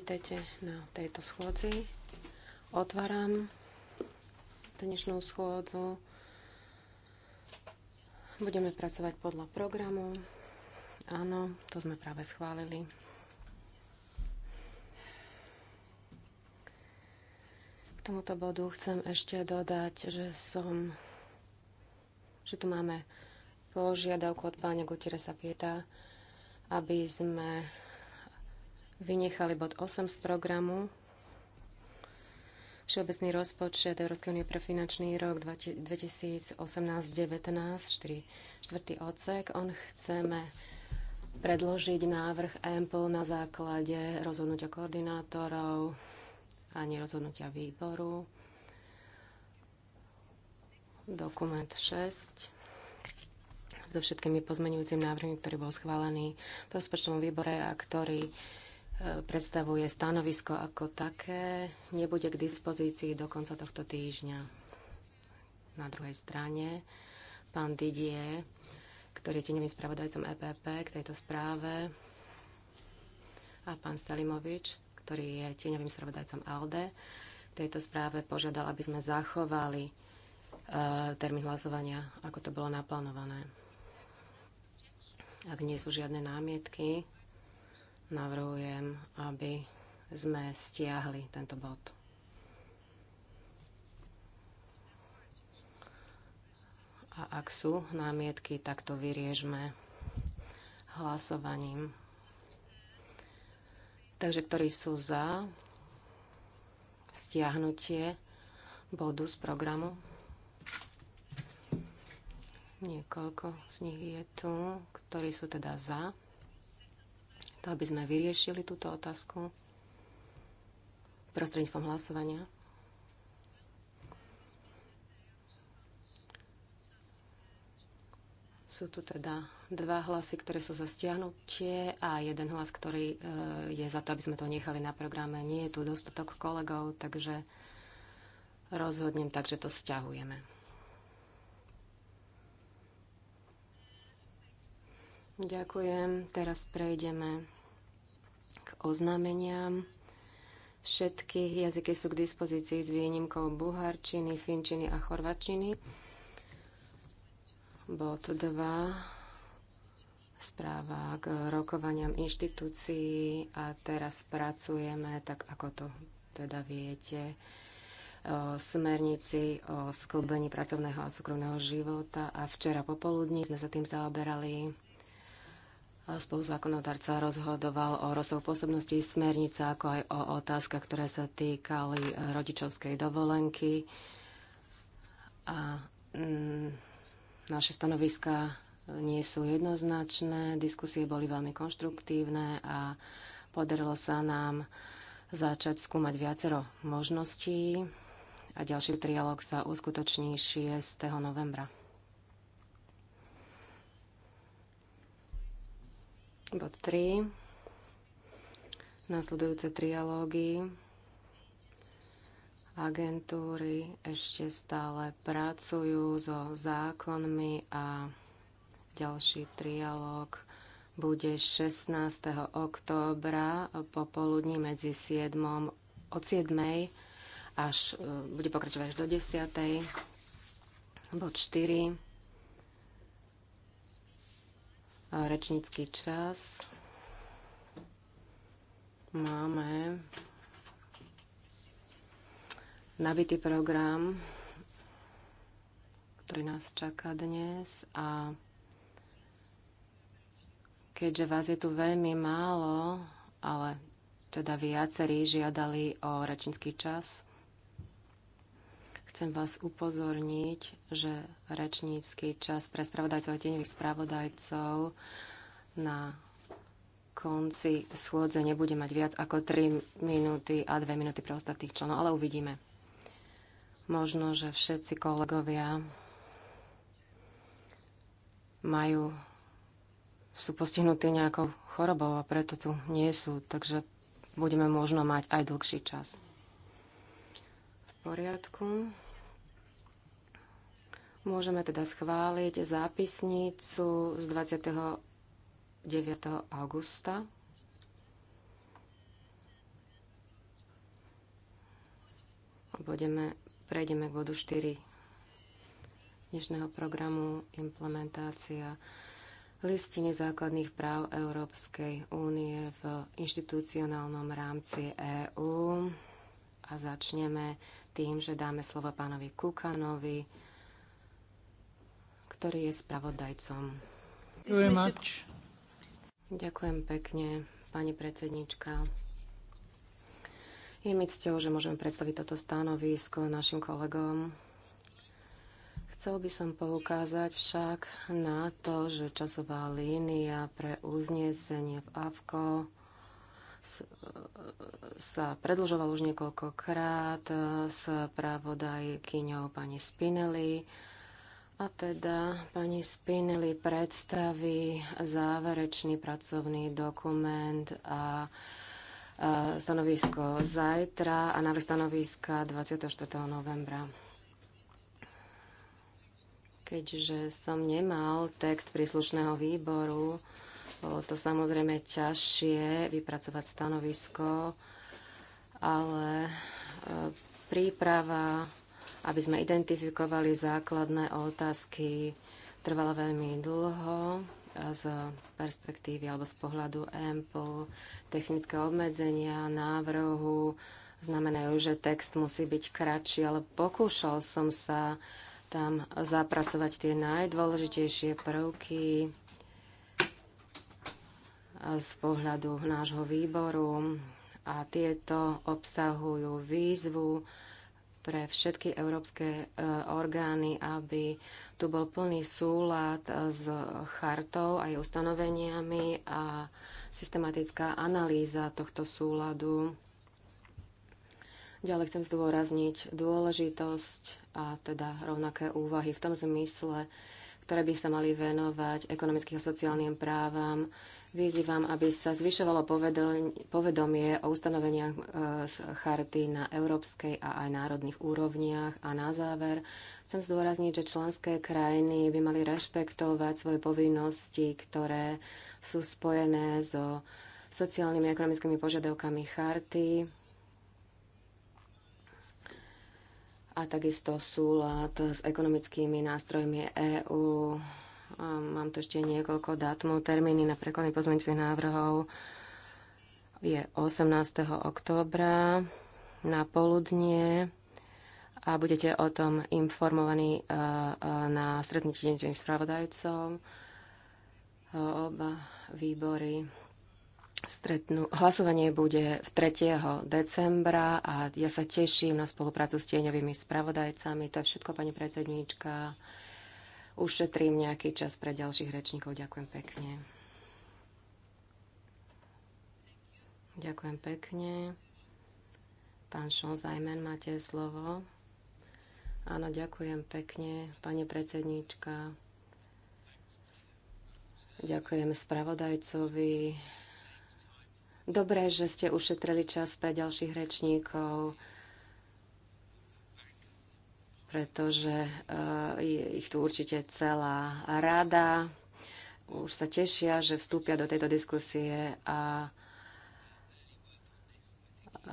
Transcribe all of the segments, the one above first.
vítajte na tejto schôdzi. Otváram dnešnú schôdzu. Budeme pracovať podľa programu. Áno, to sme práve schválili. K tomuto bodu chcem ešte dodať, že som že tu máme požiadavku od pána Gutiresa Pieta, aby sme vynechali bod 8 z programu Všeobecný rozpočet Európskej únie pre finančný rok 2018-19, 4. štvrtý odsek. On chceme predložiť návrh EMPL na základe rozhodnutia koordinátorov a nerozhodnutia výboru. Dokument 6 so všetkými pozmeňujúcimi návrhmi, ktorý bol schválený v rozpočtovom výbore a ktorý predstavuje stanovisko ako také, nebude k dispozícii do konca tohto týždňa. Na druhej strane pán Didier, ktorý je tenovým spravodajcom EPP k tejto správe, a pán Selimovič, ktorý je tieňovým spravodajcom ALDE, v tejto správe požiadal, aby sme zachovali e, termín hlasovania, ako to bolo naplánované. Ak nie sú žiadne námietky, Navrhujem, aby sme stiahli tento bod. A ak sú námietky, tak to vyriežme hlasovaním. Takže ktorí sú za stiahnutie bodu z programu? Niekoľko z nich je tu, ktorí sú teda za to, aby sme vyriešili túto otázku prostredníctvom hlasovania. Sú tu teda dva hlasy, ktoré sú za stiahnutie a jeden hlas, ktorý e, je za to, aby sme to nechali na programe. Nie je tu dostatok kolegov, takže rozhodnem tak, že to stiahujeme. Ďakujem. Teraz prejdeme oznámeniam. Všetky jazyky sú k dispozícii s výnimkou bulharčiny, finčiny a chorvačiny. Bod 2 správa k rokovaniam inštitúcií a teraz pracujeme, tak ako to teda viete, o smernici o sklbení pracovného a súkromného života a včera popoludní sme sa tým zaoberali spoluzákonodarca rozhodoval o rozsahu pôsobnosti smernica, ako aj o otázkach, ktoré sa týkali rodičovskej dovolenky. A mm, naše stanoviska nie sú jednoznačné, diskusie boli veľmi konštruktívne a podarilo sa nám začať skúmať viacero možností a ďalší trialog sa uskutoční 6. novembra. Bod 3. Nasledujúce trialógy agentúry ešte stále pracujú so zákonmi a ďalší trialóg bude 16. októbra popoludní medzi 7. od 7. až e, bude pokračovať až do 10. Bod 4 rečnícky čas. Máme nabitý program, ktorý nás čaká dnes a keďže vás je tu veľmi málo, ale teda viacerí žiadali o rečnícky čas, Chcem vás upozorniť, že rečnícky čas pre spravodajcov a tieňových spravodajcov na konci schôdze nebude mať viac ako 3 minúty a 2 minúty pre ostatných členov, ale uvidíme. Možno, že všetci kolegovia majú, sú postihnutí nejakou chorobou a preto tu nie sú, takže budeme možno mať aj dlhší čas poriadku. Môžeme teda schváliť zápisnicu z 29. augusta. Budeme, prejdeme k bodu 4 dnešného programu implementácia listiny základných práv Európskej únie v inštitucionálnom rámci EÚ a začneme tým, že dáme slovo pánovi Kukanovi, ktorý je spravodajcom. Ďakujem pekne, pani predsednička. Je mi cťou, že môžem predstaviť toto stanovisko našim kolegom. Chcel by som poukázať však na to, že časová línia pre uznesenie v AVKO sa predlžoval už niekoľkokrát e, s právodajkyňou pani Spinelli. A teda pani Spinelli predstaví záverečný pracovný dokument a e, stanovisko zajtra a návrh stanoviska 24. novembra. Keďže som nemal text príslušného výboru, bolo to samozrejme ťažšie vypracovať stanovisko, ale e, príprava, aby sme identifikovali základné otázky, trvala veľmi dlho e, z perspektívy alebo z pohľadu EMPL, technické obmedzenia, návrhu, znamenajú, že text musí byť kratší, ale pokúšal som sa tam zapracovať tie najdôležitejšie prvky, z pohľadu nášho výboru a tieto obsahujú výzvu pre všetky európske e, orgány, aby tu bol plný súlad e, s chartou a ustanoveniami a systematická analýza tohto súladu. Ďalej chcem zdôrazniť dôležitosť a teda rovnaké úvahy v tom zmysle, ktoré by sa mali venovať ekonomickým a sociálnym právam, Vyzývam, aby sa zvyšovalo povedomie o ustanoveniach e, z charty na európskej a aj národných úrovniach. A na záver chcem zdôrazniť, že členské krajiny by mali rešpektovať svoje povinnosti, ktoré sú spojené so sociálnymi a ekonomickými požiadavkami charty a takisto súlad s ekonomickými nástrojmi EÚ Mám tu ešte niekoľko dátumov, termíny na prekladný pozmeňujúcich návrhov. Je 18. októbra na poludnie a budete o tom informovaní e, e, na stretnutí deň spravodajcom. E, oba výbory stretnú. Hlasovanie bude 3. decembra a ja sa teším na spoluprácu s tieňovými spravodajcami. To je všetko, pani predsedníčka ušetrím nejaký čas pre ďalších rečníkov. Ďakujem pekne. Ďakujem pekne. Pán Šonzajmen, máte slovo. Áno, ďakujem pekne, pani predsednička. Ďakujem spravodajcovi. Dobre, že ste ušetrili čas pre ďalších rečníkov pretože e, je ich tu určite celá rada. Už sa tešia, že vstúpia do tejto diskusie a e,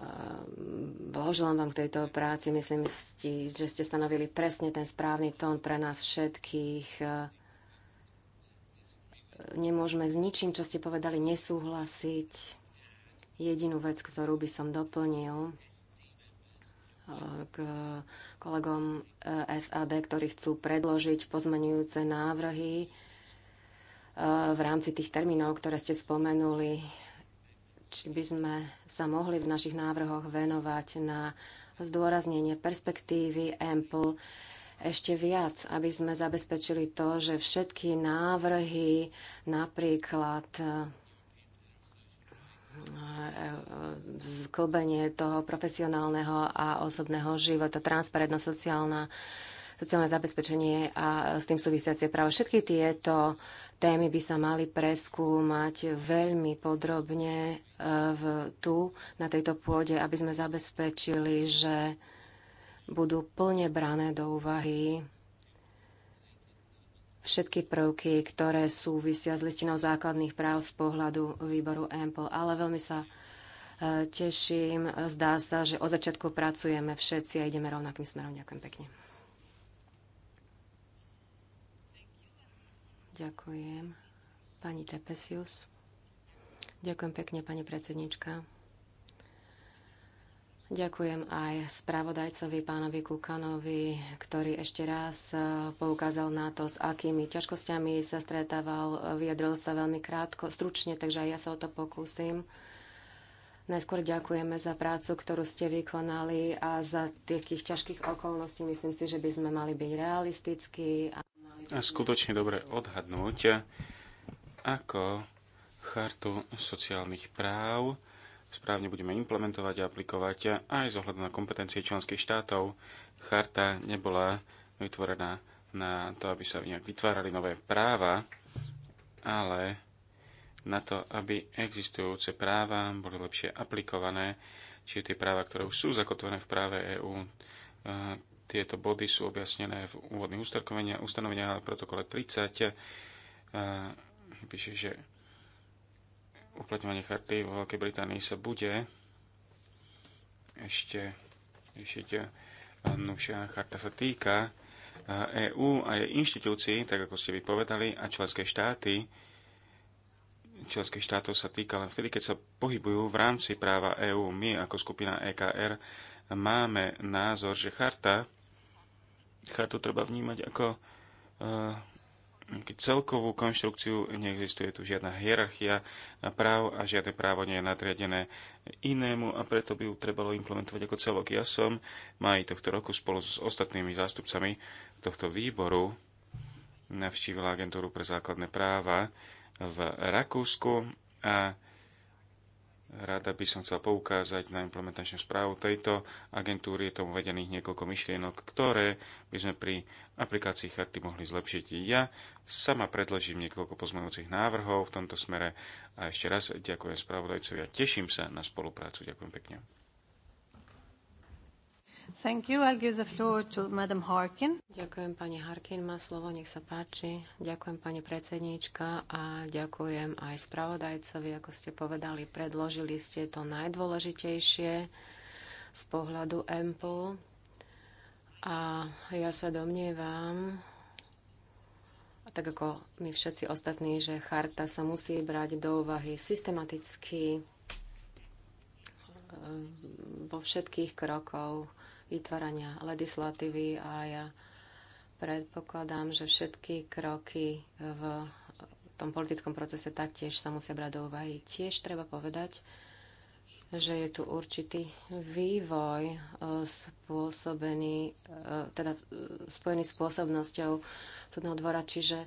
Blahoželám vám k tejto práci. Myslím, si, že ste stanovili presne ten správny tón pre nás všetkých. E, nemôžeme s ničím, čo ste povedali, nesúhlasiť. Jedinú vec, ktorú by som doplnil, k kolegom SAD, ktorí chcú predložiť pozmenujúce návrhy e, v rámci tých termínov, ktoré ste spomenuli, či by sme sa mohli v našich návrhoch venovať na zdôraznenie perspektívy EMPL ešte viac, aby sme zabezpečili to, že všetky návrhy, napríklad sklbenie toho profesionálneho a osobného života, transparentnosť, sociálna, sociálne zabezpečenie a s tým súvisiacie práva. Všetky tieto témy by sa mali preskúmať veľmi podrobne e, v, tu, na tejto pôde, aby sme zabezpečili, že budú plne brané do úvahy všetky prvky, ktoré súvisia s listinou základných práv z pohľadu výboru EMPL, ale veľmi sa e, teším. Zdá sa, že od začiatku pracujeme všetci a ideme rovnakým smerom. Ďakujem pekne. Ďakujem. Pani Tepesius. Ďakujem pekne, pani predsednička. Ďakujem aj spravodajcovi pánovi Kukanovi, ktorý ešte raz e, poukázal na to, s akými ťažkosťami sa stretával. E, vyjadril sa veľmi krátko, stručne, takže aj ja sa o to pokúsim. Najskôr ďakujeme za prácu, ktorú ste vykonali a za takých ťažkých okolností myslím si, že by sme mali byť realistickí. A, a skutočne dobre odhadnúť, ako chartu sociálnych práv správne budeme implementovať a aplikovať aj z ohľadu na kompetencie členských štátov. Charta nebola vytvorená na to, aby sa nejak vytvárali nové práva, ale na to, aby existujúce práva boli lepšie aplikované, čiže tie práva, ktoré už sú zakotvené v práve EÚ, e, tieto body sú objasnené v úvodných ustanoveniach, ale protokole 30 e, píše, že uplatňovanie charty vo Veľkej Británii sa bude ešte riešiť. Nuša charta sa týka EÚ a jej inštitúcií, tak ako ste vypovedali, a členské štáty. Členské štátov sa týka len vtedy, keď sa pohybujú v rámci práva EÚ. My ako skupina EKR máme názor, že charta, chartu treba vnímať ako e, celkovú konštrukciu, neexistuje tu žiadna hierarchia práv a žiadne právo nie je nadriadené inému a preto by ju trebalo implementovať ako celok. Ja som maj tohto roku spolu s ostatnými zástupcami tohto výboru navštívila agentúru pre základné práva v Rakúsku a rada by som chcel poukázať na implementačnú správu tejto agentúry. Je tomu vedených niekoľko myšlienok, ktoré by sme pri aplikácii charty mohli zlepšiť. Ja sama predložím niekoľko pozmeňujúcich návrhov v tomto smere a ešte raz ďakujem spravodajcovi a teším sa na spoluprácu. Ďakujem pekne. Thank you. I'll give the floor to Madam Harkin. Ďakujem pani Harkin, má slovo, nech sa páči. Ďakujem pani predsedníčka a ďakujem aj spravodajcovi, ako ste povedali, predložili ste to najdôležitejšie z pohľadu EMPL a ja sa domnievam, a tak ako my všetci ostatní, že charta sa musí brať do úvahy systematicky e, vo všetkých krokov vytvárania legislatívy a ja predpokladám, že všetky kroky v tom politickom procese taktiež sa musia brať do úvahy. Tiež treba povedať, že je tu určitý vývoj e, spôsobený, e, teda e, spojený s pôsobnosťou súdneho dvora, čiže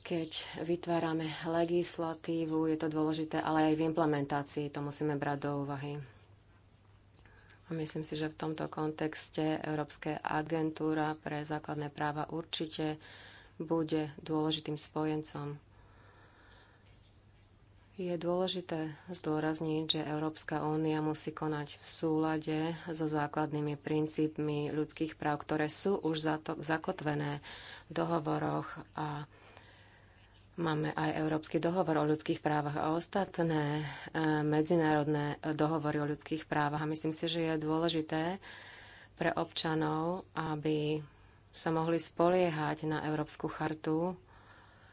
keď vytvárame legislatívu, je to dôležité, ale aj v implementácii to musíme brať do úvahy. A myslím si, že v tomto kontexte Európska agentúra pre základné práva určite bude dôležitým spojencom je dôležité zdôrazniť, že Európska únia musí konať v súlade so základnými princípmi ľudských práv, ktoré sú už zakotvené v dohovoroch a máme aj Európsky dohovor o ľudských právach a ostatné e, medzinárodné dohovory o ľudských právach. A myslím si, že je dôležité pre občanov, aby sa mohli spoliehať na Európsku chartu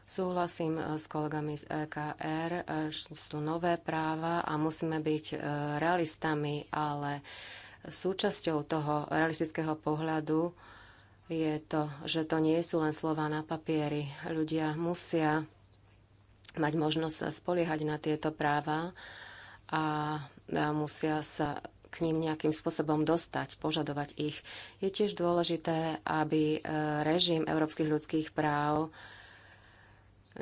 Súhlasím eh, s kolegami z EKR, eh, sú tu nové práva a musíme byť eh, realistami, ale súčasťou toho realistického pohľadu je to, že to nie sú len slova na papieri. Ľudia musia mať možnosť sa spoliehať na tieto práva a musia sa k ním nejakým spôsobom dostať, požadovať ich. Je tiež dôležité, aby režim európskych ľudských práv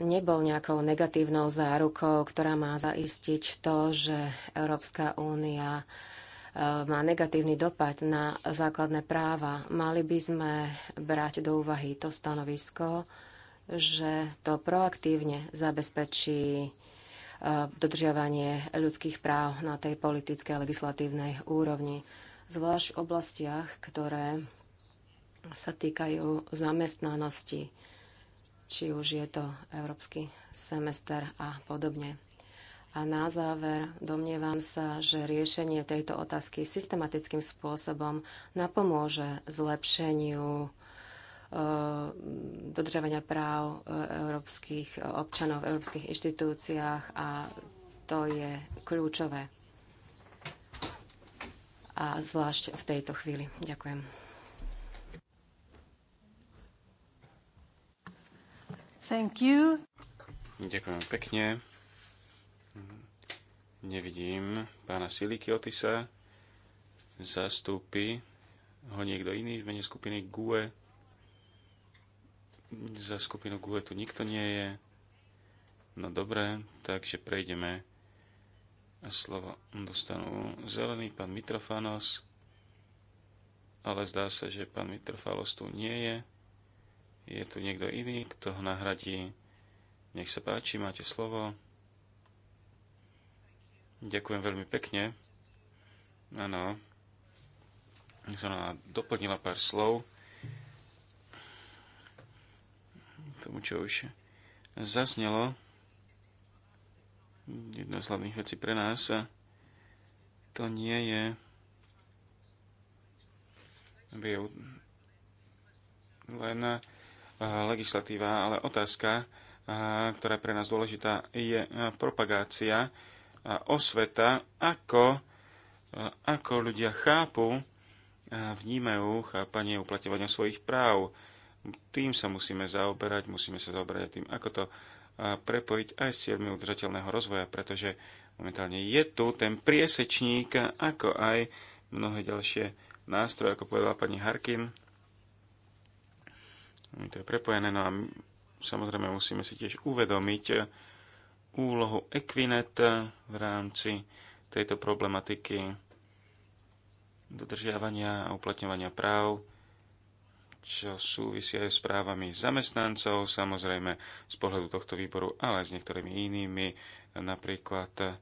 nebol nejakou negatívnou zárukou, ktorá má zaistiť to, že Európska únia e, má negatívny dopad na základné práva. Mali by sme brať do úvahy to stanovisko, že to proaktívne zabezpečí e, dodržiavanie ľudských práv na tej politickej a legislatívnej úrovni, zvlášť v oblastiach, ktoré sa týkajú zamestnanosti či už je to európsky semester a podobne. A na záver domnievam sa, že riešenie tejto otázky systematickým spôsobom napomôže zlepšeniu e, dodržiavania práv eh, európskych občanov v európskych inštitúciách a to je kľúčové. A zvlášť v tejto chvíli. Ďakujem. Thank you. Ďakujem pekne. Nevidím pána Siliky Otisa. Zastúpi ho niekto iný v mene skupiny GUE. Za skupinu GUE tu nikto nie je. No dobré, takže prejdeme. A slovo dostanú zelený pán Mitrofanos. Ale zdá sa, že pán Mitrofalos tu nie je. Je tu niekto iný, kto ho nahradí? Nech sa páči, máte slovo. Ďakujem veľmi pekne. Áno. Som doplnila pár slov tomu, čo už zaznelo. Jedna z hlavných vecí pre nás to nie je len legislatíva, ale otázka, ktorá je pre nás dôležitá, je propagácia a osveta, ako, ako ľudia chápu, vnímajú chápanie uplatňovania svojich práv. Tým sa musíme zaoberať, musíme sa zaoberať tým, ako to prepojiť aj s cieľmi udržateľného rozvoja, pretože momentálne je tu ten priesečník, ako aj mnohé ďalšie nástroje, ako povedala pani Harkin, Hm, to je prepojené. No a samozrejme musíme si tiež uvedomiť eh, úlohu Equinet eh, v rámci tejto problematiky dodržiavania a uplatňovania práv, čo súvisia aj s právami zamestnancov, samozrejme z pohľadu tohto výboru, ale aj s niektorými inými, napríklad eh,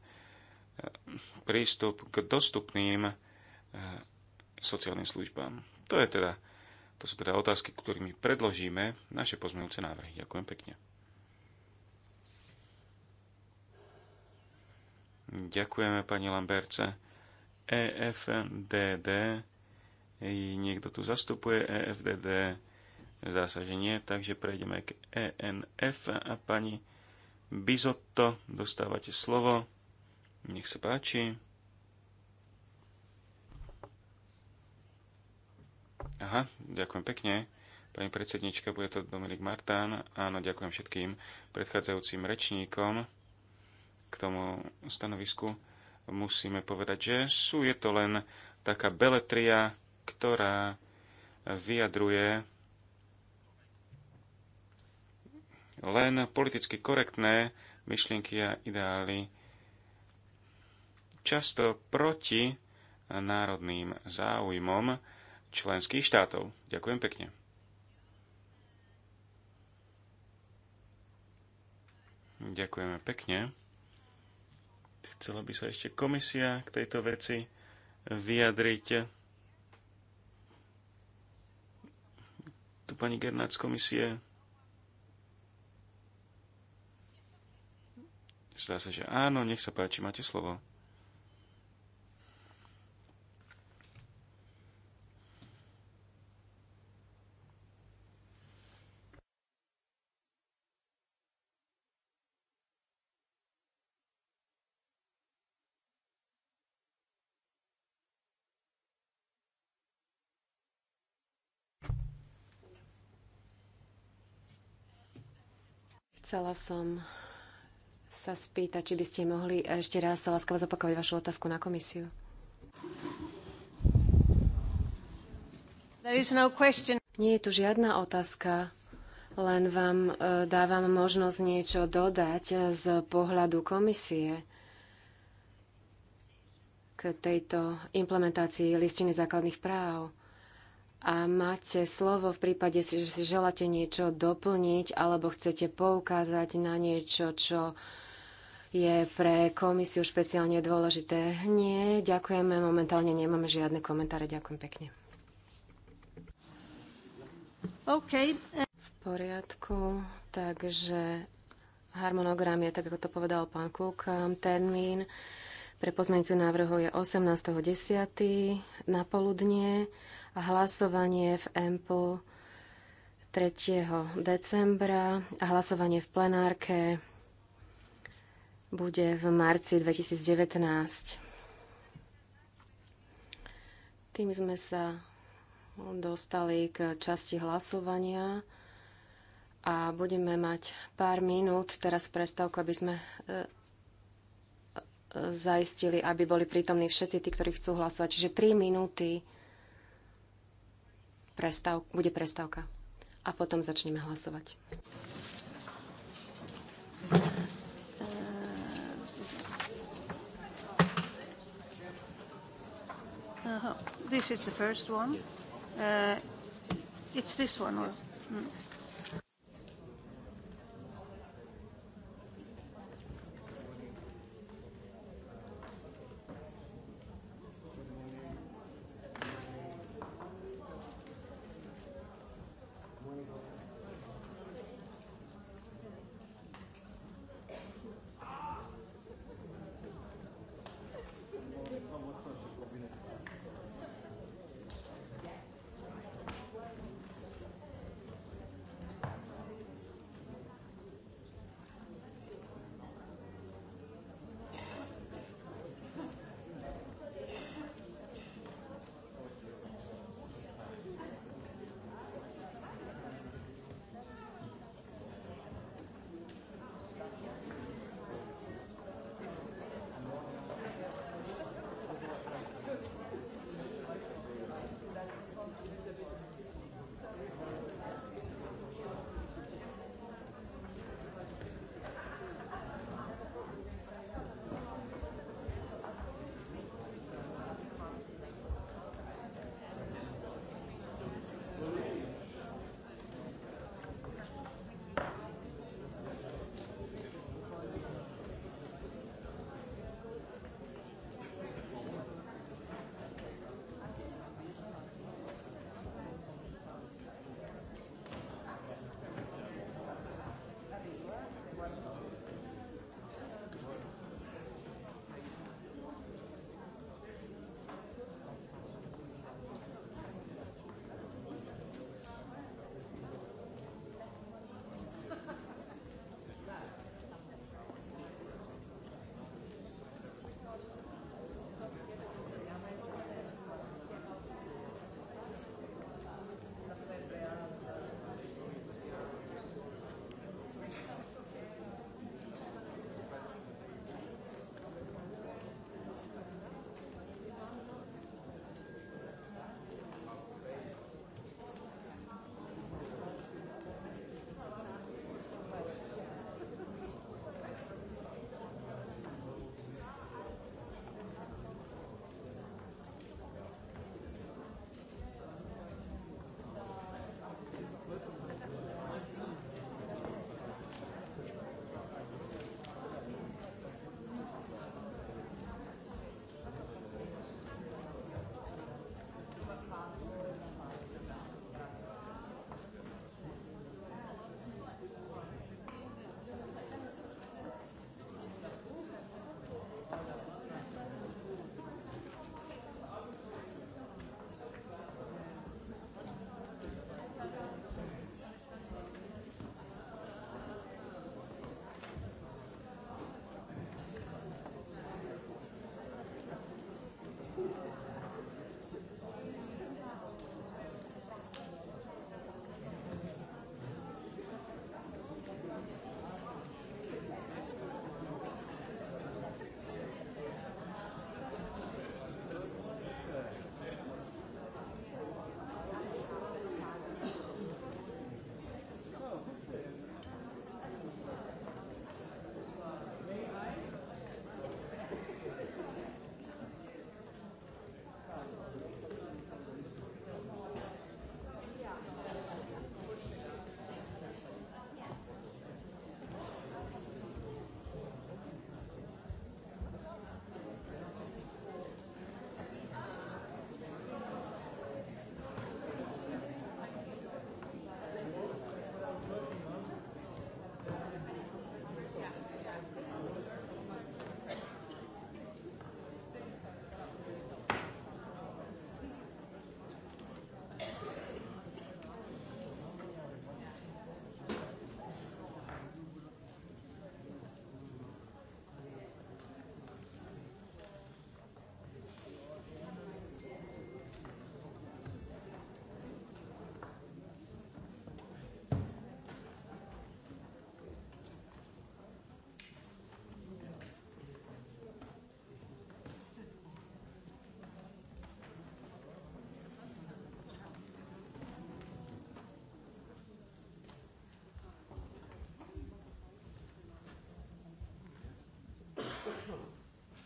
prístup k dostupným sociálnym službám. To je teda to sú teda otázky, ktorými predložíme naše pozmeňujúce návrhy. Ďakujem pekne. Ďakujeme pani Lamberce. EFDD, niekto tu zastupuje EFDD, zdá sa, že nie, takže prejdeme k ENF a pani Bizotto, dostávate slovo. Nech sa páči. Aha, ďakujem pekne. Pani predsednička, bude to Dominik Martán. Áno, ďakujem všetkým predchádzajúcim rečníkom k tomu stanovisku. Musíme povedať, že sú je to len taká beletria, ktorá vyjadruje len politicky korektné myšlienky a ideály často proti národným záujmom členských štátov. Ďakujem pekne. Ďakujeme pekne. Chcela by sa ešte komisia k tejto veci vyjadriť. Tu pani Gernác komisie. Zdá sa, že áno, nech sa páči, máte slovo. Chcela som sa spýtať, či by ste mohli ešte raz láskavo zopakovať vašu otázku na komisiu. No Nie je tu žiadna otázka, len vám e, dávam možnosť niečo dodať e, z pohľadu komisie k tejto implementácii listiny základných práv a máte slovo v prípade, že si želáte niečo doplniť alebo chcete poukázať na niečo, čo je pre komisiu špeciálne dôležité. Nie, ďakujeme, momentálne nemáme žiadne komentáre. Ďakujem pekne. OK. V poriadku, takže harmonogram je, tak ako to povedal pán Kuk, um, termín pre pozmeňujúcu návrhu je 18.10. na poludnie hlasovanie v EMPL 3. decembra a hlasovanie v plenárke bude v marci 2019. Tým sme sa dostali k časti hlasovania a budeme mať pár minút teraz prestávku, aby sme e, e, zaistili, aby boli prítomní všetci tí, ktorí chcú hlasovať. Čiže 3 minúty prestav, bude prestávka a potom začneme hlasovať. Uh, this is the first one. Uh, it's this one. Yes. mm.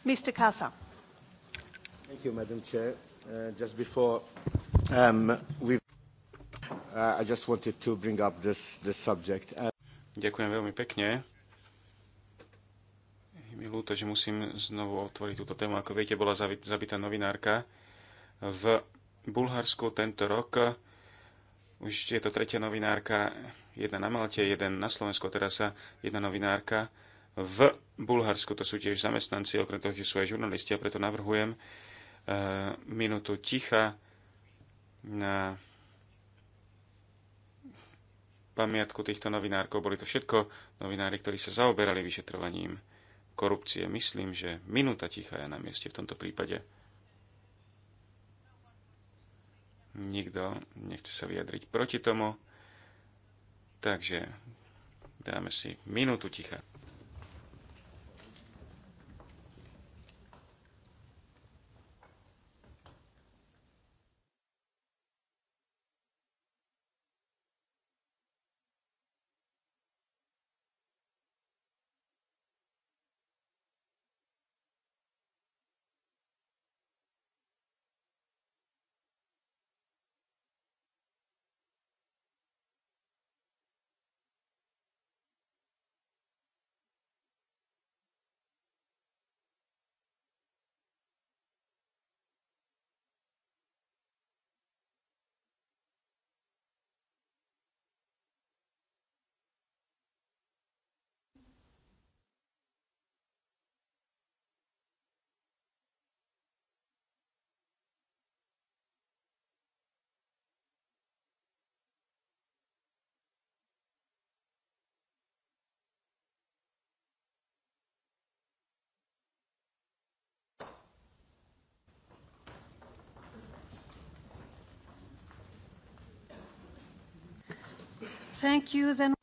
Mr. Casa. Thank you, Madam Chair. Uh, just before um, we... Uh, I just wanted to bring up this, this subject. Uh... Ďakujem veľmi pekne. Je mi ľúto, že musím znovu otvoriť túto tému. Ako viete, bola zabitá novinárka v Bulharsku tento rok. Už je to tretia novinárka, jedna na Malte, jeden na Slovensku, teraz sa jedna novinárka v Bulharsku. To sú tiež zamestnanci, okrem toho sú aj žurnalisti a preto navrhujem eh, minútu ticha na pamiatku týchto novinárkov. Boli to všetko novinári, ktorí sa zaoberali vyšetrovaním korupcie. Myslím, že minúta ticha je na mieste v tomto prípade. Nikto nechce sa vyjadriť proti tomu, takže dáme si minútu ticha. Thank you, then...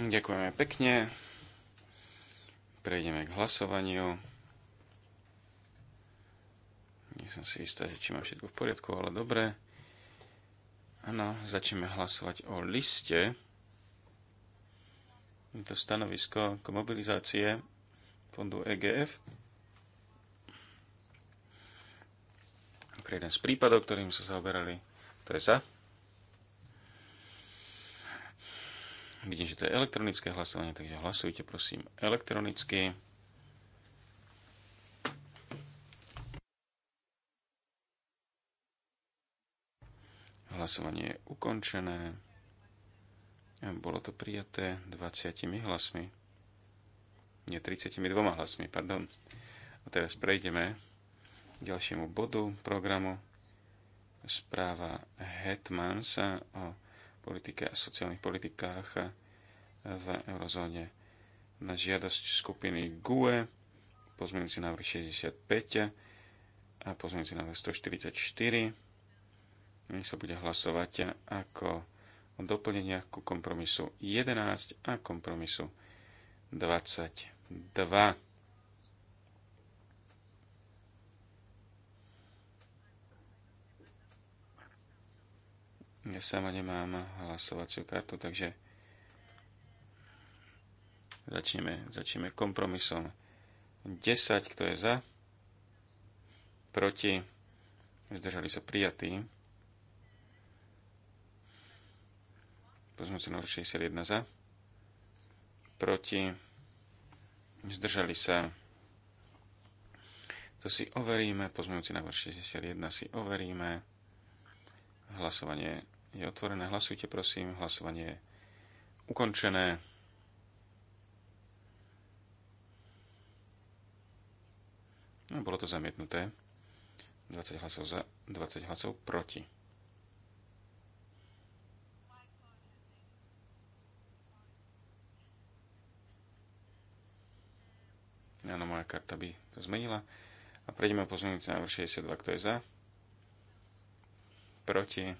Ďakujeme pekne. Prejdeme k hlasovaniu. Nie som si istá, že či mám všetko v poriadku, ale dobre. Áno, začneme hlasovať o liste. Je to stanovisko k mobilizácie fondu EGF. Pre jeden z prípadov, ktorým sa zaoberali, to je za. Vidím, že to je elektronické hlasovanie, takže hlasujte prosím elektronicky. Hlasovanie je ukončené. Bolo to prijaté 20 hlasmi. Nie, 32 hlasmi, pardon. A teraz prejdeme k ďalšiemu bodu programu. Správa Hetmansa o politike a sociálnych politikách v eurozóne. Na žiadosť skupiny GUE pozmeňujúci návrh 65 a pozmeňujúci návrh 144. Nech sa bude hlasovať ako o doplneniach ku kompromisu 11 a kompromisu 22. Ja sama nemám hlasovaciu kartu, takže začneme, začneme kompromisom. 10, kto je za, proti, zdržali sa prijatí. Pozmúci na 61 za, proti, zdržali sa. To si overíme, pozmúci návrh 61 si overíme. Hlasovanie je otvorené. Hlasujte, prosím. Hlasovanie je ukončené. No, bolo to zamietnuté. 20 hlasov za, 20 hlasov proti. Áno, moja karta by to zmenila. A prejdeme pozmeňujúci návrh 62, kto je za? Proti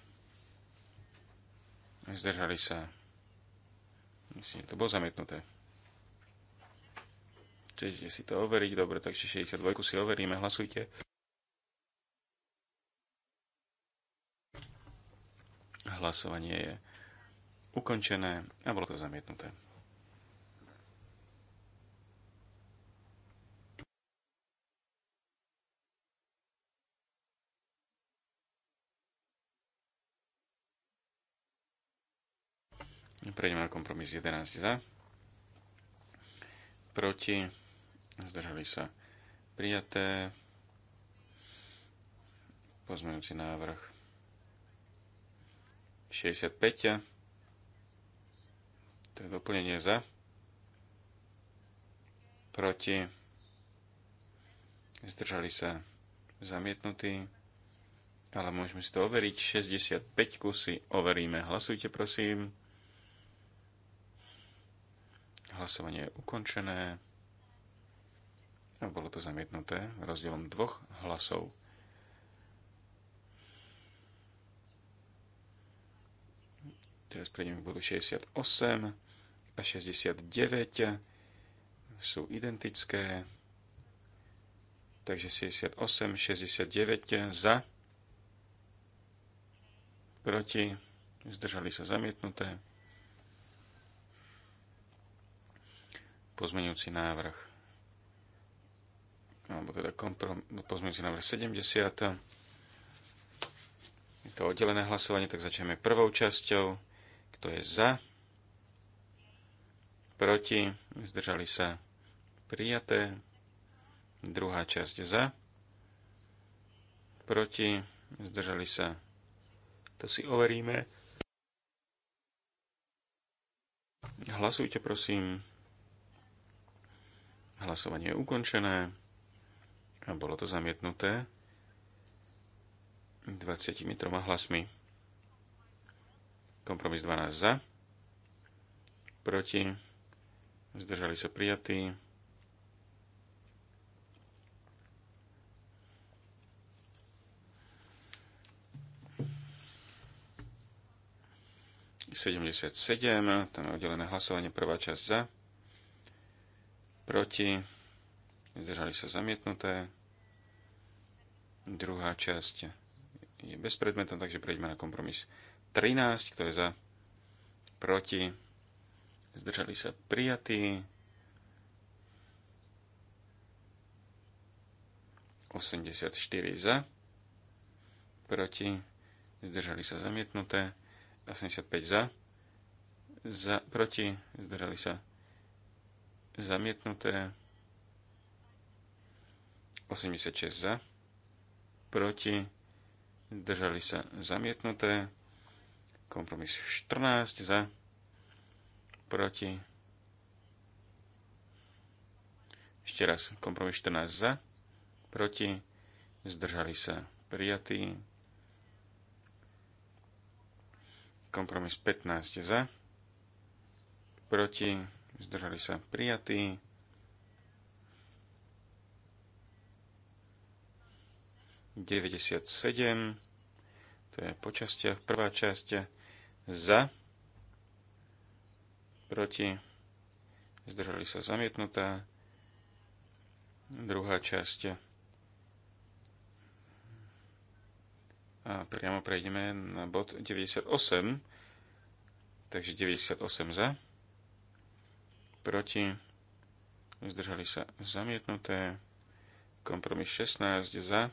Zdržali sa. Myslím, že to bolo zamietnuté. Chcete si to overiť? Dobre, takže 62 si overíme, hlasujte. Hlasovanie je ukončené a bolo to zamietnuté. Prejdeme na kompromis 11 za. Proti. Zdržali sa prijaté. Pozmeňujúci návrh 65. To je doplnenie za. Proti. Zdržali sa zamietnutí. Ale môžeme si to overiť. 65 kusy overíme. Hlasujte prosím. Hlasovanie je ukončené. A bolo to zamietnuté rozdielom dvoch hlasov. Teraz prejdeme k bodu 68 a 69 sú identické. Takže 68, 69 za, proti, zdržali sa zamietnuté. pozmeňujúci návrh alebo teda komprom, pozmeňujúci návrh 70. Je to oddelené hlasovanie, tak začneme prvou časťou. Kto je za? Proti? Zdržali sa? Prijaté. Druhá časť za? Proti? Zdržali sa? To si overíme. Hlasujte prosím. Hlasovanie je ukončené a bolo to zamietnuté 23 hlasmi. Kompromis 12 za, proti, zdržali sa prijatí. Sedemdesiat sedem, tam je oddelené hlasovanie, prvá časť za proti, zdržali sa zamietnuté. Druhá časť je bezpredmetná, takže prejdeme na kompromis 13, kto je za, proti, zdržali sa prijatí. 84 za, proti, zdržali sa zamietnuté, 85 za, za proti, zdržali sa zamietnuté. 86 za, proti, držali sa zamietnuté. Kompromis 14 za, proti. Ešte raz, kompromis 14 za, proti, zdržali sa prijatí. Kompromis 15 za, proti, zdržali sa prijatí. Deväťdesiat sedem, to je po častiach, prvá časť za, proti, zdržali sa zamietnutá, druhá časť A priamo prejdeme na bod 98. Takže 98 za proti, zdržali sa zamietnuté, kompromis 16 za,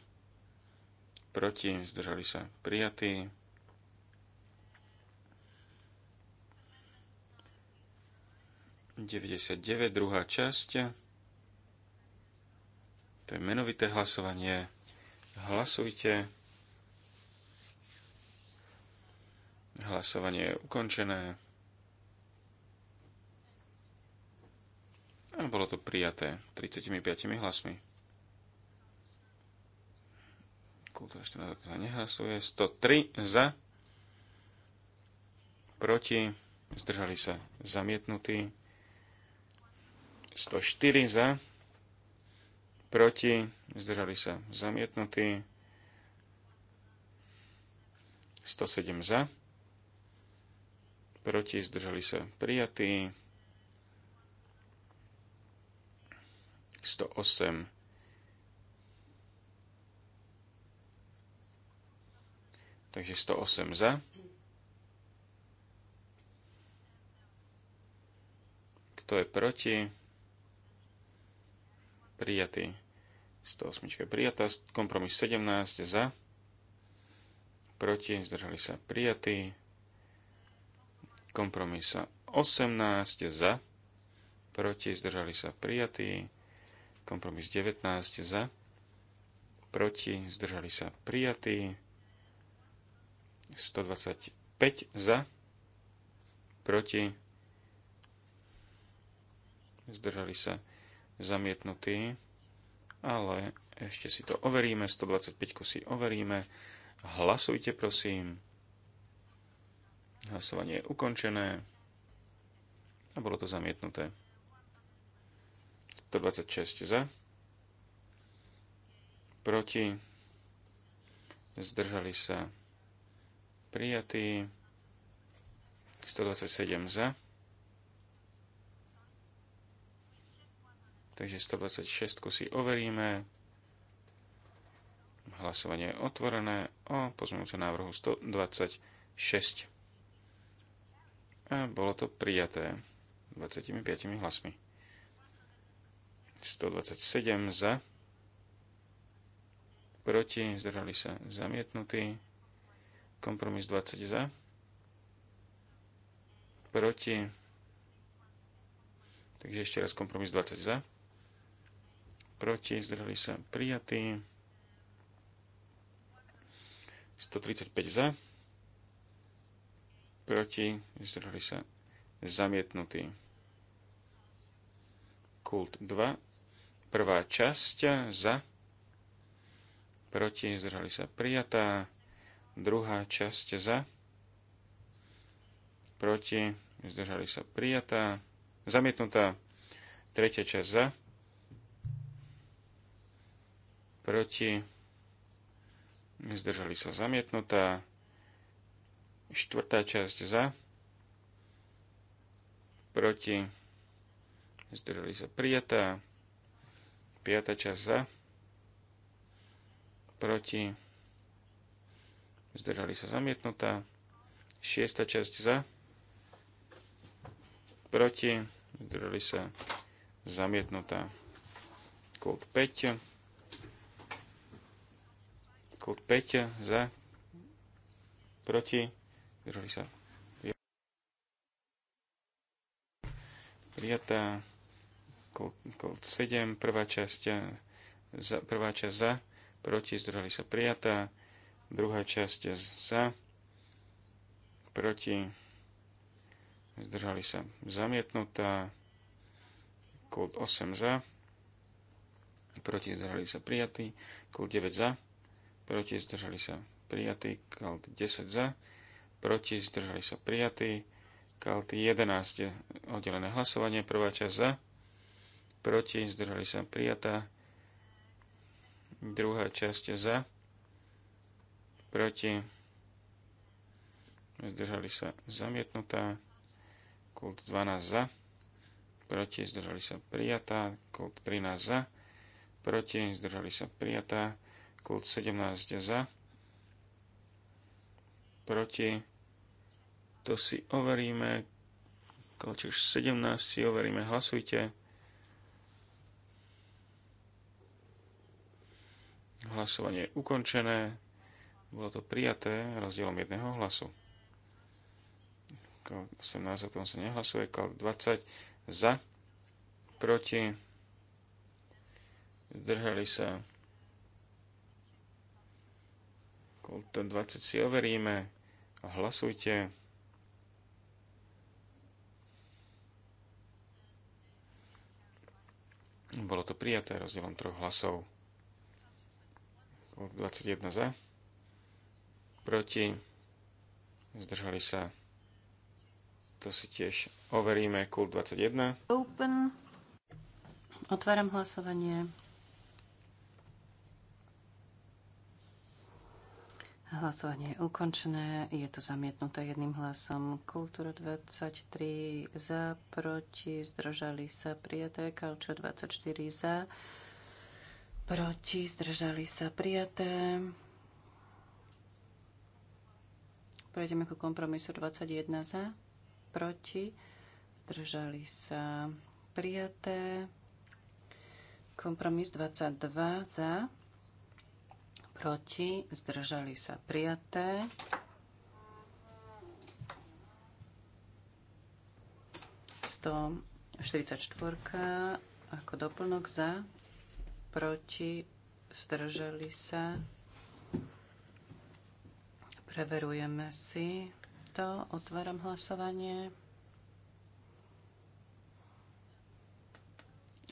proti, zdržali sa prijatí. Deväťdesiatdeväť, druhá časť. To je menovité hlasovanie. Hlasujte. Hlasovanie je ukončené. A no, bolo to prijaté 35 hlasmi. Kultúra 14 sa nehlasuje. 103 za. Proti. Zdržali sa zamietnutí. 104 za. Proti. Zdržali sa zamietnutí. 107 za. Proti. Zdržali sa prijatí. 108. Takže 108 za. Kto je proti? Prijatý. 108 prijatá. Kompromis 17 za. Proti. Zdržali sa prijatý. Kompromis 18 za. Proti. Zdržali sa prijatý. Kompromis 19 za, proti, zdržali sa prijatí. 125 za, proti, zdržali sa zamietnutí, ale ešte si to overíme, 125 si overíme. Hlasujte prosím. Hlasovanie je ukončené a bolo to zamietnuté. 126 za, proti, zdržali sa prijatí, 127 za, takže 126 si overíme, hlasovanie je otvorené o pozmeňujúcom návrhu 126 a bolo to prijaté 25 hlasmi. 127 za, proti, zdržali sa zamietnutí, kompromis 20 za, proti, takže ešte raz kompromis 20 za, proti, zdržali sa prijatí, 135 za, proti, zdržali sa zamietnutí. Kult 2 Prvá časť za, proti, zdržali sa prijatá. Druhá časť za, proti, zdržali sa prijatá. Zamietnutá. Tretia časť za, proti, zdržali sa zamietnutá. Štvrtá časť za, proti, zdržali sa prijatá. 5. časť za. Proti. Zdržali sa zamietnutá. 6. časť za. Proti. Zdržali sa zamietnutá. kód 5. kód 5 za. Proti. Zdržali sa prijatá Kult 7, prvá časť eh, za, prvá časť za, proti, zdržali sa prijatá, druhá časť za, proti, zdržali sa zamietnutá, kult 8 za, proti, zdržali sa prijatý, kult 9 za, proti, zdržali sa prijatý, kult 10 za, proti, zdržali sa prijatý, kult 11, oddelené hlasovanie, prvá časť za, proti, zdržali sa prijatá. Druhá časť za, proti, zdržali sa zamietnutá. Kult 12 za, proti, zdržali sa prijatá. Kult 13 za, proti, zdržali sa prijatá. Kult 17 za, proti, to si overíme, Kolčíš 17 si overíme, hlasujte. Hlasovanie je ukončené. Bolo to prijaté rozdielom jedného hlasu. 18 o tom sa nehlasuje, kal 20 za, proti, zdržali sa, kol 20 si overíme, hlasujte. Bolo to prijaté rozdielom troch hlasov. 21 za, proti, zdržali sa, to si tiež overíme, kult 21. Open. Otváram hlasovanie. Hlasovanie je ukončené. Je to zamietnuté jedným hlasom. Kultúra 23 za, proti, zdržali sa prijaté. Kalčo 24 za, proti, zdržali sa prijaté. Prejdeme ku kompromisu 21 za, proti, zdržali sa prijaté. Kompromis 22 za, proti, zdržali sa prijaté. Sto 44 ako doplnok za, proti, zdržali sa. Preverujeme si to. Otváram hlasovanie.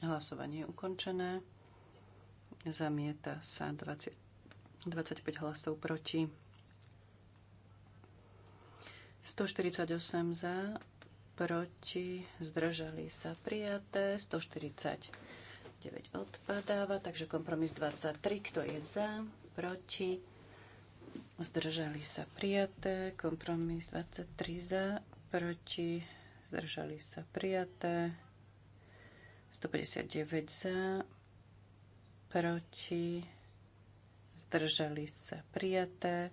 Hlasovanie je ukončené. Zamieta sa 20, 25 hlasov proti. 148 za, proti, zdržali sa prijaté, 140. 9 odpadáva, takže kompromis 23. Kto je za? Proti? Zdržali sa prijaté. Kompromis 23 za? Proti? Zdržali sa prijaté. 159 za? Proti? Zdržali sa prijaté.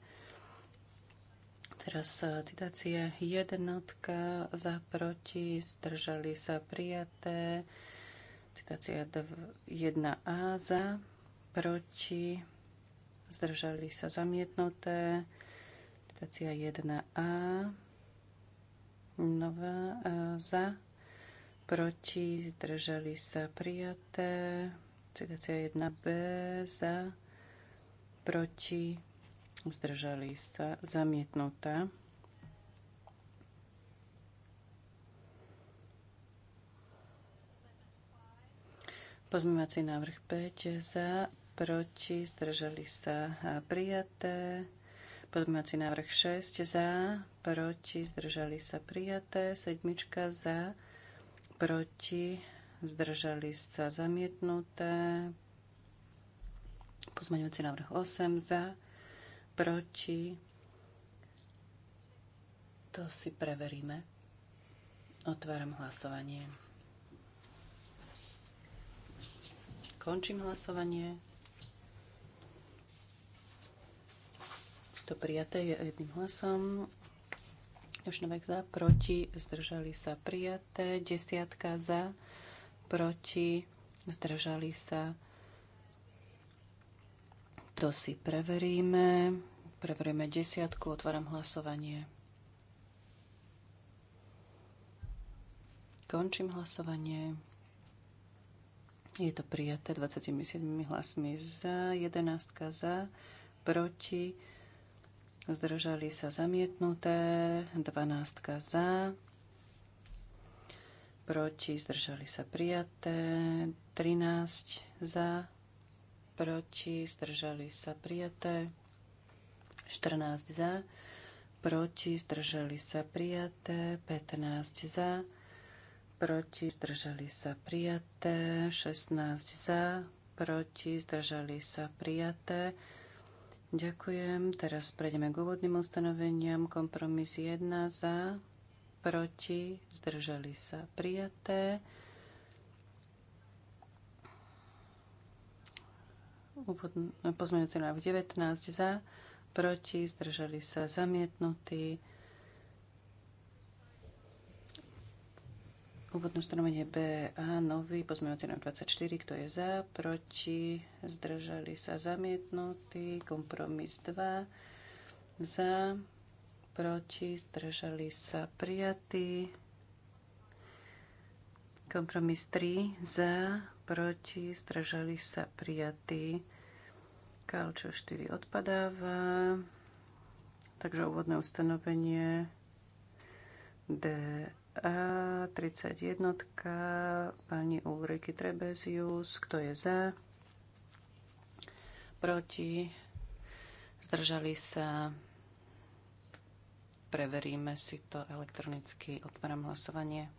Teraz e, citácie jednotka za proti, zdržali sa prijaté. Citácia 1a za, proti, zdržali sa zamietnuté. Citácia 1a, nová, e, za, proti, zdržali sa prijaté. Citácia 1b, za, proti, zdržali sa zamietnuté. Pozmývací návrh 5 za, proti, zdržali sa prijaté. Pozmývací návrh 6 za, proti, zdržali sa prijaté. Sedmička za, proti, zdržali sa zamietnuté. Pozmeňovací návrh 8 za, proti. To si preveríme. Otváram hlasovanie. Končím hlasovanie. To prijaté je jedným hlasom. Jošnovek za, proti, zdržali sa prijaté. Desiatka za, proti, zdržali sa. To si preveríme. Preveríme desiatku, otváram hlasovanie. Končím hlasovanie. Je to prijaté 27 hlasmi za, 11 za, proti, zdržali sa zamietnuté, 12 za, proti, zdržali sa prijaté, 13 za, proti, zdržali sa prijaté, 14 za, proti, zdržali sa prijaté, 15 za, proti, proti, zdržali sa prijaté, 16 za, proti, zdržali sa prijaté. Ďakujem. Teraz prejdeme k úvodným ustanoveniam. Kompromis 1 za, proti, zdržali sa prijaté. Pozmeňujúci návrh 19 za, proti, zdržali sa zamietnutí. Úvodné ustanovenie B. A nový pozmeňovací návrh 24. Kto je za? Proti? Zdržali sa zamietnutí. Kompromis 2. Za? Proti? Zdržali sa prijatí. Kompromis 3. Za? Proti? Zdržali sa prijatí. Kalčo 4 odpadáva. Takže úvodné ustanovenie D 31. pani Ulriky Trebezius. Kto je za? Proti? Zdržali sa? Preveríme si to elektronicky. Otváram hlasovanie.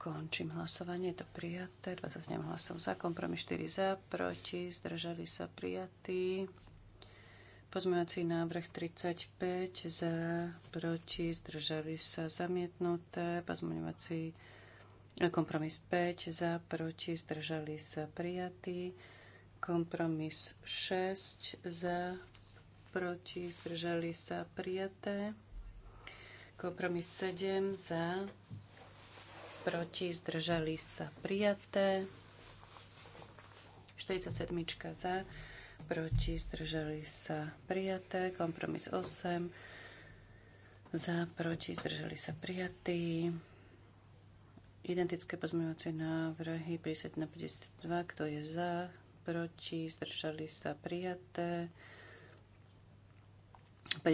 Končím hlasovanie, je to prijaté. 27 hlasov za, kompromis 4 za, proti, zdržali sa prijatí. Pozmeňovací návrh 35 za, proti, zdržali sa zamietnuté. Pozmeňovací kompromis 5 za, proti, zdržali sa prijatí. Kompromis 6 za, proti, zdržali sa prijaté. Kompromis 7 za, proti, zdržali sa prijaté. 47 za, proti, zdržali sa prijaté. Kompromis 8 za, proti, zdržali sa prijatí. Identické pozmeňovacie návrhy 50 na 52, kto je za, proti, zdržali sa prijaté. 53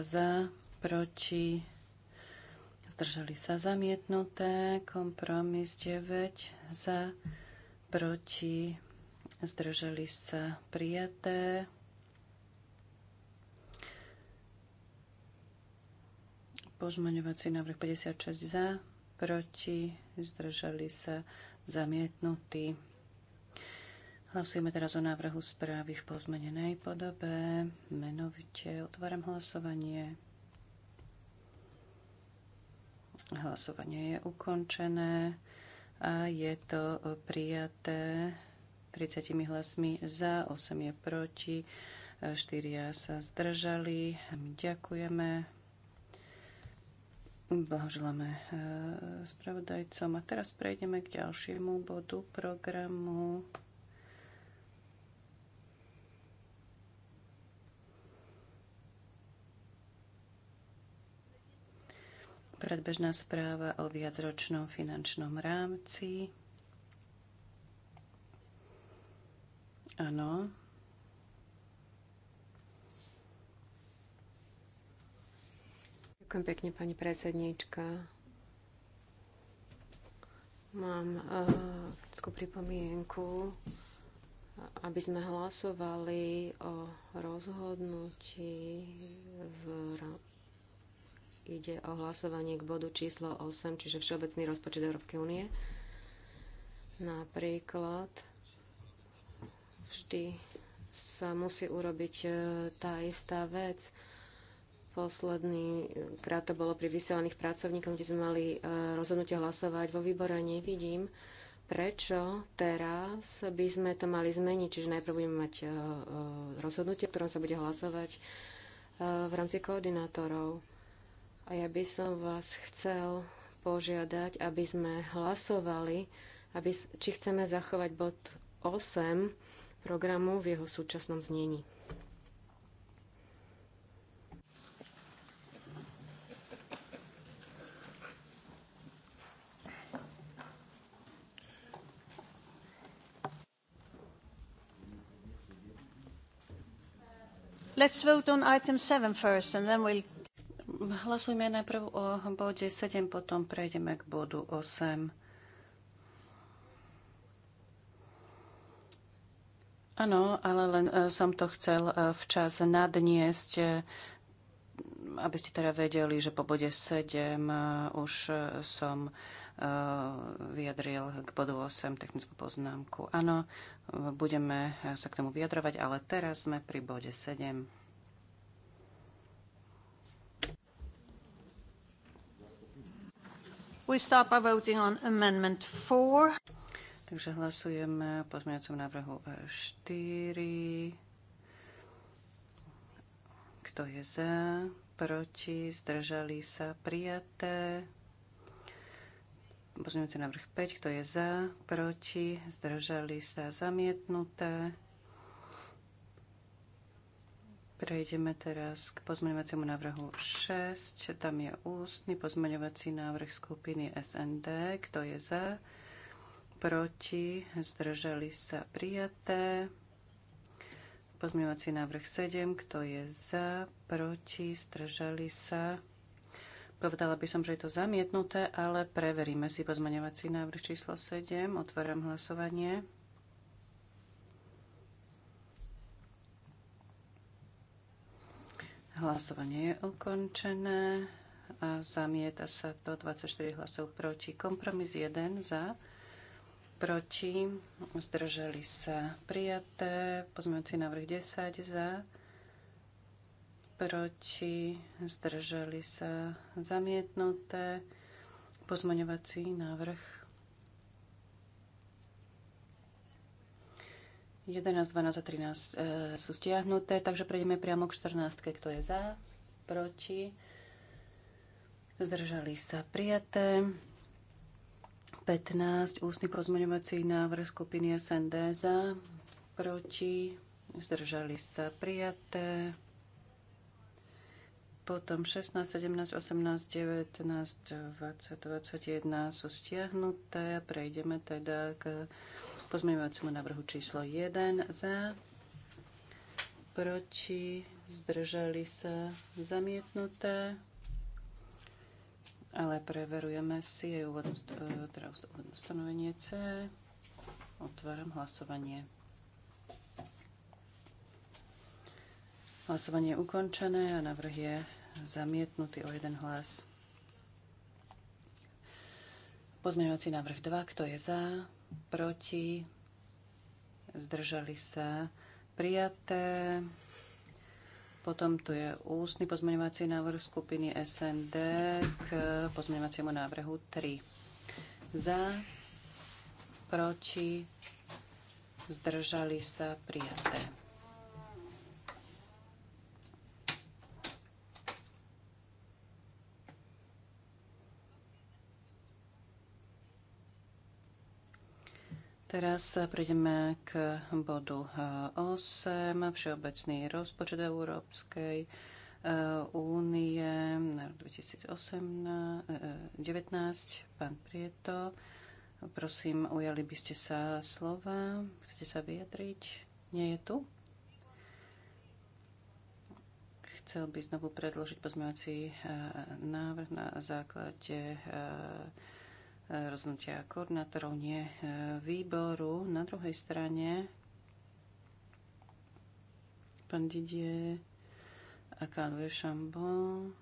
za, proti, zdržali sa zamietnuté, kompromis 9 za, proti, zdržali sa prijaté. Pozmaňovací návrh 56 za, proti, zdržali sa zamietnutí. Hlasujeme teraz o návrhu správy v pozmenenej podobe. Menovite otváram hlasovanie. Hlasovanie je ukončené a je to prijaté 30 hlasmi za, 8 je proti, 4 sa zdržali. My ďakujeme. Blahoželáme eh, spravodajcom a teraz prejdeme k ďalšiemu bodu programu. predbežná správa o viacročnom finančnom rámci. Áno. Ďakujem pekne, pani predsedníčka. Mám uh, pripomienku, aby sme hlasovali o rozhodnutí v Ide o hlasovanie k bodu číslo 8, čiže Všeobecný rozpočet Európskej únie. Napríklad vždy sa musí urobiť e, tá istá vec. Posledný krát to bolo pri vysielaných pracovníkom, kde sme mali e, rozhodnutie hlasovať vo výbore. Nevidím, prečo teraz by sme to mali zmeniť. Čiže najprv budeme mať e, rozhodnutie, o ktorom sa bude hlasovať v rámci koordinátorov. A ja by som vás chcel požiadať, aby sme hlasovali, aby, či chceme zachovať bod 8 programu v jeho súčasnom znení. Let's vote on item 7 first and then we'll Hlasujme najprv o bode 7, potom prejdeme k bodu 8. Áno, ale len e, som to chcel e, včas nadniesť, e, aby ste teda vedeli, že po bode 7 už som vyjadril k bodu 8 technickú poznámku. Áno, budeme sa k tomu vyjadrovať, ale teraz sme pri bode 7. We start by voting on amendment 4. Takže hlasujeme o pozmeňujúcom návrhu 4. E, Kto je za? Proti? Zdržali sa? Prijaté? Pozmeňujúci návrh 5. Kto je za? Proti? Zdržali sa? Zamietnuté? Prejdeme teraz k pozmeňovaciemu návrhu 6. Tam je ústny pozmeňovací návrh skupiny SND. Kto je za? Proti? Zdržali sa prijaté. Pozmeňovací návrh 7. Kto je za? Proti? Zdržali sa? Povedala by som, že je to zamietnuté, ale preveríme si pozmeňovací návrh číslo 7. Otváram hlasovanie. Hlasovanie je ukončené. A zamieta sa to 24 hlasov proti. Kompromis 1 za, proti, zdržali sa prijaté. Pozmeňujúci návrh 10 za, proti, zdržali sa zamietnuté. Pozmeňovací návrh 11, 12 a 13 e, sú stiahnuté, takže prejdeme priamo k 14. Kto je za? Proti? Zdržali sa prijaté. 15. Ústny pozmeňovací návrh skupiny SND za? Proti? Zdržali sa prijaté. Potom 16, 17, 18, 19, 20, 21 sú stiahnuté. Prejdeme teda k pozmeňovacímu návrhu číslo 1 za, proti, zdržali sa, zamietnuté. Ale preverujeme si jej úvodnú, e, teda stanovenie C. Otváram hlasovanie. Hlasovanie je ukončené a návrh je zamietnutý o jeden hlas. Pozmeňovací návrh 2. Kto je za? proti, zdržali sa prijaté. Potom tu je ústny pozmeňovací návrh skupiny SND k pozmeňovaciemu návrhu 3. Za, proti, zdržali sa prijaté. Teraz prejdeme k bodu 8, eh, Všeobecný rozpočet Európskej eh, únie na rok 2019. Eh, Pán Prieto, prosím, ujali by ste sa slova. Chcete sa vyjadriť? Nie je tu? Chcel by znovu predložiť pozmeňovací návrh na základe rozhodnutia koordinátorov, nie e, výboru. Na druhej strane pán Didier a Calvé Chambon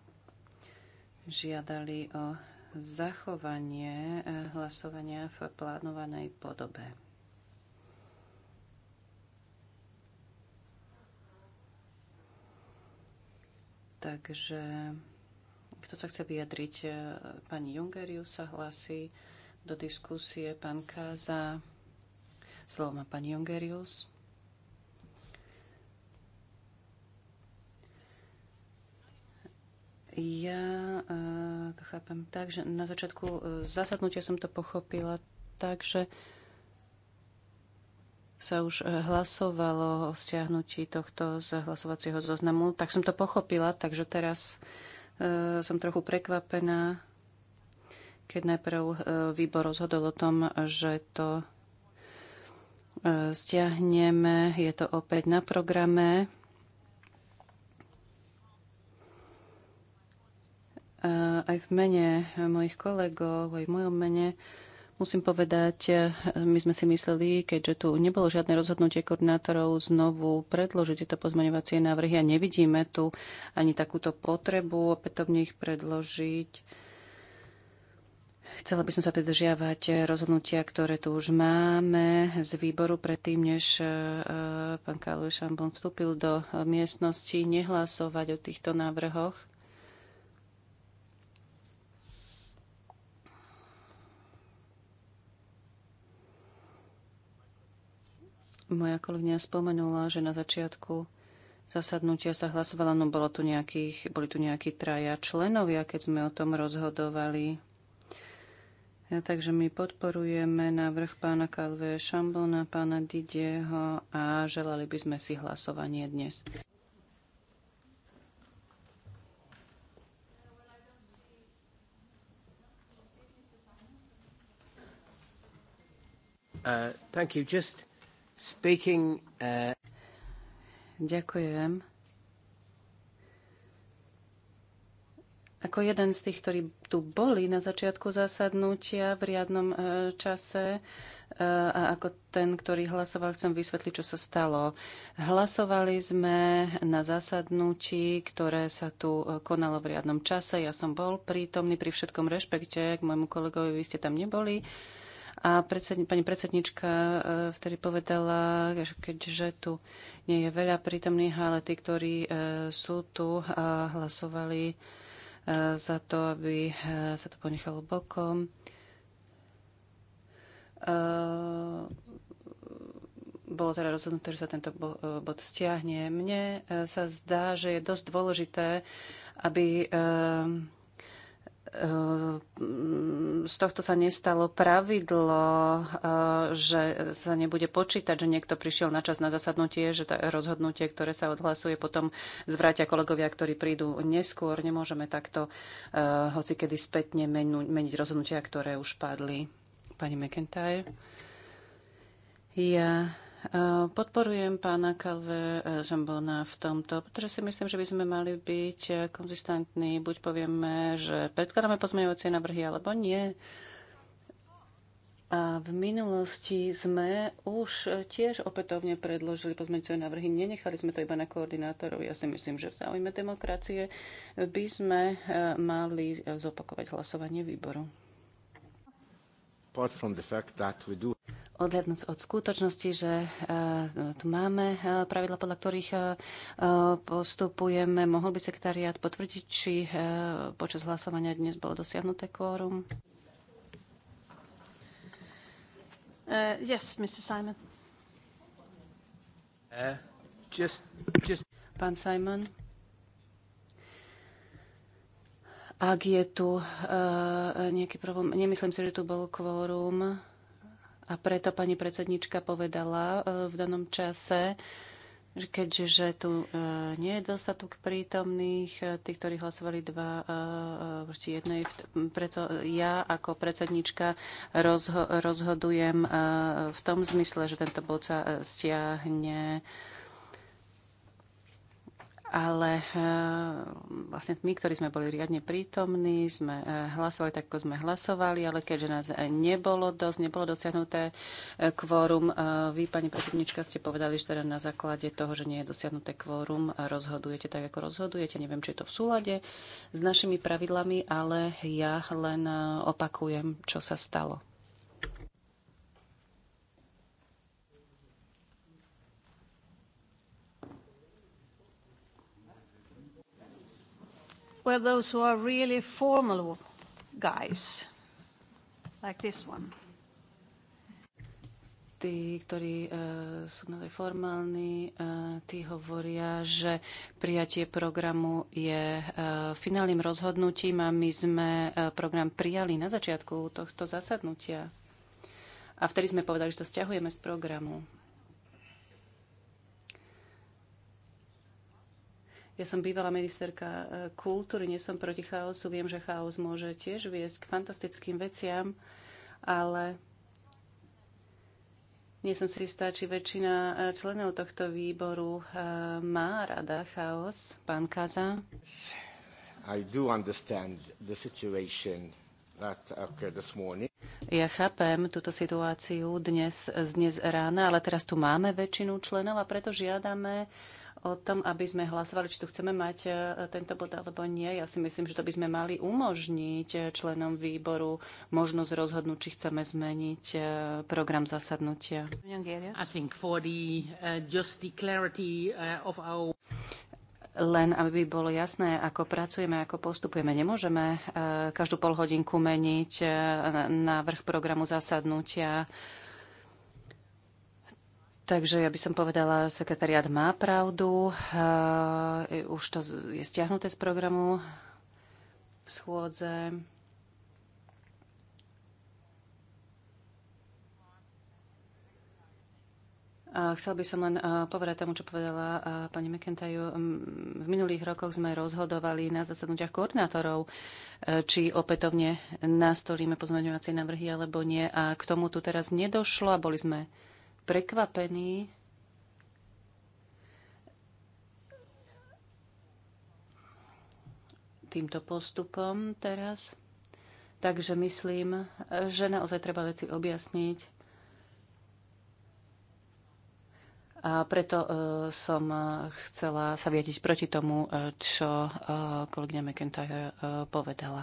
žiadali o zachovanie e, hlasovania v plánovanej podobe. Takže kto sa chce vyjadriť? E, pani Jungerius sa hlási do diskusie. Pán Káza. Slovo má pani Jungerius. Ja e, to chápem tak, že na začiatku e, zasadnutia som to pochopila tak, že sa už hlasovalo o stiahnutí tohto z hlasovacieho zoznamu, tak som to pochopila, takže teraz Eh, som trochu prekvapená, keď najprv eh, výbor rozhodol o tom, že to eh, stiahneme. Je to opäť na programe. Aj v mene mojich kolegov, aj v mojom mene Musím povedať, e, my sme si mysleli, keďže tu nebolo žiadne rozhodnutie koordinátorov znovu predložiť tieto pozmeňovacie návrhy a nevidíme tu ani takúto potrebu opätovne ich predložiť. Chcela by som sa pridržiavať rozhodnutia, ktoré tu už máme z výboru predtým, než e, e, pán Karol Šambon vstúpil do miestnosti, nehlasovať o týchto návrhoch Moja kolegyňa spomenula, že na začiatku zasadnutia sa hlasovala, no bolo tu nejakých, boli tu nejakí traja členovia, keď sme o tom rozhodovali. Ja, takže my podporujeme návrh pána Kalve Šambona, pána Didieho a želali by sme si hlasovanie dnes. Uh, thank you. Just Speaking, uh... Ďakujem. Ako jeden z tých, ktorí tu boli na začiatku zasadnutia v riadnom e, čase e, a ako ten, ktorý hlasoval, chcem vysvetliť, čo sa stalo. Hlasovali sme na zasadnutí, ktoré sa tu e, konalo v riadnom čase. Ja som bol prítomný pri všetkom rešpekte k môjmu kolegovi, vy ste tam neboli. Uh, a predsedni, pani predsednička eh, vtedy povedala, že keďže tu nie je veľa prítomných, ale tí, ktorí eh, sú tu, a hlasovali eh, za to, aby sa to ponechalo bokom. Bolo teda rozhodnuté, že sa tento bod stiahne. Mne sa zdá, že je dosť dôležité, aby Ehm, z tohto sa nestalo pravidlo, ehm, že sa nebude počítať, že niekto prišiel na čas na zasadnutie, že to rozhodnutie, ktoré sa odhlasuje, potom zvrátia kolegovia, ktorí prídu neskôr. Nemôžeme takto ehm, hoci kedy spätne meniť rozhodnutia, ktoré už padli. Pani McIntyre. Ja Eh, podporujem pána Kalve eh, Zambona v tomto, pretože si myslím, že by sme mali byť eh, konzistentní. Buď povieme, že predkladáme pozmeňovacie návrhy, alebo nie. A v minulosti sme už tiež opätovne predložili pozmeňovacie návrhy. Nenechali sme to iba na koordinátorov. Ja si myslím, že v záujme demokracie by sme mali zopakovať hlasovanie výboru. Odhľadnúc od skutočnosti, že e, tu máme e, pravidla, podľa ktorých e, postupujeme, mohol by sekretariat potvrdiť, či počas hlasovania dnes bolo dosiahnuté kvórum? Uh, yes, Mr. Simon. Uh, just, just... Pán Simon. Ak je tu uh, nejaký problém, nemyslím si, že tu bol kvórum a preto pani predsednička povedala uh, v danom čase, že keďže že tu uh, nie je dostatok prítomných, uh, tí, ktorí hlasovali dva uh, proti jednej, preto ja ako predsednička rozho- rozhodujem uh, v tom zmysle, že tento bod sa stiahne uh, ale eh, vlastne my, ktorí sme boli riadne prítomní, sme eh, hlasovali tak, ako sme hlasovali, ale keďže nás eh, nebolo dosť, nebolo dosiahnuté kvórum, vy, pani predsednička, ste povedali, že teda na základe toho, že nie je dosiahnuté kvórum, rozhodujete tak, ako rozhodujete. Neviem, či je to v súlade s našimi pravidlami, ale ja len opakujem, čo sa stalo. Well, those who are really formal guys, like this one. Tí, ktorí uh, sú naozaj formálni, uh, tí hovoria, že prijatie programu je uh, finálnym rozhodnutím a my sme uh, program prijali na začiatku tohto zasadnutia. A vtedy sme povedali, že to stiahujeme z programu. Ja som bývalá ministerka e, kultúry, nie som proti chaosu. Viem, že chaos môže tiež viesť k fantastickým veciam, ale nie som si istá, či väčšina e, členov tohto výboru e, má rada chaos. Pán Kaza. I do understand the situation that occurred this morning. Ja chápem túto situáciu dnes, dnes rána, ale teraz tu máme väčšinu členov a preto žiadame o tom, aby sme hlasovali, či tu chceme mať e, tento bod alebo nie. Ja si myslím, že to by sme mali umožniť e, členom výboru možnosť rozhodnúť, či chceme zmeniť e, program zasadnutia. Uh, uh, Len aby bolo jasné, ako pracujeme, ako postupujeme. Nemôžeme každú pol hodinku meniť návrh programu zasadnutia Takže ja by som povedala, sekretariat má pravdu. E, už to je stiahnuté z programu schôdze. Chcel by som len e, povedať tomu, čo povedala e, pani McIntyre. V minulých rokoch sme rozhodovali na zasadnutiach koordinátorov, či opätovne nastolíme pozmeňovacie návrhy alebo nie. A k tomu tu teraz nedošlo a boli sme prekvapení, týmto postupom teraz. Takže myslím, že naozaj treba veci objasniť. A preto e, som e, chcela sa viediť proti tomu, e, čo kolegyňa McIntyre povedala.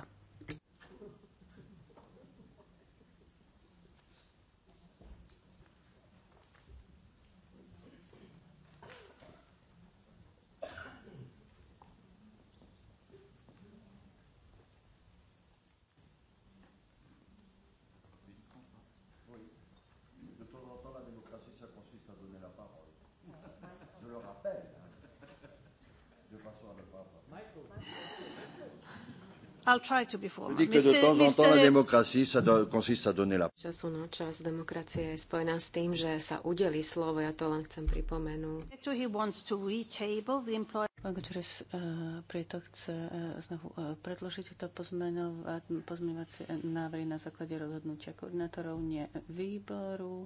Vždy, keď do toho formal. Dit que de temps en temps la do, consiste à Času na čas demokracie je spojená s tým, že sa udeli slovo, ja to len chcem pripomenúť. Pán Gutierrez, uh, eh, preto chce eh, znovu eh, predložiť to pozmeňovacie návrhy na základe rozhodnutia koordinátorov, nie výboru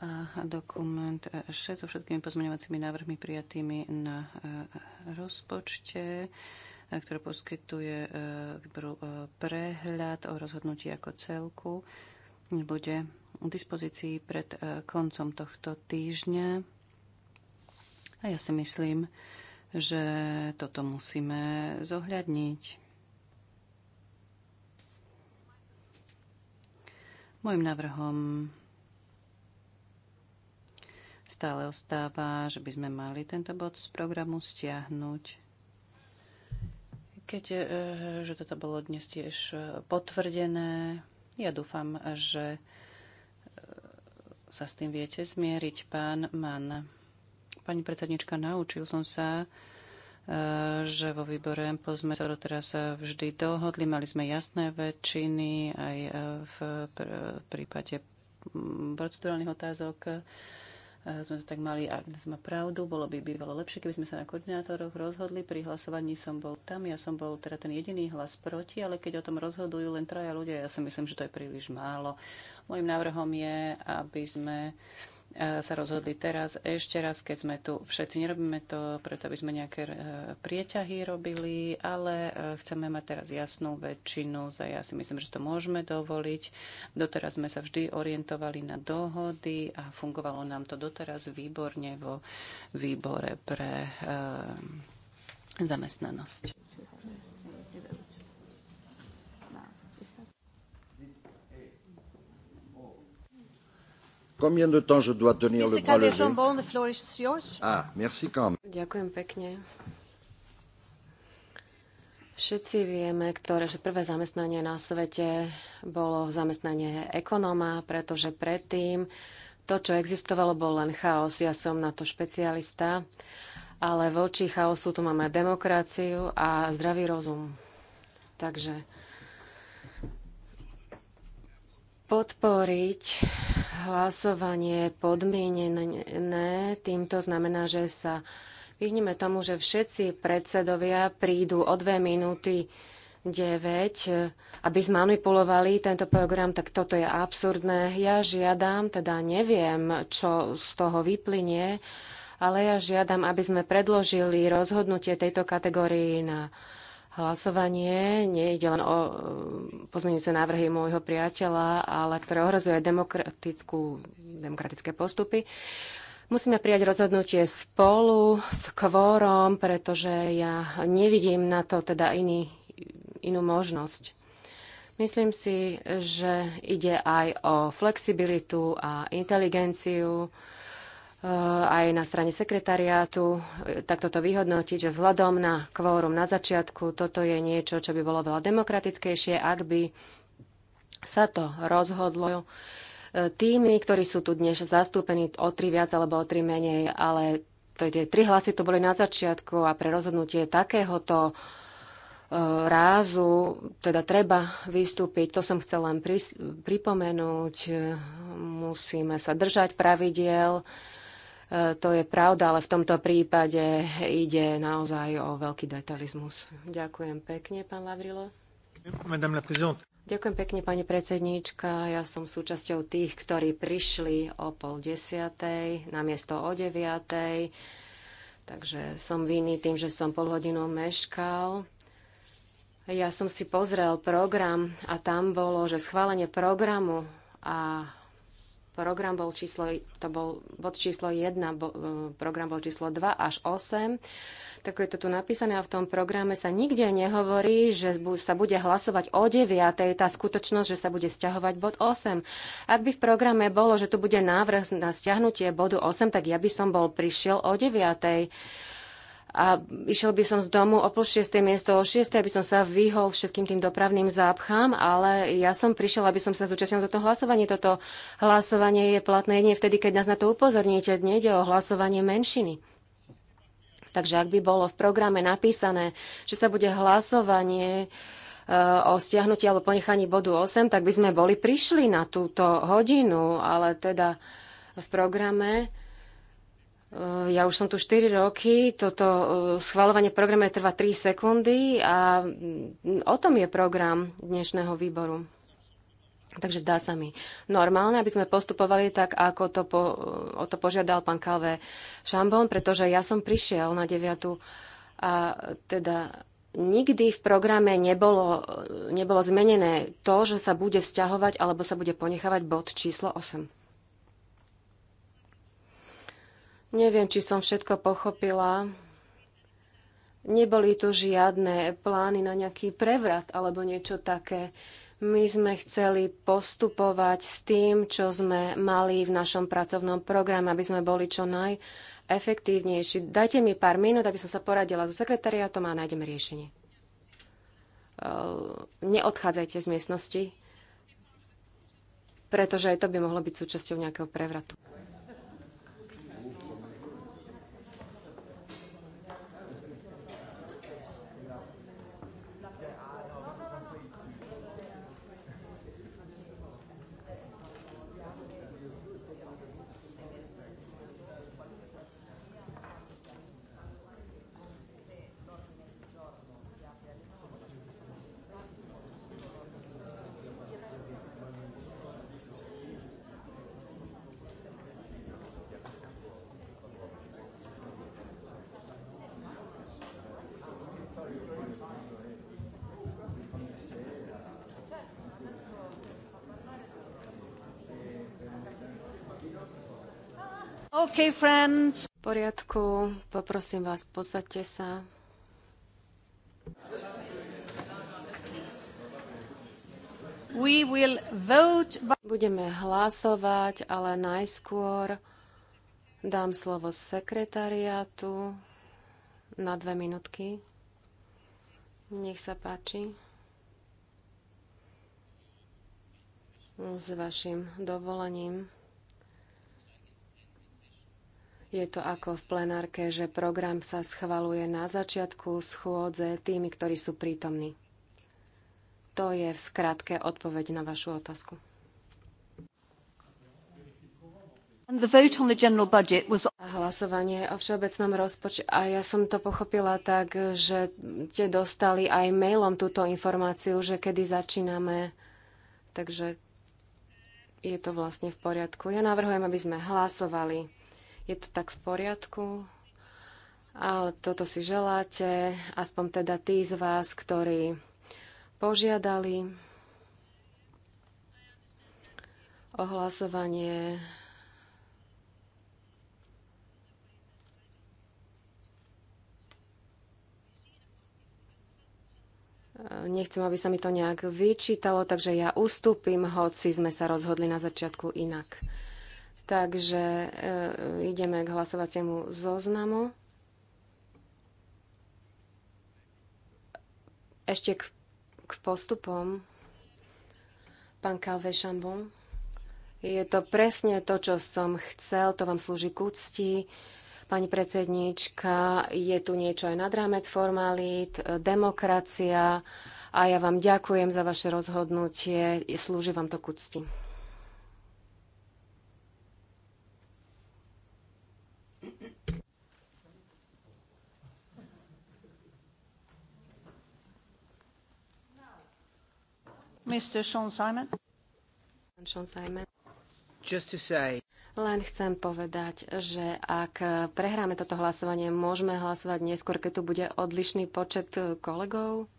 a dokument 6 e, so všetkými pozmeňovacími návrhmi prijatými na e, rozpočte, e, ktoré poskytuje výboru prehľad o rozhodnutí ako celku, bude k dispozícii pred koncom tohto týždňa. A ja si myslím, že toto musíme zohľadniť. Mojim návrhom stále ostáva, že by sme mali tento bod z programu stiahnuť. Keď, eh, že toto bolo dnes tiež eh, potvrdené, ja dúfam, že eh, sa s tým viete zmieriť, pán Mann. Pani predsednička, naučil som sa, že vo výbore MPO sme sa doteraz vždy dohodli, mali sme jasné väčšiny aj v prípade procedurálnych otázok sme to tak mali, ak dnes má pravdu, bolo by bývalo lepšie, keby sme sa na koordinátoroch rozhodli. Pri hlasovaní som bol tam, ja som bol teda ten jediný hlas proti, ale keď o tom rozhodujú len traja ľudia, ja si myslím, že to je príliš málo. Mojím návrhom je, aby sme uh, sa rozhodli teraz ešte raz, keď sme tu všetci. Nerobíme to, preto aby sme nejaké e, prieťahy robili, ale e, chceme mať teraz jasnú väčšinu. Za ja si myslím, že to môžeme dovoliť. Doteraz sme sa vždy orientovali na dohody a fungovalo nám to doteraz výborne vo výbore pre e, zamestnanosť. Combien de temps je dois tenir Mr. le bras levé? Jambon, the floor is yours. Ah, merci quand même. Ďakujem pekne. Všetci vieme, ktoré, že prvé zamestnanie na svete bolo zamestnanie ekonóma, pretože predtým to, čo existovalo, bol len chaos. Ja som na to špecialista, ale voči chaosu tu máme demokraciu a zdravý rozum. Takže podporiť hlasovanie podmienené týmto znamená, že sa vyhneme tomu, že všetci predsedovia prídu o dve minúty 9, aby zmanipulovali tento program, tak toto je absurdné. Ja žiadam, teda neviem, čo z toho vyplynie, ale ja žiadam, aby sme predložili rozhodnutie tejto kategórii na hlasovanie nejde len o e, pozmeňujúce návrhy môjho priateľa, ale ktoré ohrozuje demokratickú, demokratické postupy. Musíme prijať rozhodnutie spolu s kvórom, pretože ja nevidím na to teda iný, inú možnosť. Myslím si, že ide aj o flexibilitu a inteligenciu aj na strane sekretariátu e, takto to vyhodnotiť, že vzhľadom na kvórum na začiatku toto je niečo, čo by bolo veľa demokratickejšie, ak by sa to rozhodlo e, tými, ktorí sú tu dnes zastúpení o tri viac alebo o tri menej, ale to, tie tri hlasy to boli na začiatku a pre rozhodnutie takéhoto e, rázu, teda treba vystúpiť. To som chcel len pripomenúť. Musíme sa držať pravidiel E, to je pravda, ale v tomto prípade ide naozaj o veľký detalizmus. Ďakujem pekne, pán Lavrilo. Ďakujem pekne, pani predsedníčka. Ja som súčasťou tých, ktorí prišli o pol desiatej, namiesto o deviatej. Takže som vinný tým, že som pol hodinou meškal. Ja som si pozrel program a tam bolo, že schválenie programu a Program bol číslo, to bol bod číslo 1, bo, e, program bol číslo 2 až 8. Tak je to tu napísané a v tom programe sa nikde nehovorí, že sa bude hlasovať o 9. Tá skutočnosť, že sa bude stiahovať bod 8. Ak by v programe bolo, že tu bude návrh na stiahnutie bodu 8, tak ja by som bol prišiel o 9 a išiel by som z domu o pol šiestej miesto o šiestej, aby som sa vyhol všetkým tým dopravným zápchám, ale ja som prišiel, aby som sa zúčastnil toto hlasovanie. Toto hlasovanie je platné jedine vtedy, keď nás na to upozorníte. Nejde o hlasovanie menšiny. Takže ak by bolo v programe napísané, že sa bude hlasovanie eh, o stiahnutí alebo ponechaní bodu 8, tak by sme boli prišli na túto hodinu, ale teda v programe Eh, ja už som tu 4 roky, toto eh, schvalovanie programe trvá 3 sekundy a mm, o tom je program dnešného výboru. Takže zdá sa mi normálne, aby sme postupovali tak, ako to po, eh, o to požiadal pán Kalvé Šambon, pretože ja som prišiel na 9. a teda nikdy v programe nebolo, nebolo zmenené to, že sa bude stiahovať alebo sa bude ponechávať bod číslo 8. Neviem, či som všetko pochopila. Neboli tu žiadne plány na nejaký prevrat alebo niečo také. My sme chceli postupovať s tým, čo sme mali v našom pracovnom programe, aby sme boli čo najefektívnejší. Dajte mi pár minút, aby som sa poradila so sekretariátom a nájdeme riešenie. Ehm, neodchádzajte z miestnosti, pretože aj to by mohlo byť súčasťou nejakého prevratu. Okay, friends. V poriadku, poprosím vás, posaďte sa. We will vote by... Budeme hlasovať, ale najskôr dám slovo sekretariátu na dve minutky. Nech sa páči. S vašim dovolením. Je to ako v plenárke, že program sa schvaluje na začiatku schôdze tými, ktorí sú prítomní. To je v skratke odpoveď na vašu otázku. Was... A hlasovanie o všeobecnom rozpočte. A ja som to pochopila tak, že ste dostali aj mailom túto informáciu, že kedy začíname. Takže je to vlastne v poriadku. Ja navrhujem, aby sme hlasovali je to tak v poriadku? Ale toto si želáte, aspoň teda tí z vás, ktorí požiadali o hlasovanie Nechcem, aby sa mi to nejak vyčítalo, takže ja ustúpim, hoci sme sa rozhodli na začiatku inak. Takže e, ideme k hlasovaciemu zoznamu. Ešte k, k postupom. Pán Calvé Chambon, je to presne to, čo som chcel, to vám slúži k úcti. Pani predsednička, je tu niečo aj nad rámec formalít, e, demokracia a ja vám ďakujem za vaše rozhodnutie, slúži vám to k úcti. Mr. Sean Simon. Sean Simon. Just to say. Len chcem povedať, že ak prehráme toto hlasovanie, môžeme hlasovať neskôr, keď tu bude odlišný počet kolegov.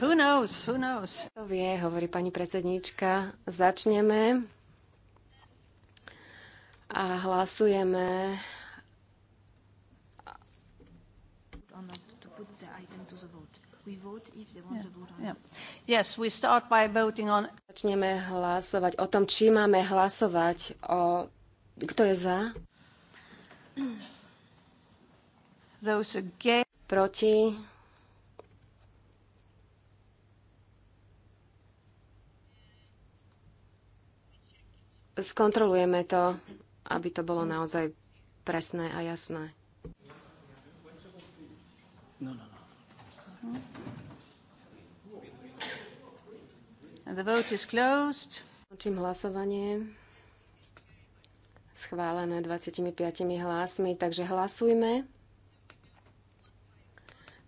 Who knows, who knows? To vie, hovorí pani predsedníčka. Začneme a hlasujeme Začneme hlasovať o tom, či máme hlasovať o... Kto je za? Proti? Skontrolujeme to, aby to bolo naozaj presné a jasné. No, no. The vote is closed. Končím hlasovanie. Schválené 25 hlasmi, takže hlasujme.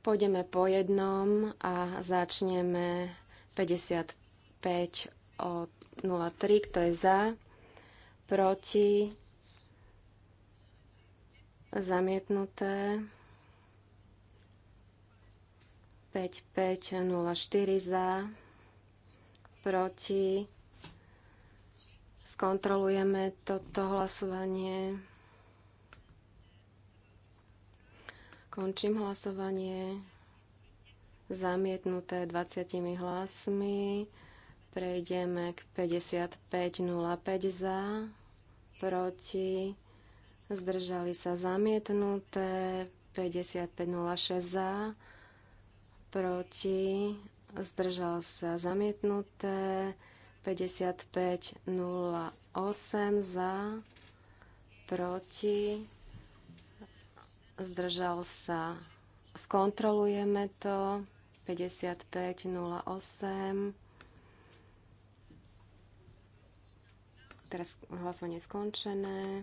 Pôjdeme po jednom a začneme 55 o 03, kto je za, proti, zamietnuté. 5504 za, proti. Skontrolujeme toto hlasovanie. Končím hlasovanie. Zamietnuté 20 hlasmi. Prejdeme k 55.05 za, proti, zdržali sa zamietnuté, 55.06 za, proti, zdržal sa zamietnuté, 5508 za, proti, zdržal sa, skontrolujeme to, 5508. Teraz hlasovanie skončené.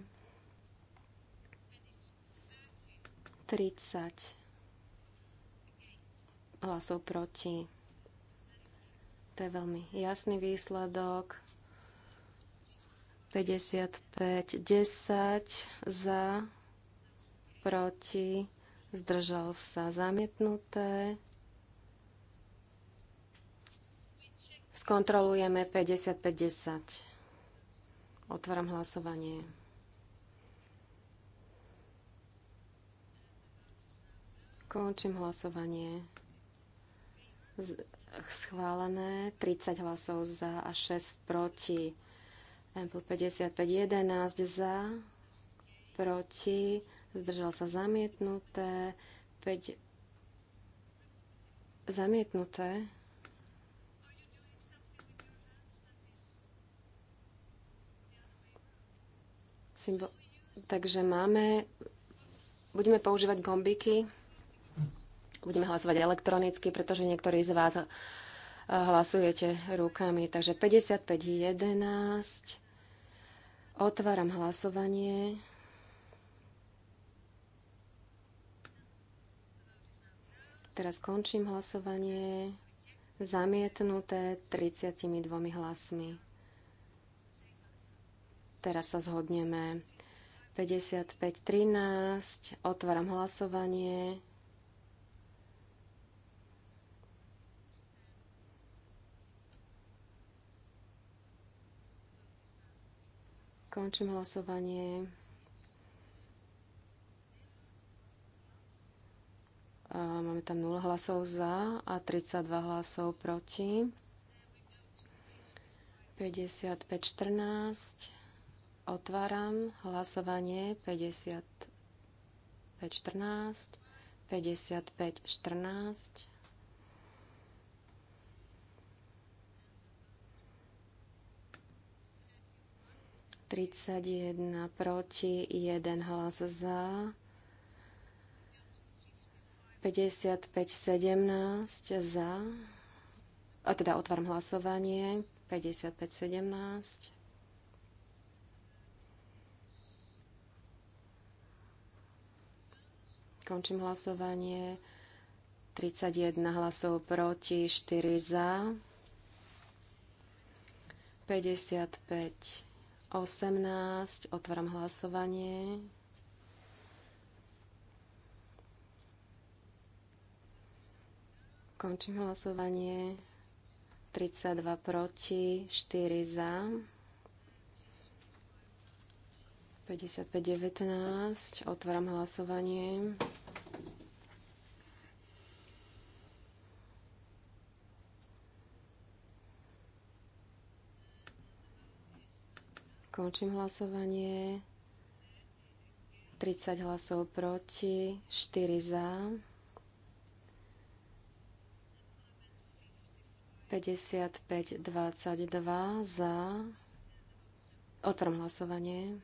30 hlasov proti. To je veľmi jasný výsledok. 55, 10 za, proti, zdržal sa zamietnuté. Skontrolujeme 50 10 Otváram hlasovanie. Končím hlasovanie schválené, 30 hlasov za a 6 proti. Ample 55, 11 za, proti, zdržal sa zamietnuté, 5 zamietnuté. Symbol... Takže máme, budeme používať gombiky. Budeme hlasovať elektronicky, pretože niektorí z vás eh, hlasujete rukami. Takže 55.11. Otváram hlasovanie. Teraz končím hlasovanie. Zamietnuté 32 hlasmi. Teraz sa zhodneme. 55.13. Otváram hlasovanie. Končím hlasovanie. Máme tam 0 hlasov za a 32 hlasov proti. 55-14. Otváram hlasovanie 55-14. 55-14. 31 proti, 1 hlas za, 55, 17 za, a teda otváram hlasovanie, 55, 17. Končím hlasovanie. 31 hlasov proti, 4 za, 55 18. Otváram hlasovanie. Končím hlasovanie. 32 proti, 4 za. 55, 19. Otváram hlasovanie. Končím hlasovanie. 30 hlasov proti, 4 za. 55, 22 za. Otvorím hlasovanie.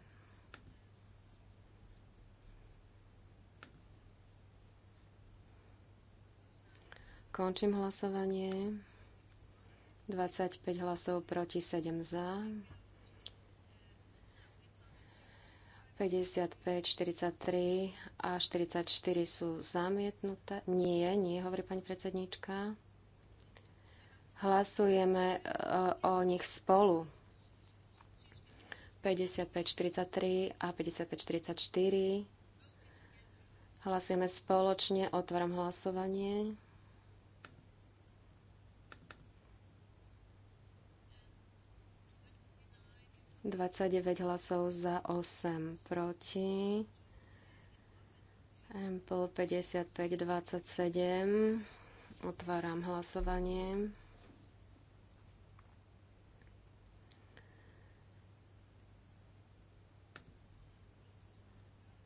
Končím hlasovanie. 25 hlasov proti, 7 za. 55, 43 a 44 sú zamietnuté. Nie, nie, hovorí pani predsednička. Hlasujeme e, o nich spolu. 55, 43 a 55, 44. Hlasujeme spoločne. Otváram hlasovanie. 29 hlasov za 8 proti. Ampel 55 27. Otváram hlasovanie.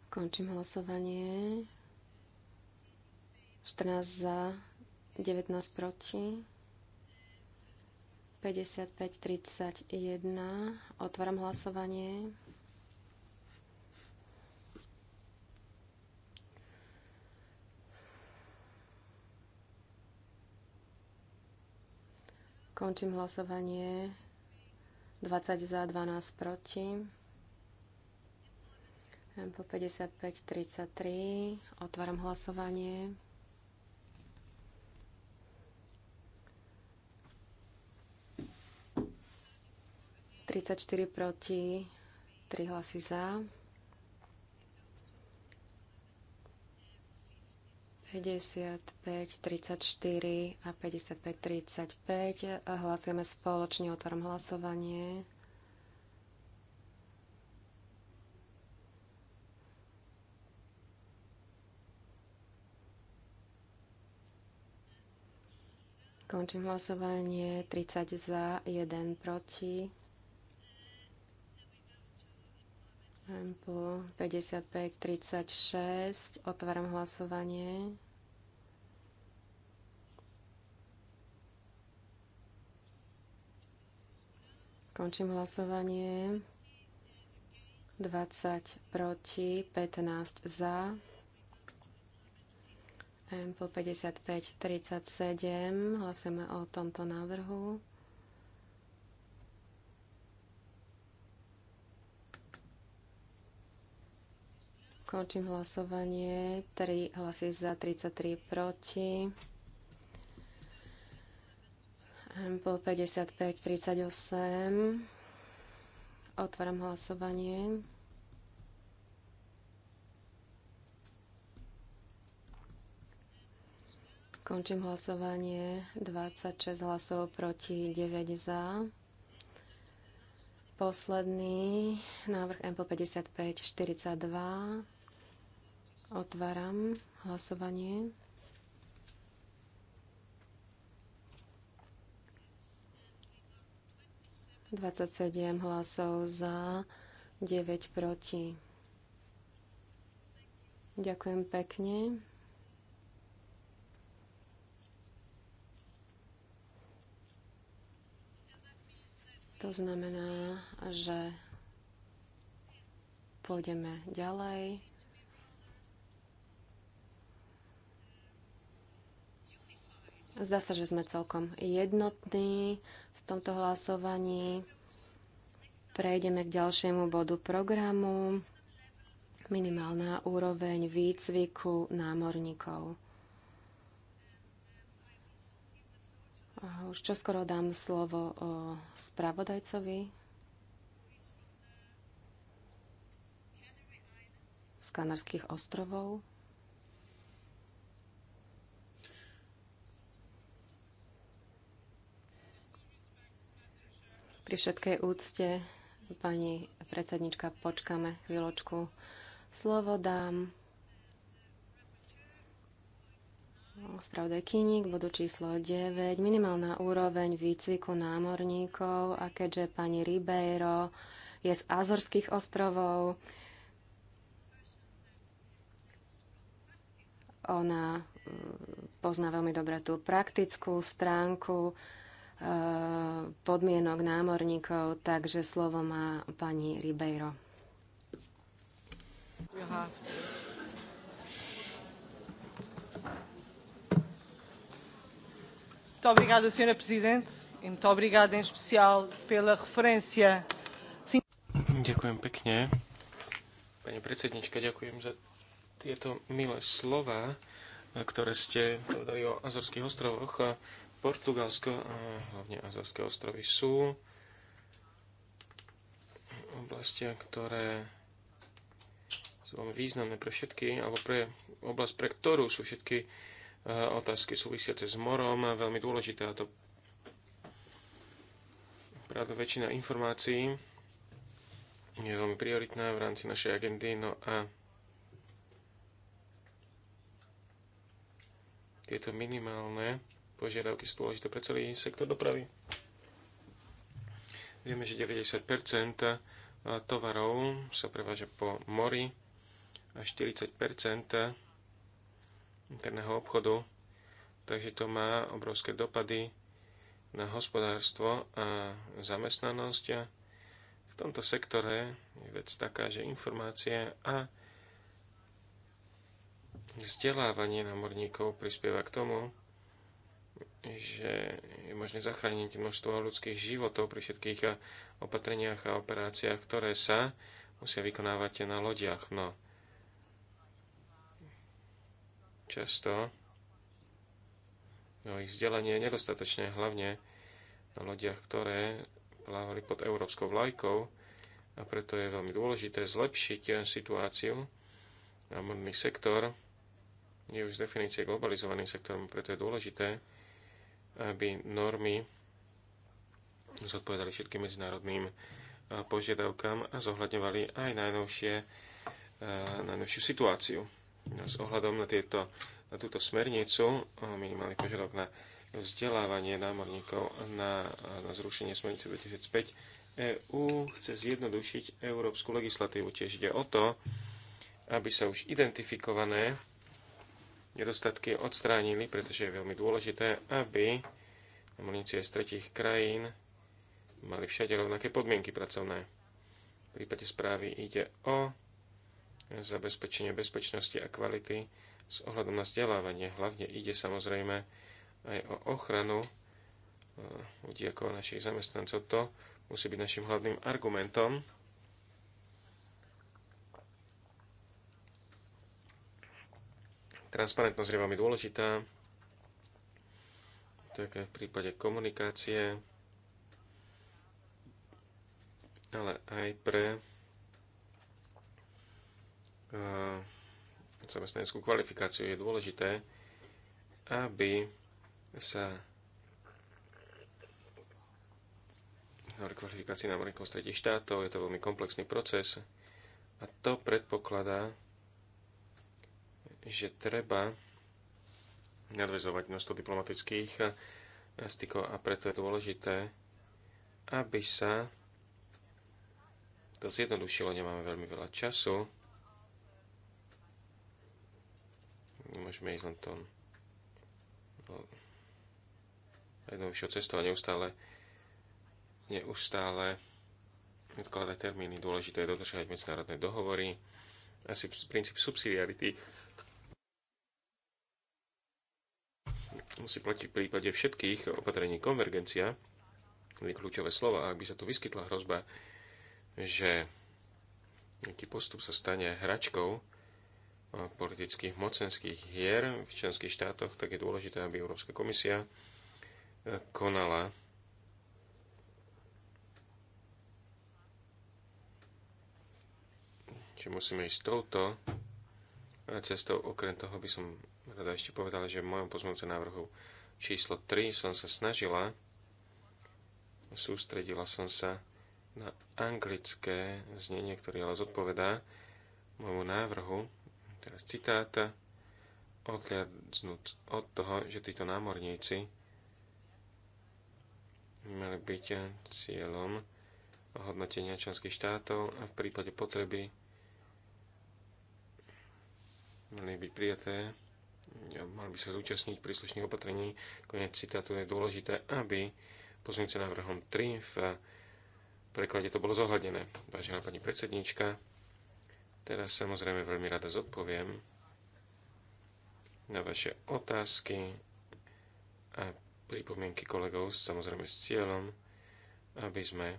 Končím hlasovanie. 14 za, 19 proti. 55 Otváram hlasovanie. Končím hlasovanie. 20 za, 12 proti. Po 55-33. Otváram hlasovanie. 34 proti, 3 hlasy za. 55, 34 a 55, 35. Hlasujeme spoločne, otváram hlasovanie. Končím hlasovanie. 30 za, 1 proti. MPO 55, 36. Otváram hlasovanie. Končím hlasovanie. 20 proti, 15 za. MPO 55, 37. Hlasujeme o tomto návrhu. Končím hlasovanie. 3 hlasy za, 33 proti. Po 55, 38. Otváram hlasovanie. Končím hlasovanie. 26 hlasov proti, 9 za. Posledný návrh MP55 42. Otváram hlasovanie. sedem hlasov za, 9 proti. Ďakujem pekne. To znamená, že pôjdeme ďalej. Zdá sa, že sme celkom jednotní v tomto hlasovaní. Prejdeme k ďalšiemu bodu programu. Minimálna úroveň výcviku námorníkov. Už čoskoro dám slovo o spravodajcovi z ostrovov. Pri všetkej úcte, pani predsednička, počkáme chvíľočku. Slovo dám Spravodajkyni k bodu číslo 9, minimálna úroveň výcviku námorníkov a keďže pani Ribeiro je z Azorských ostrovov, ona mm, pozná veľmi dobre tú praktickú stránku Eh, podmienok námorníkov, takže slovo má pani Ribeiro. Muito obrigada, Sra. Presidente, e muito obrigada em especial pela referência. Sim. Ďakujem pekne. Pani predsednička, ďakujem za tieto milé slova, eh, ktoré ste povedali o Azorských ostrovoch. Portugalsko a hlavne Azorské ostrovy sú oblasti, ktoré sú veľmi významné pre všetky, alebo pre oblasť, pre ktorú sú všetky e, otázky súvisiace s morom veľmi dôležité. A to práve väčšina informácií je veľmi prioritná v rámci našej agendy. No a tieto minimálne požiadavky sú dôležité pre celý sektor dopravy. Vieme, že 90 eh, tovarov sa preváža po mori a 40 interného obchodu, takže to má obrovské dopady na hospodárstvo a zamestnanosť. V tomto sektore je vec taká, že informácie a vzdelávanie námorníkov prispieva k tomu, že je možné zachrániť množstvo ľudských životov pri všetkých eh, opatreniach a operáciách, ktoré sa musia vykonávať na lodiach. No, často no, ich vzdelanie je nedostatočné, hlavne na lodiach, ktoré plávali pod európskou vlajkou a preto je veľmi dôležité zlepšiť eh, situáciu. Námorný sektor je už z definície globalizovaným sektorom, preto je dôležité, aby normy zodpovedali všetkým medzinárodným e, požiadavkám a zohľadňovali aj najnovšie, e, najnovšiu situáciu. No, s ohľadom na, tieto, na túto smernicu, minimálny požiadavok na vzdelávanie námorníkov na, na zrušenie smernice 2005, EÚ chce zjednodušiť európsku legislatívu. Tiež ide o to, aby sa už identifikované nedostatky odstránili, pretože je veľmi dôležité, aby munície z tretich krajín mali všade rovnaké podmienky pracovné. V prípade správy ide o zabezpečenie bezpečnosti a kvality s ohľadom na vzdelávanie. Hlavne ide samozrejme aj o ochranu eh, ľudí ako našich zamestnancov. To musí byť našim hlavným argumentom. Transparentnosť je veľmi dôležitá. Tak aj v prípade komunikácie, ale aj pre zamestnaneckú kvalifikáciu je dôležité, aby sa kvalifikácii námorníkov z tretich štátov, je to veľmi komplexný proces a to predpokladá že treba nadvezovať množstvo diplomatických eh, stykov a preto je dôležité, aby sa to zjednodušilo. Nemáme veľmi veľa času. Nemôžeme ísť len to no, jednoduchšou cestou a neustále neustále odkladať termíny. Dôležité je dodržať medzinárodné dohovory. Asi princíp subsidiarity musí platiť v prípade všetkých opatrení konvergencia, je kľúčové slova, a ak by sa tu vyskytla hrozba, že nejaký postup sa stane hračkou politických mocenských hier v členských štátoch, tak je dôležité, aby Európska komisia konala že musíme ísť touto cestou. Okrem toho by som rada ešte povedala, že v mojom pozmúce návrhu číslo 3 som sa snažila, sústredila som sa na anglické znenie, ktoré ale zodpovedá môjmu návrhu, teraz citáta, odliadnúť od toho, že títo námorníci mali byť cieľom hodnotenia členských štátov a v prípade potreby mali byť prijaté mali by sa zúčastniť príslušných opatrení. Konec citátu je dôležité, aby pozmeňujúce návrhom 3 v preklade to bolo zohľadené. Vážená pani predsednička, teraz samozrejme veľmi rada zodpoviem na vaše otázky a pripomienky kolegov, samozrejme s cieľom, aby sme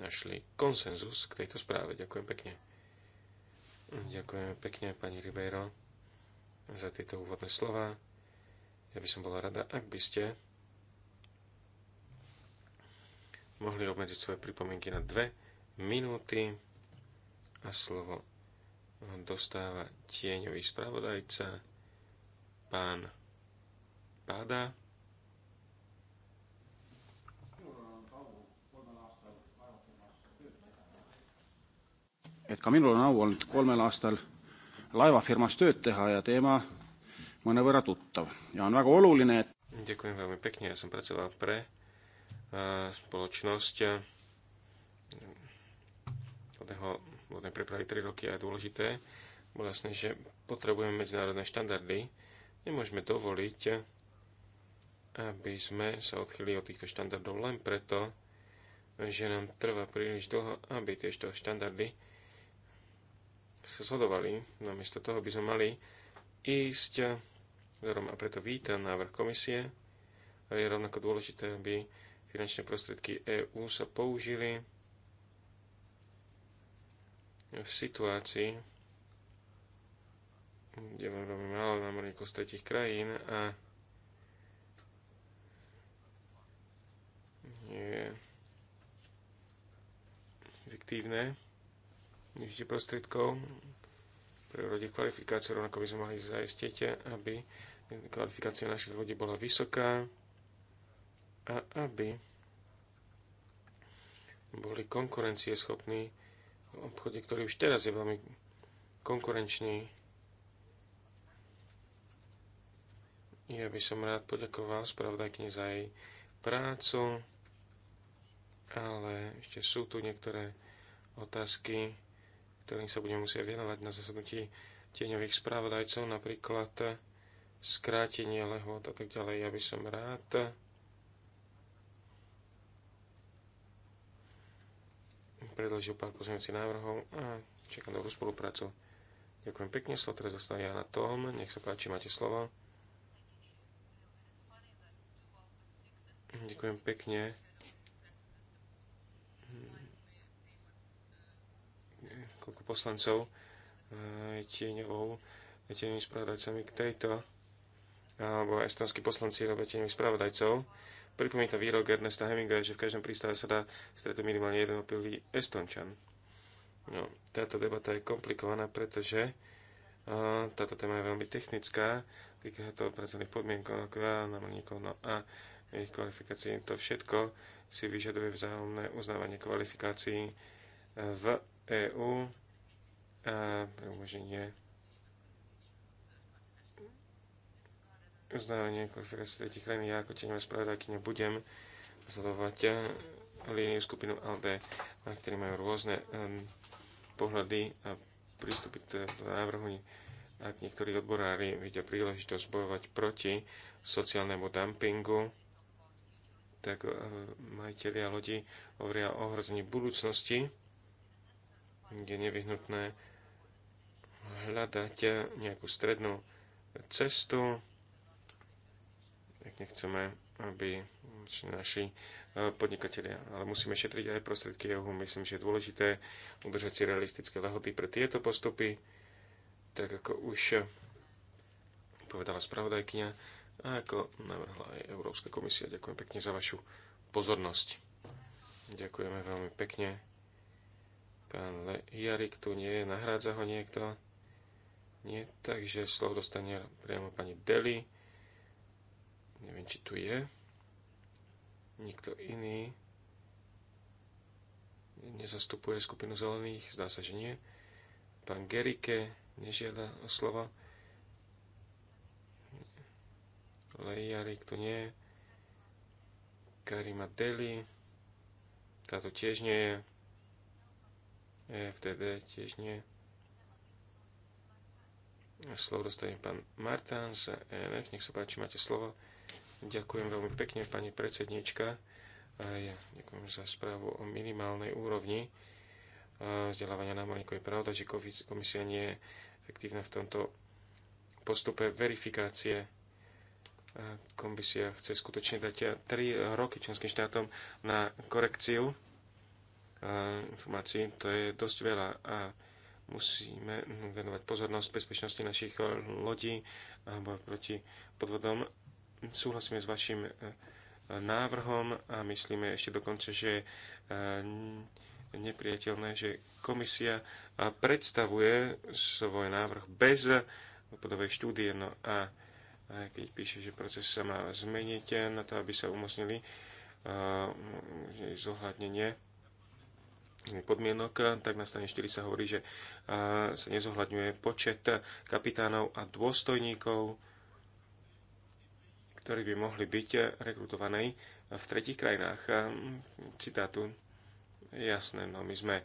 našli konsenzus k tejto správe. Ďakujem pekne. Ďakujem pekne, pani Ribeiro za tieto úvodné slova. Ja by som bola rada, ak by ste mohli obmedziť svoje pripomienky na dve minúty a slovo dostáva tieňový spravodajca pán Páda. et ka minul on au olnud kolmel aastal laevafirmas tööd teha ja teema mõnevõrra tuttav ja on väga oluline, et Ďakujem veľmi pekne, ja som pracoval pre e, spoločnosť vodného, e, vodnej prepravy 3 roky a je dôležité vlastne, že potrebujeme medzinárodné štandardy. Nemôžeme dovoliť, e, aby sme sa odchýli od týchto štandardov len preto, že nám trvá príliš dlho, aby tieto štandardy sa zhodovali. Namiesto toho by sme mali ísť vzorom a preto vítam návrh komisie. ale je rovnako dôležité, aby finančné prostriedky EÚ sa použili v situácii, kde máme veľmi málo námorníkov z tretich krajín a je fiktívne využite prostriedkov pre rode kvalifikácie, rovnako by sme mohli zaistiť, aby kvalifikácia našich ľudí bola vysoká a aby boli konkurencieschopní v obchode, ktorý už teraz je veľmi konkurenčný. Ja by som rád poďakoval spravodajkne za jej prácu, ale ešte sú tu niektoré otázky, ktorým sa budeme musieť venovať na zasadnutí tieňových správodajcov, napríklad skrátenie lehot a tak ďalej. Ja by som rád predložil pár pozmeňujúcich návrhov a čakám dobrú spoluprácu. Ďakujem pekne, slovo teraz zastane Jana Tom, nech sa páči, máte slovo. Ďakujem pekne. ako poslancov e, tieňovou, tieňovými spravodajcami k tejto, alebo estonskí poslanci robia tieňovými spravodajcov. Pripomína výrok Ernesta Hemingway, že v každom prístave sa dá stretnúť minimálne jeden opilý estončan. No, táto debata je komplikovaná, pretože táto téma je veľmi technická, týka to pracovných podmienok, námorníkov, no a ich kvalifikácií. To všetko si vyžaduje vzájomné uznávanie kvalifikácií v EÚ a pre umožnenie uznávanie konferencie tretí krajiny. Ja ako teňová spravodajkyňa budem sledovať eh, líniu skupinu LD, ktorí majú rôzne pohľady a prístupy k návrhu. Ak niektorí odborári vidia príležitosť bojovať proti sociálnemu dumpingu, tak eh, majiteľia lodi hovoria o ohrození budúcnosti, kde je nevyhnutné hľadať e, nejakú strednú cestu, ak nechceme, aby naši e, podnikatelia, ale musíme šetriť aj prostriedky jeho. Myslím, že je dôležité udržať si realistické lehoty pre tieto postupy, tak ako už povedala spravodajkyňa a ako navrhla aj Európska komisia. Ďakujem pekne za vašu pozornosť. Ďakujeme veľmi pekne. Pán Le Jarik tu nie je, nahrádza ho niekto. Nie, takže slovo dostane priamo pani Deli. Neviem, či tu je. Nikto iný nezastupuje skupinu zelených, zdá sa, že nie. Pán Gerike nežiada o slovo. Lejarik tu nie Karima Deli, táto tiež nie je. EFTD tiež nie je. Slovo dostane pán Martán z ENF. Nech sa páči, máte slovo. Ďakujem veľmi pekne, pani predsednička. Ja ďakujem za správu o minimálnej úrovni e, vzdelávania námorníkov. Je pravda, že komisia nie je efektívna v tomto postupe verifikácie. Komisia chce skutočne dať 3 roky členským štátom na korekciu informácií. To je dosť veľa. A musíme venovať pozornosť bezpečnosti našich eh, lodí alebo proti podvodom. Súhlasíme s vašim eh, návrhom a myslíme ešte dokonca, že eh, nepriateľné, že komisia predstavuje svoj návrh bez podovej štúdie. No a keď píše, že proces sa má zmeniť na to, aby sa umocnili zohľadnenie podmienok, tak na strane 4 sa hovorí, že sa nezohľadňuje počet kapitánov a dôstojníkov, ktorí by mohli byť rekrutovaní v tretich krajinách. Citátu. Jasné, no my sme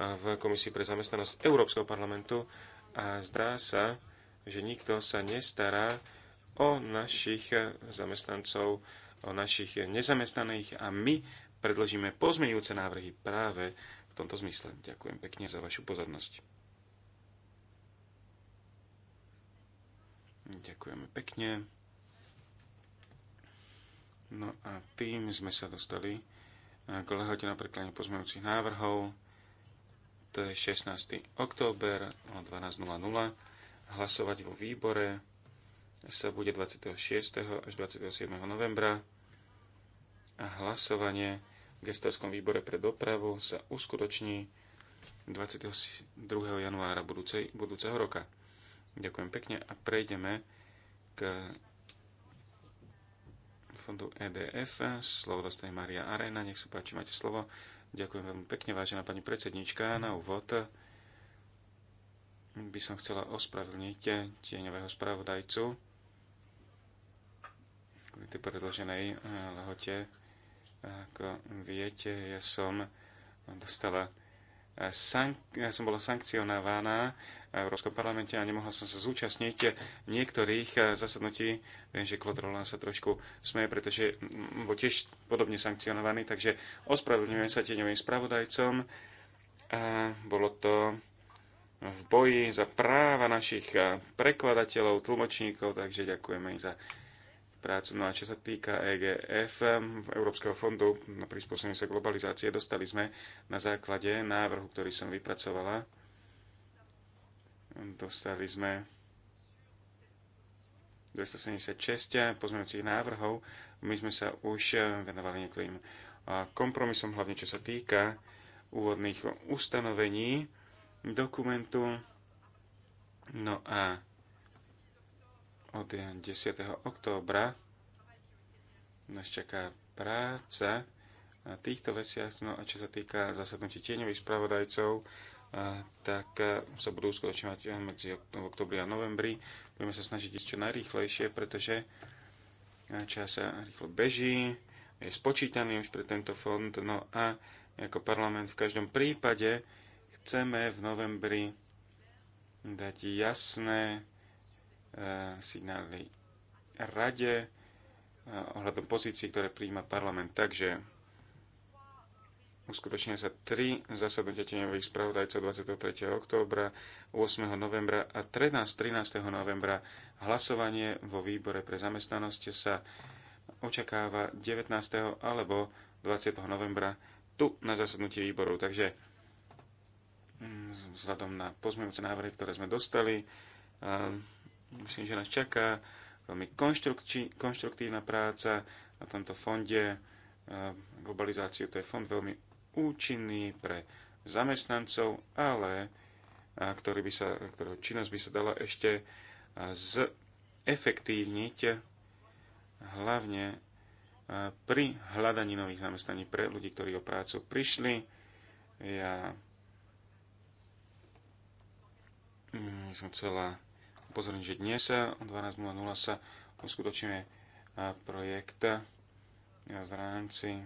v Komisii pre zamestnanosť Európskeho parlamentu a zdá sa, že nikto sa nestará o našich zamestnancov, o našich nezamestnaných a my predložíme pozmeňujúce návrhy práve tomto zmysle. Ďakujem pekne za vašu pozornosť. Ďakujeme pekne. No a tým sme sa dostali e, k lehote na preklane pozmeňujúcich návrhov. To je 16. október o 12.00. Hlasovať vo výbore sa bude 26. až 27. novembra a hlasovanie gestorskom výbore pre dopravu sa uskutoční 22. januára budúcej, budúceho roka. Ďakujem pekne a prejdeme k fondu EDF. Slovo dostane Maria Arena. Nech sa páči, máte slovo. Ďakujem veľmi pekne, vážená pani predsednička. Na úvod by som chcela ospravedlniť tieňového spravodajcu kvôli tej predloženej eh, lehote ako viete, ja som dostala eh, sank- ja som bola sankcionovaná v Európskom parlamente a nemohla som sa zúčastniť niektorých eh, zasadnutí. Viem, že Claude Roland sa trošku smeje, pretože mm, bol tiež podobne sankcionovaný, takže ospravedlňujem sa tieňovým spravodajcom. A bolo to v boji za práva našich eh, prekladateľov, tlmočníkov, takže ďakujeme im za prácu. No a čo sa týka EGF, Európskeho fondu na prispôsobenie sa globalizácie, dostali sme na základe návrhu, ktorý som vypracovala, dostali sme 276 pozmeňujúcich návrhov. My sme sa už venovali niektorým kompromisom, hlavne čo sa týka úvodných ustanovení dokumentu. No a od 10. októbra nás čaká práca na týchto veciach. No a čo sa týka zasadnutí tieňových spravodajcov, tak sa budú uskutočňovať medzi oktobri a novembri. Budeme sa snažiť ísť čo najrýchlejšie, pretože čas sa rýchlo beží, je spočítaný už pre tento fond. No a ako parlament v každom prípade chceme v novembri dať jasné Eh, signály rade eh, ohľadom pozícií, ktoré prijíma parlament. Takže uskutočnia sa tri zasadnutia teňových spravodajcov 23. októbra, 8. novembra a 13. 13. novembra hlasovanie vo výbore pre zamestnanosť sa očakáva 19. alebo 20. novembra tu na zasadnutí výboru. Takže mm, vzhľadom na pozmeňujúce návrhy, ktoré sme dostali, eh, myslím, že nás čaká veľmi konštruktívna práca na tomto fonde. Eh, globalizáciu to je fond veľmi účinný pre zamestnancov, ale eh, ktorý by sa, ktorého činnosť by sa dala ešte eh, zefektívniť, hlavne pri hľadaní nových zamestnaní pre ľudí, ktorí o prácu prišli. Ja mm, som chcela upozorniť, že dnes o 12.00 sa uskutočíme e, projekt e, v rámci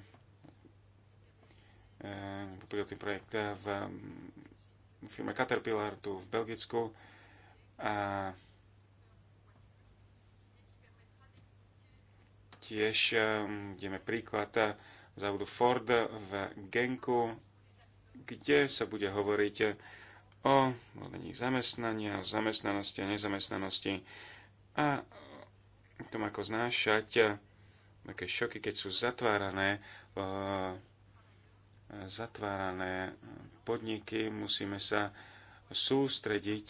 e, pilotný projekt v mm, firme Caterpillar tu v Belgicku a tiež ideme príklad závodu Ford v Genku, kde sa bude hovoriť o hľadaní zamestnania, o zamestnanosti a nezamestnanosti a tom, ako znášať také šoky, keď sú zatvárané, eh, zatvárané podniky, musíme sa sústrediť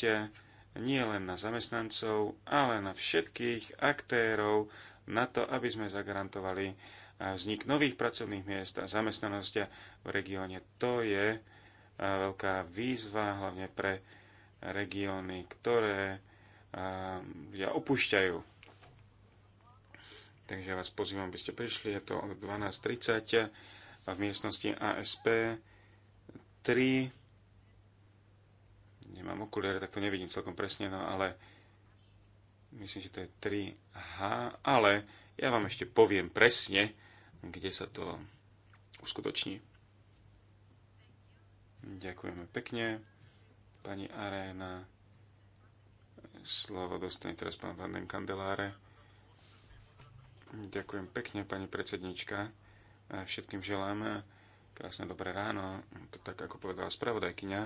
nie len na zamestnancov, ale na všetkých aktérov, na to, aby sme zagarantovali vznik nových pracovných miest a zamestnanosť v regióne. To je veľká výzva, hlavne pre regióny, ktoré ľudia opúšťajú. Takže ja vás pozývam, aby ste prišli, je to od 12.30 v miestnosti ASP 3. Nemám okuliare, tak to nevidím celkom presne, no ale myslím, že to je 3H, ale ja vám ešte poviem presne, kde sa to uskutoční. Ďakujeme pekne. Pani Aréna. slovo dostane teraz pán Vanden Kandeláre. Ďakujem pekne, pani predsednička. Všetkým želám krásne dobré ráno. To tak, ako povedala spravodajkyňa,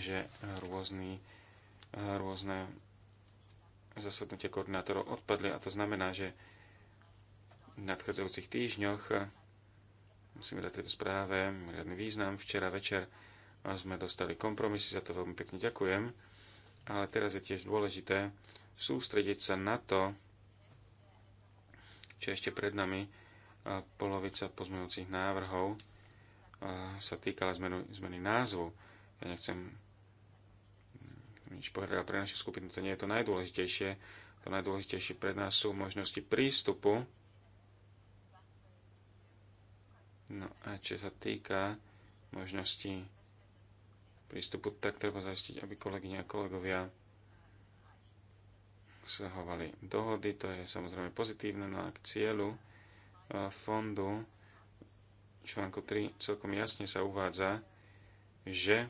že rôzny, rôzne zasadnutie koordinátorov odpadli a to znamená, že v nadchádzajúcich týždňoch musíme dať tejto správe mimoriadný význam. Včera večer sme dostali kompromisy, za to veľmi pekne ďakujem. Ale teraz je tiež dôležité sústrediť sa na to, čo ešte pred nami polovica pozmenujúcich návrhov sa týkala zmenu, zmeny názvu. Ja nechcem mm, nič povedať, ale pre našu skupinu to nie je to najdôležitejšie. To najdôležitejšie pred nás sú možnosti prístupu No a čo sa týka možnosti prístupu, tak treba zaistiť, aby kolegyne a kolegovia sahovali dohody, to je samozrejme pozitívne, no a k cieľu e, fondu článku 3 celkom jasne sa uvádza, že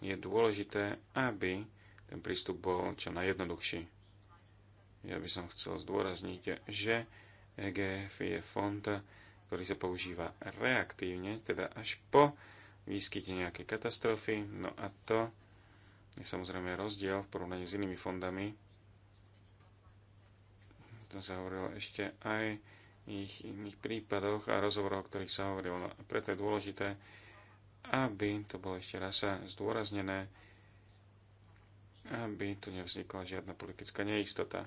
je dôležité, aby ten prístup bol čo najjednoduchší. Ja by som chcel zdôrazniť, že EGF je fond, ktorý sa používa reaktívne, teda až po výskyte nejakej katastrofy. No a to je samozrejme rozdiel v porovnaní s inými fondami. To sa hovorilo ešte aj v iných, iných prípadoch a rozhovoroch, o ktorých sa hovorilo. No a preto je dôležité, aby to bolo ešte raz zdôraznené, aby tu nevznikla žiadna politická neistota.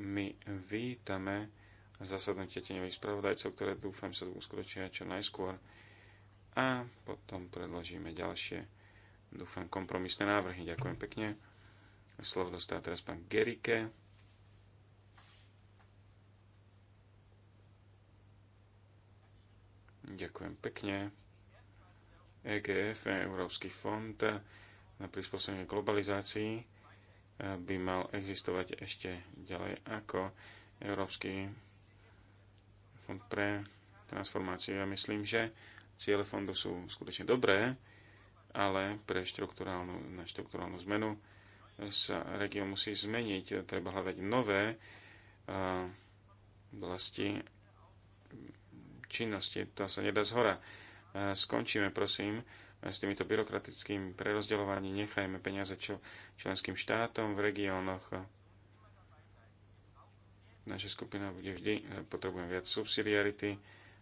My vítame zasadnutia tenových spravodajcov, ktoré dúfam sa uskutočia čo najskôr a potom predložíme ďalšie, dúfam, kompromisné návrhy. Ďakujem pekne. Slovo dostá teraz pán Gerike. Ďakujem pekne. EGF, Európsky fond na prispôsobenie globalizácii, eh, by mal existovať ešte ďalej ako Európsky fond pre transformáciu. Ja myslím, že ciele fondu sú skutočne dobré, ale pre štruktúrálnu, na štruktúrálnu zmenu sa región musí zmeniť. Treba hľadať nové oblasti činnosti. To sa nedá zhora. Skončíme, prosím, s týmito byrokratickým prerozdeľovaním. Nechajme peniaze čo, členským štátom v regiónoch Naša skupina bude vždy, e, potrebujeme viac subsidiarity,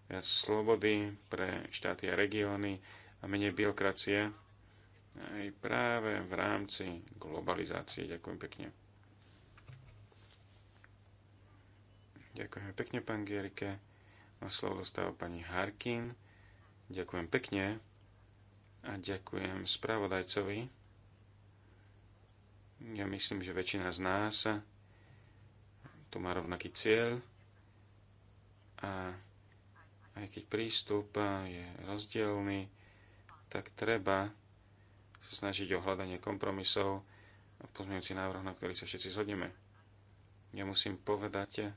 viac slobody pre štáty a regióny a menej byrokracie aj práve v rámci globalizácie. Ďakujem pekne. Ďakujem pekne, pán Gierike. A slovo dostáva pani Harkin. Ďakujem pekne a ďakujem spravodajcovi. Ja myslím, že väčšina z nás to má rovnaký cieľ a aj keď prístup je rozdielný, tak treba sa snažiť o hľadanie kompromisov a pozmeňujúci návrh, na ktorý sa všetci zhodneme. Ja musím povedať,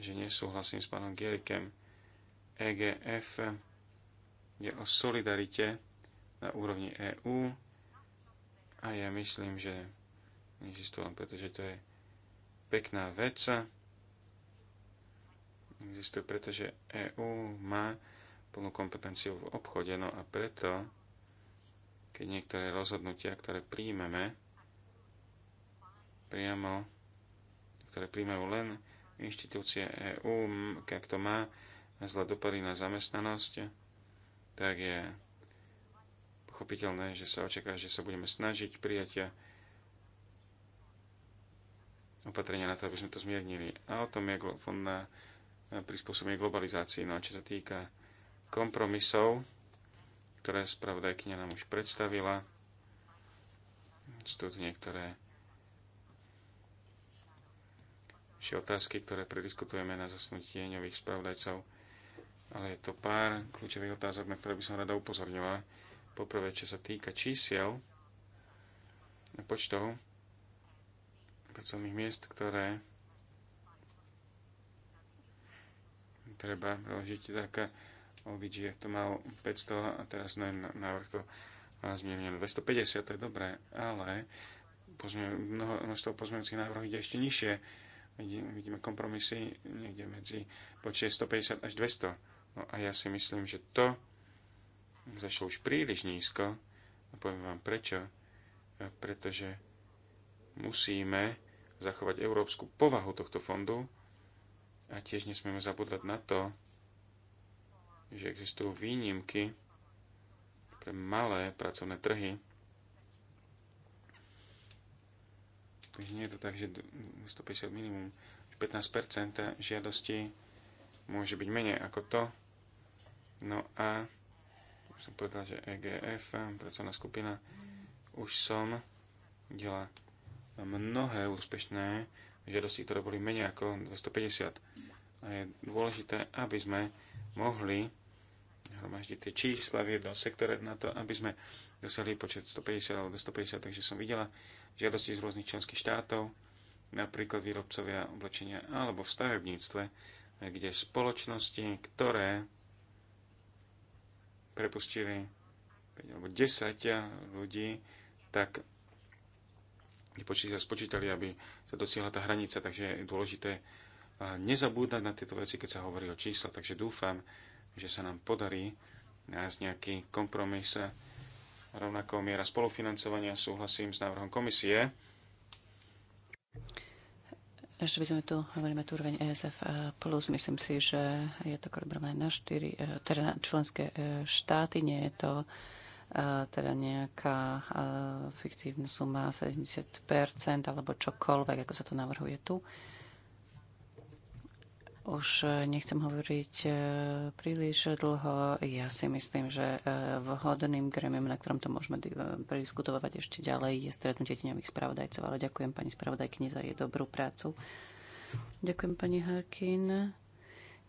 že nesúhlasím s pánom Gierikem. EGF je o solidarite na úrovni EÚ a ja myslím, že neexistuje len preto, že to je pekná vec. Existuje, pretože EÚ má plnú kompetenciu v obchode, no a preto, keď niektoré rozhodnutia, ktoré príjmeme, priamo, ktoré príjmajú len inštitúcie EÚ, ak to má zle dopady na zamestnanosť, tak je pochopiteľné, že sa očaká, že sa budeme snažiť prijať opatrenia na to, aby sme to zmiernili. A o tom je fond na prispôsobenie globalizácii. No a čo sa týka kompromisov, ktoré spravodajkyňa nám už predstavila, sú tu niektoré ešte otázky, ktoré prediskutujeme na zasnutie nových spravodajcov, ale je to pár kľúčových otázok, na ktoré by som rada upozornila. Poprvé, čo sa týka čísiel a počtov, pracovných miest, ktoré treba také tak OVG to mal 500 a teraz na návrh to zmienené 250, to je dobré, ale mnoho, množstvo pozmeňujúcich návrhov ide ešte nižšie. Vidíme kompromisy niekde medzi počet 150 až 200. No a ja si myslím, že to zašlo už príliš nízko a poviem vám prečo. Pretože musíme zachovať európsku povahu tohto fondu a tiež nesmieme zabudlať na to, že existujú výnimky pre malé pracovné trhy. Takže nie je to tak, že 150 minimum, 15% žiadosti môže byť menej ako to. No a som povedal, že EGF, pracovná skupina, už som dělá mnohé úspešné žiadosti, ktoré boli menej ako 250. A je dôležité, aby sme mohli hromaždiť tie čísla v jednom sektore na to, aby sme dosiahli počet 150 alebo 250, takže som videla žiadosti z rôznych členských štátov, napríklad výrobcovia oblečenia alebo v stavebníctve, kde spoločnosti, ktoré prepustili 5 alebo 10 ľudí, tak vypočítali, spočítali, aby sa dosiahla tá hranica. Takže je dôležité eh, nezabúdať na tieto veci, keď sa hovorí o čísla. Takže dúfam, že sa nám podarí nájsť nejaký kompromis. Rovnako miera spolufinancovania súhlasím s návrhom komisie. Ešte by sme tu, hovoríme tu úroveň ESF+, eh, plus, myslím si, že je to kalibrované na, 4 eh, teda členské štáty, nie je to E, teda nejaká e, fiktívna suma 70% alebo čokoľvek, ako sa to navrhuje tu. Už e, nechcem hovoriť príliš dlho. Ja si myslím, že vhodným gremium, na ktorom to môžeme prediskutovať ešte ďalej, je stretnutie tieňových spravodajcov. Ale ďakujem pani spravodajkyni za jej dobrú prácu. Ďakujem pani Harkin.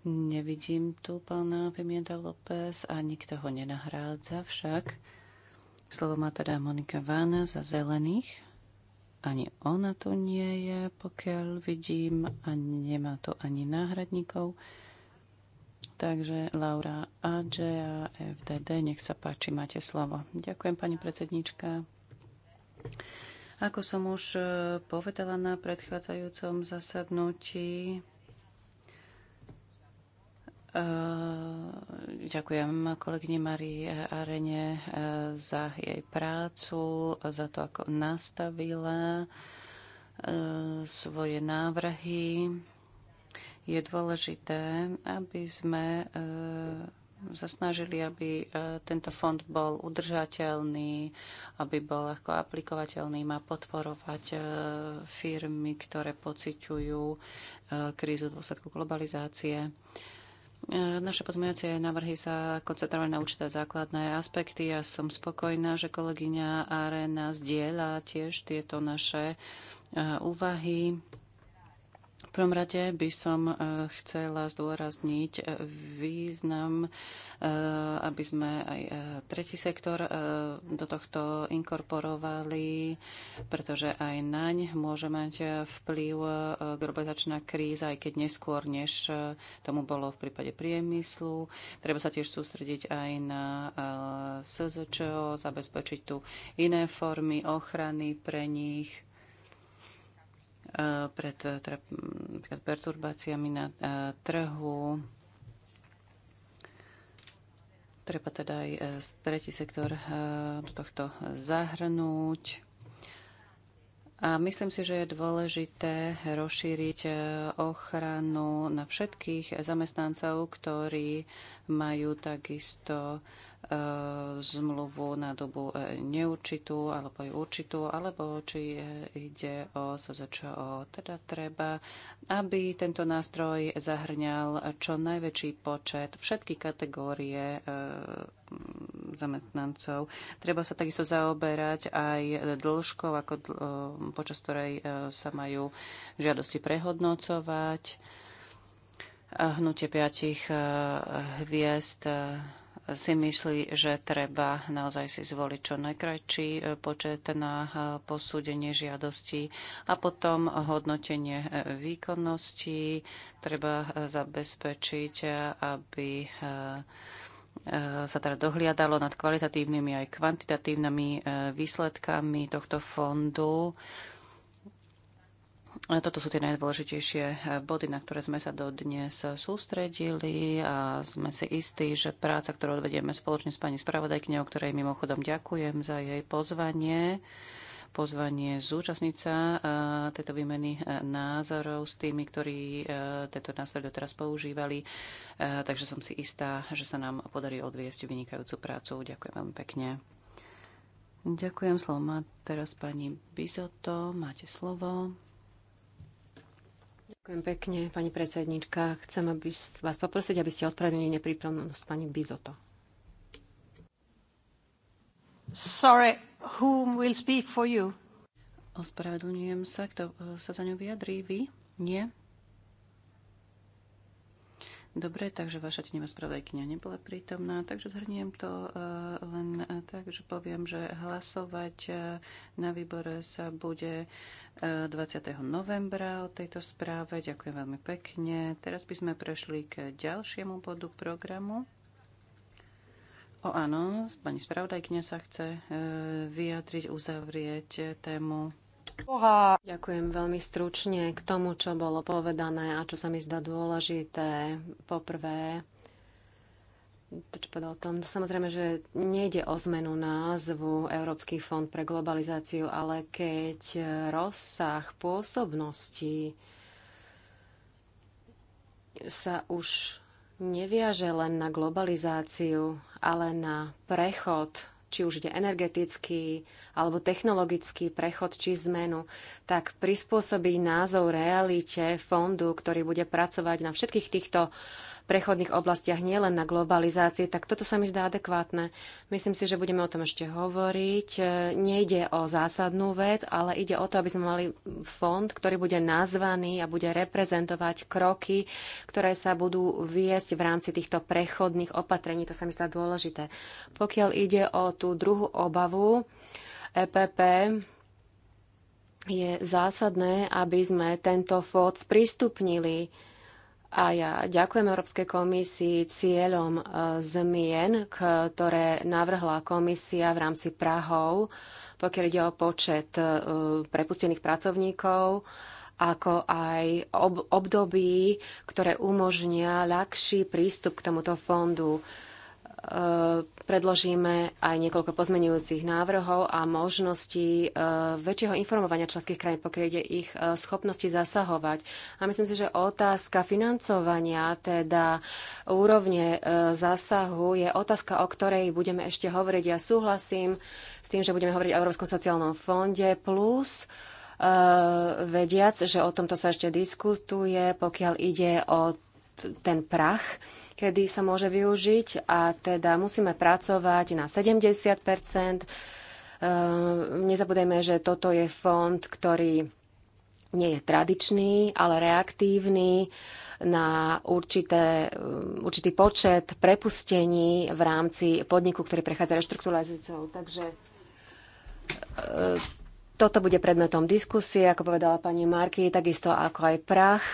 Nevidím tu pána Pimienta López a nikto ho nenahrádza však. Slovo má teda Monika Vána za zelených. Ani ona tu nie je, pokiaľ vidím, a nemá to ani náhradníkov. Takže Laura Adžea, FDD, nech sa páči, máte slovo. Ďakujem, pani predsednička. Ako som už eh, povedala na predchádzajúcom zasadnutí, Eh, ďakujem kolegyni Marii Arene eh, za jej prácu, za to, ako nastavila eh, svoje návrhy. Je dôležité, aby sme sa snažili, aby tento fond bol udržateľný, aby bol ako aplikovateľný, a podporovať firmy, ktoré pociťujú krízu v dôsledku globalizácie. E, naše pozmeňovacie návrhy sa koncentrovali na určité základné aspekty. Ja som spokojná, že kolegyňa Arena zdieľa tiež tieto naše e, úvahy. V prvom rade by som e, chcela zdôrazniť e, význam, e, aby sme aj tretí sektor do tohto inkorporovali, pretože aj naň môže mať vplyv globalizačná kríza, aj keď neskôr, než tomu bolo v prípade priemyslu. Treba sa tiež sústrediť aj na SZČO, zabezpečiť tu iné formy ochrany pre nich E, pred e, teda, perturbáciami na e, trhu. Treba teda aj tretí sektor do tohto zahrnúť. A myslím si, že je dôležité rozšíriť ochranu na všetkých zamestnancov, ktorí majú takisto E, zmluvu na dobu e, neurčitú alebo aj určitú, alebo či e, ide o SZČO. Teda treba, aby tento nástroj zahrňal čo najväčší počet všetky kategórie zamestnancov. Treba sa takisto zaoberať aj dĺžkou, ako dl- počas ktorej sa majú žiadosti prehodnocovať. Hnutie piatich hviezd si myslí, že treba naozaj si zvoliť čo najkrajší e, počet na e, posúdenie žiadosti a potom hodnotenie e, výkonnosti. Treba zabezpečiť, aby sa teda dohliadalo nad kvalitatívnymi aj kvantitatívnymi výsledkami tohto fondu toto sú tie najdôležitejšie e, body, na ktoré sme sa do dnes sústredili a sme si istí, že práca, ktorú odvedieme spoločne s pani spravodajkňou, ktorej mimochodom ďakujem za jej pozvanie, pozvanie zúčastnica e, tejto výmeny e, názorov s tými, ktorí tento nástroj doteraz používali. Takže som si istá, že sa nám podarí odviesť vynikajúcu prácu. Ďakujem veľmi pekne. Ďakujem, slovo má teraz pani Bizoto. Máte slovo. Ďakujem pekne, pani predsednička. Chcem aby vás poprosiť, aby ste ospravedlnili neprítomnosť pani Bizoto. Sorry, whom will speak for you? Ospravedlňujem sa, kto e, sa za ňu vyjadrí? Vy? Nie? Dobre, takže vaša tenivá spravodajkynia nebola prítomná, takže zhrniem to eh, len eh, tak, že poviem, že hlasovať eh, na výbore sa bude 20. novembra o tejto správe. Ďakujem veľmi pekne. Teraz by sme prešli k ďalšiemu bodu programu. O áno, pani spravodajkynia sa chce vyjadriť, uzavrieť tému Ďakujem veľmi stručne k tomu, čo bolo povedané a čo sa mi zdá dôležité. Poprvé, to, čo povedal Tom, to samozrejme, že nejde o zmenu názvu Európsky fond pre globalizáciu, ale keď rozsah pôsobnosti sa už neviaže len na globalizáciu, ale na prechod či už ide energetický alebo technologický prechod či zmenu, tak prispôsobí názov realite fondu, ktorý bude pracovať na všetkých týchto prechodných oblastiach, nielen na globalizácii, tak toto sa mi zdá adekvátne. Myslím si, že budeme o tom ešte hovoriť. E, nejde o zásadnú vec, ale ide o to, aby sme mali fond, ktorý bude nazvaný a bude reprezentovať kroky, ktoré sa budú viesť v rámci týchto prechodných opatrení. To sa mi zdá dôležité. Pokiaľ ide o tú druhú obavu, EPP je zásadné, aby sme tento fond sprístupnili a ja ďakujem Európskej komisii cieľom e, zmien, ktoré navrhla komisia v rámci Prahov, pokiaľ ide o počet e, prepustených pracovníkov ako aj ob- období, ktoré umožnia ľahší prístup k tomuto fondu. E, predložíme aj niekoľko pozmenujúcich návrhov a možností e, väčšieho informovania členských krajín, pokiaľ ide ich e, schopnosti zasahovať. A myslím si, že otázka financovania, teda úrovne zásahu, je otázka, o ktorej budeme ešte hovoriť. Ja súhlasím s tým, že budeme hovoriť o Európskom sociálnom fonde plus vediac, že o tomto sa ešte diskutuje, pokiaľ ide o ten prach kedy sa môže využiť a teda musíme pracovať na 70 ehm, Nezabudajme, že toto je fond, ktorý nie je tradičný, ale reaktívny na určité, ehm, určitý počet prepustení v rámci podniku, ktorý prechádza reštrukturalizáciou. Takže ehm, toto bude predmetom diskusie, ako povedala pani Marky, takisto ako aj prach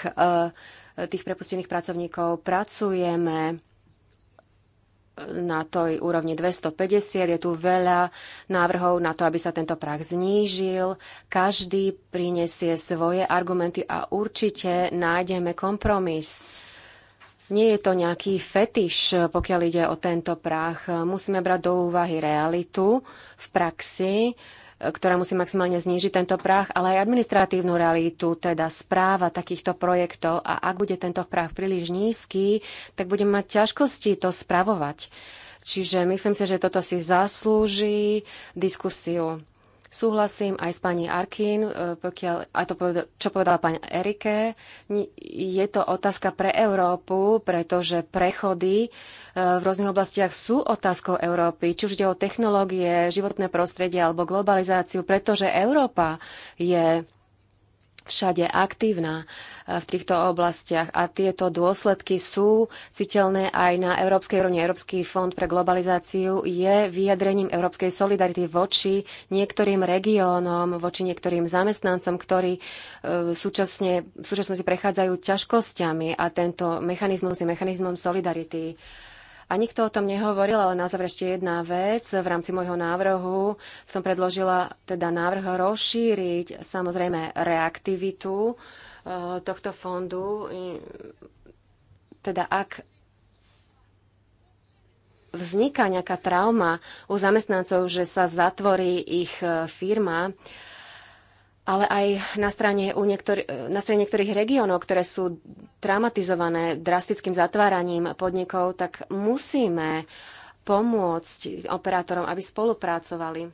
tých prepustených pracovníkov. Pracujeme na tej úrovni 250. Je tu veľa návrhov na to, aby sa tento prach znížil. Každý prinesie svoje argumenty a určite nájdeme kompromis. Nie je to nejaký fetiš, pokiaľ ide o tento prach. Musíme brať do úvahy realitu v praxi ktorá musí maximálne znížiť tento prach, ale aj administratívnu realitu, teda správa takýchto projektov. A ak bude tento prach príliš nízky, tak budeme mať ťažkosti to spravovať. Čiže myslím si, že toto si zaslúži diskusiu. Súhlasím aj s pani Arkin, e, pokiaľ, a to, povedal, čo povedala pani Erike. Je to otázka pre Európu, pretože prechody e, v rôznych oblastiach sú otázkou Európy, či už ide o technológie, životné prostredie alebo globalizáciu, pretože Európa je všade aktívna e, v týchto oblastiach a tieto dôsledky sú citeľné aj na európskej úrovni. Európsky fond pre globalizáciu je vyjadrením európskej solidarity voči niektorým regiónom, voči niektorým zamestnancom, ktorí e, súčasne, v súčasnosti prechádzajú ťažkosťami a tento mechanizmus je mechanizmom solidarity. A nikto o tom nehovoril, ale na záver ešte jedna vec. V rámci môjho návrhu som predložila teda návrh rozšíriť samozrejme reaktivitu e, tohto fondu. Teda ak vzniká nejaká trauma u zamestnancov, že sa zatvorí ich e, firma, ale aj na strane, u niektor- na strane niektorých regiónov, ktoré sú traumatizované drastickým zatváraním podnikov, tak musíme pomôcť operátorom, aby spolupracovali.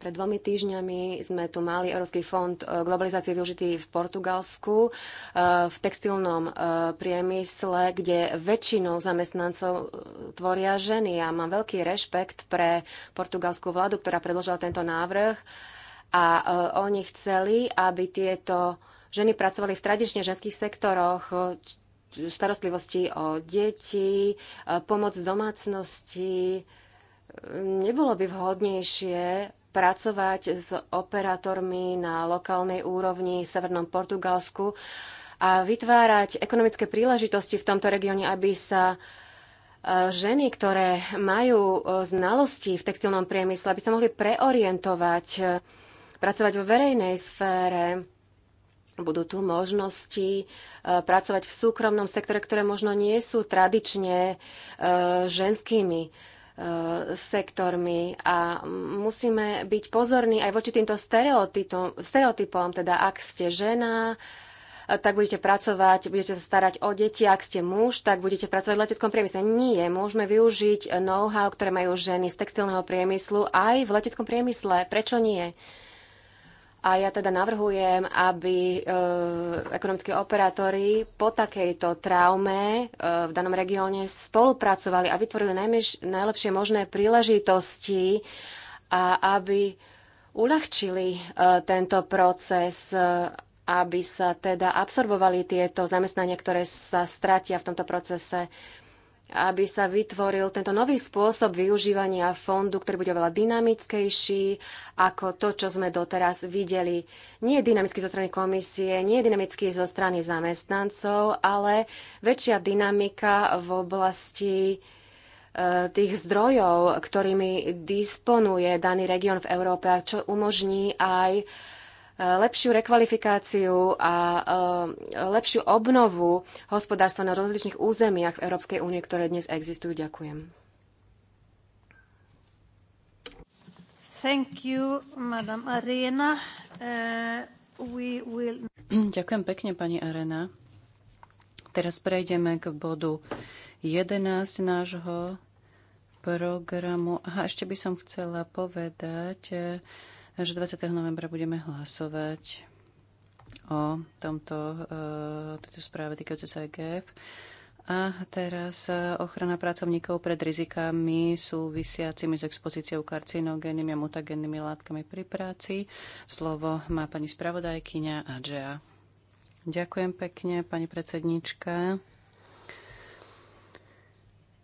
Pred dvomi týždňami sme tu mali Európsky fond e, globalizácie využitý v Portugalsku e, v textilnom e, priemysle, kde väčšinou zamestnancov tvoria ženy. Ja mám veľký rešpekt pre portugalskú vládu, ktorá predložila tento návrh a e, oni chceli, aby tieto ženy pracovali v tradične ženských sektoroch, e, starostlivosti o deti, e, pomoc domácnosti. Nebolo by vhodnejšie pracovať s operátormi na lokálnej úrovni v Severnom Portugalsku a vytvárať ekonomické príležitosti v tomto regióne, aby sa ženy, ktoré majú znalosti v textilnom priemysle, aby sa mohli preorientovať pracovať vo verejnej sfére, budú tu možnosti e, pracovať v súkromnom sektore, ktoré možno nie sú tradične e, ženskými e, sektormi a musíme byť pozorní aj voči týmto stereotypom, teda ak ste žena, tak budete pracovať, budete sa starať o deti, ak ste muž, tak budete pracovať v leteckom priemysle. Nie, môžeme využiť know-how, ktoré majú ženy z textilného priemyslu aj v leteckom priemysle. Prečo nie? A ja teda navrhujem, aby e, ekonomickí operátori po takejto traume e, v danom regióne spolupracovali a vytvorili najmiež, najlepšie možné príležitosti a aby uľahčili e, tento proces, e, aby sa teda absorbovali tieto zamestnania, ktoré sa stratia v tomto procese aby sa vytvoril tento nový spôsob využívania fondu, ktorý bude oveľa dynamickejší ako to, čo sme doteraz videli. Nie je dynamický zo strany komisie, nie je dynamický zo strany zamestnancov, ale väčšia dynamika v oblasti e, tých zdrojov, ktorými disponuje daný región v Európe a čo umožní aj uh, lepšiu rekvalifikáciu a e, lepšiu obnovu hospodárstva na rozličných územiach v Európskej únie, ktoré dnes existujú. Ďakujem. Thank you, Madam Arena. Uh, we will... Ďakujem pekne, pani Arena. Teraz prejdeme k bodu 11 nášho programu. Aha, ešte by som chcela povedať, uh, že 20. novembra budeme hlasovať o tomto, e, tejto správe týkajúce sa EGF. A teraz e, ochrana pracovníkov pred rizikami súvisiacimi s expozíciou karcinogénnymi a mutagénnymi látkami pri práci. Slovo má pani spravodajkyňa Adžea. Ďakujem pekne, pani predsednička.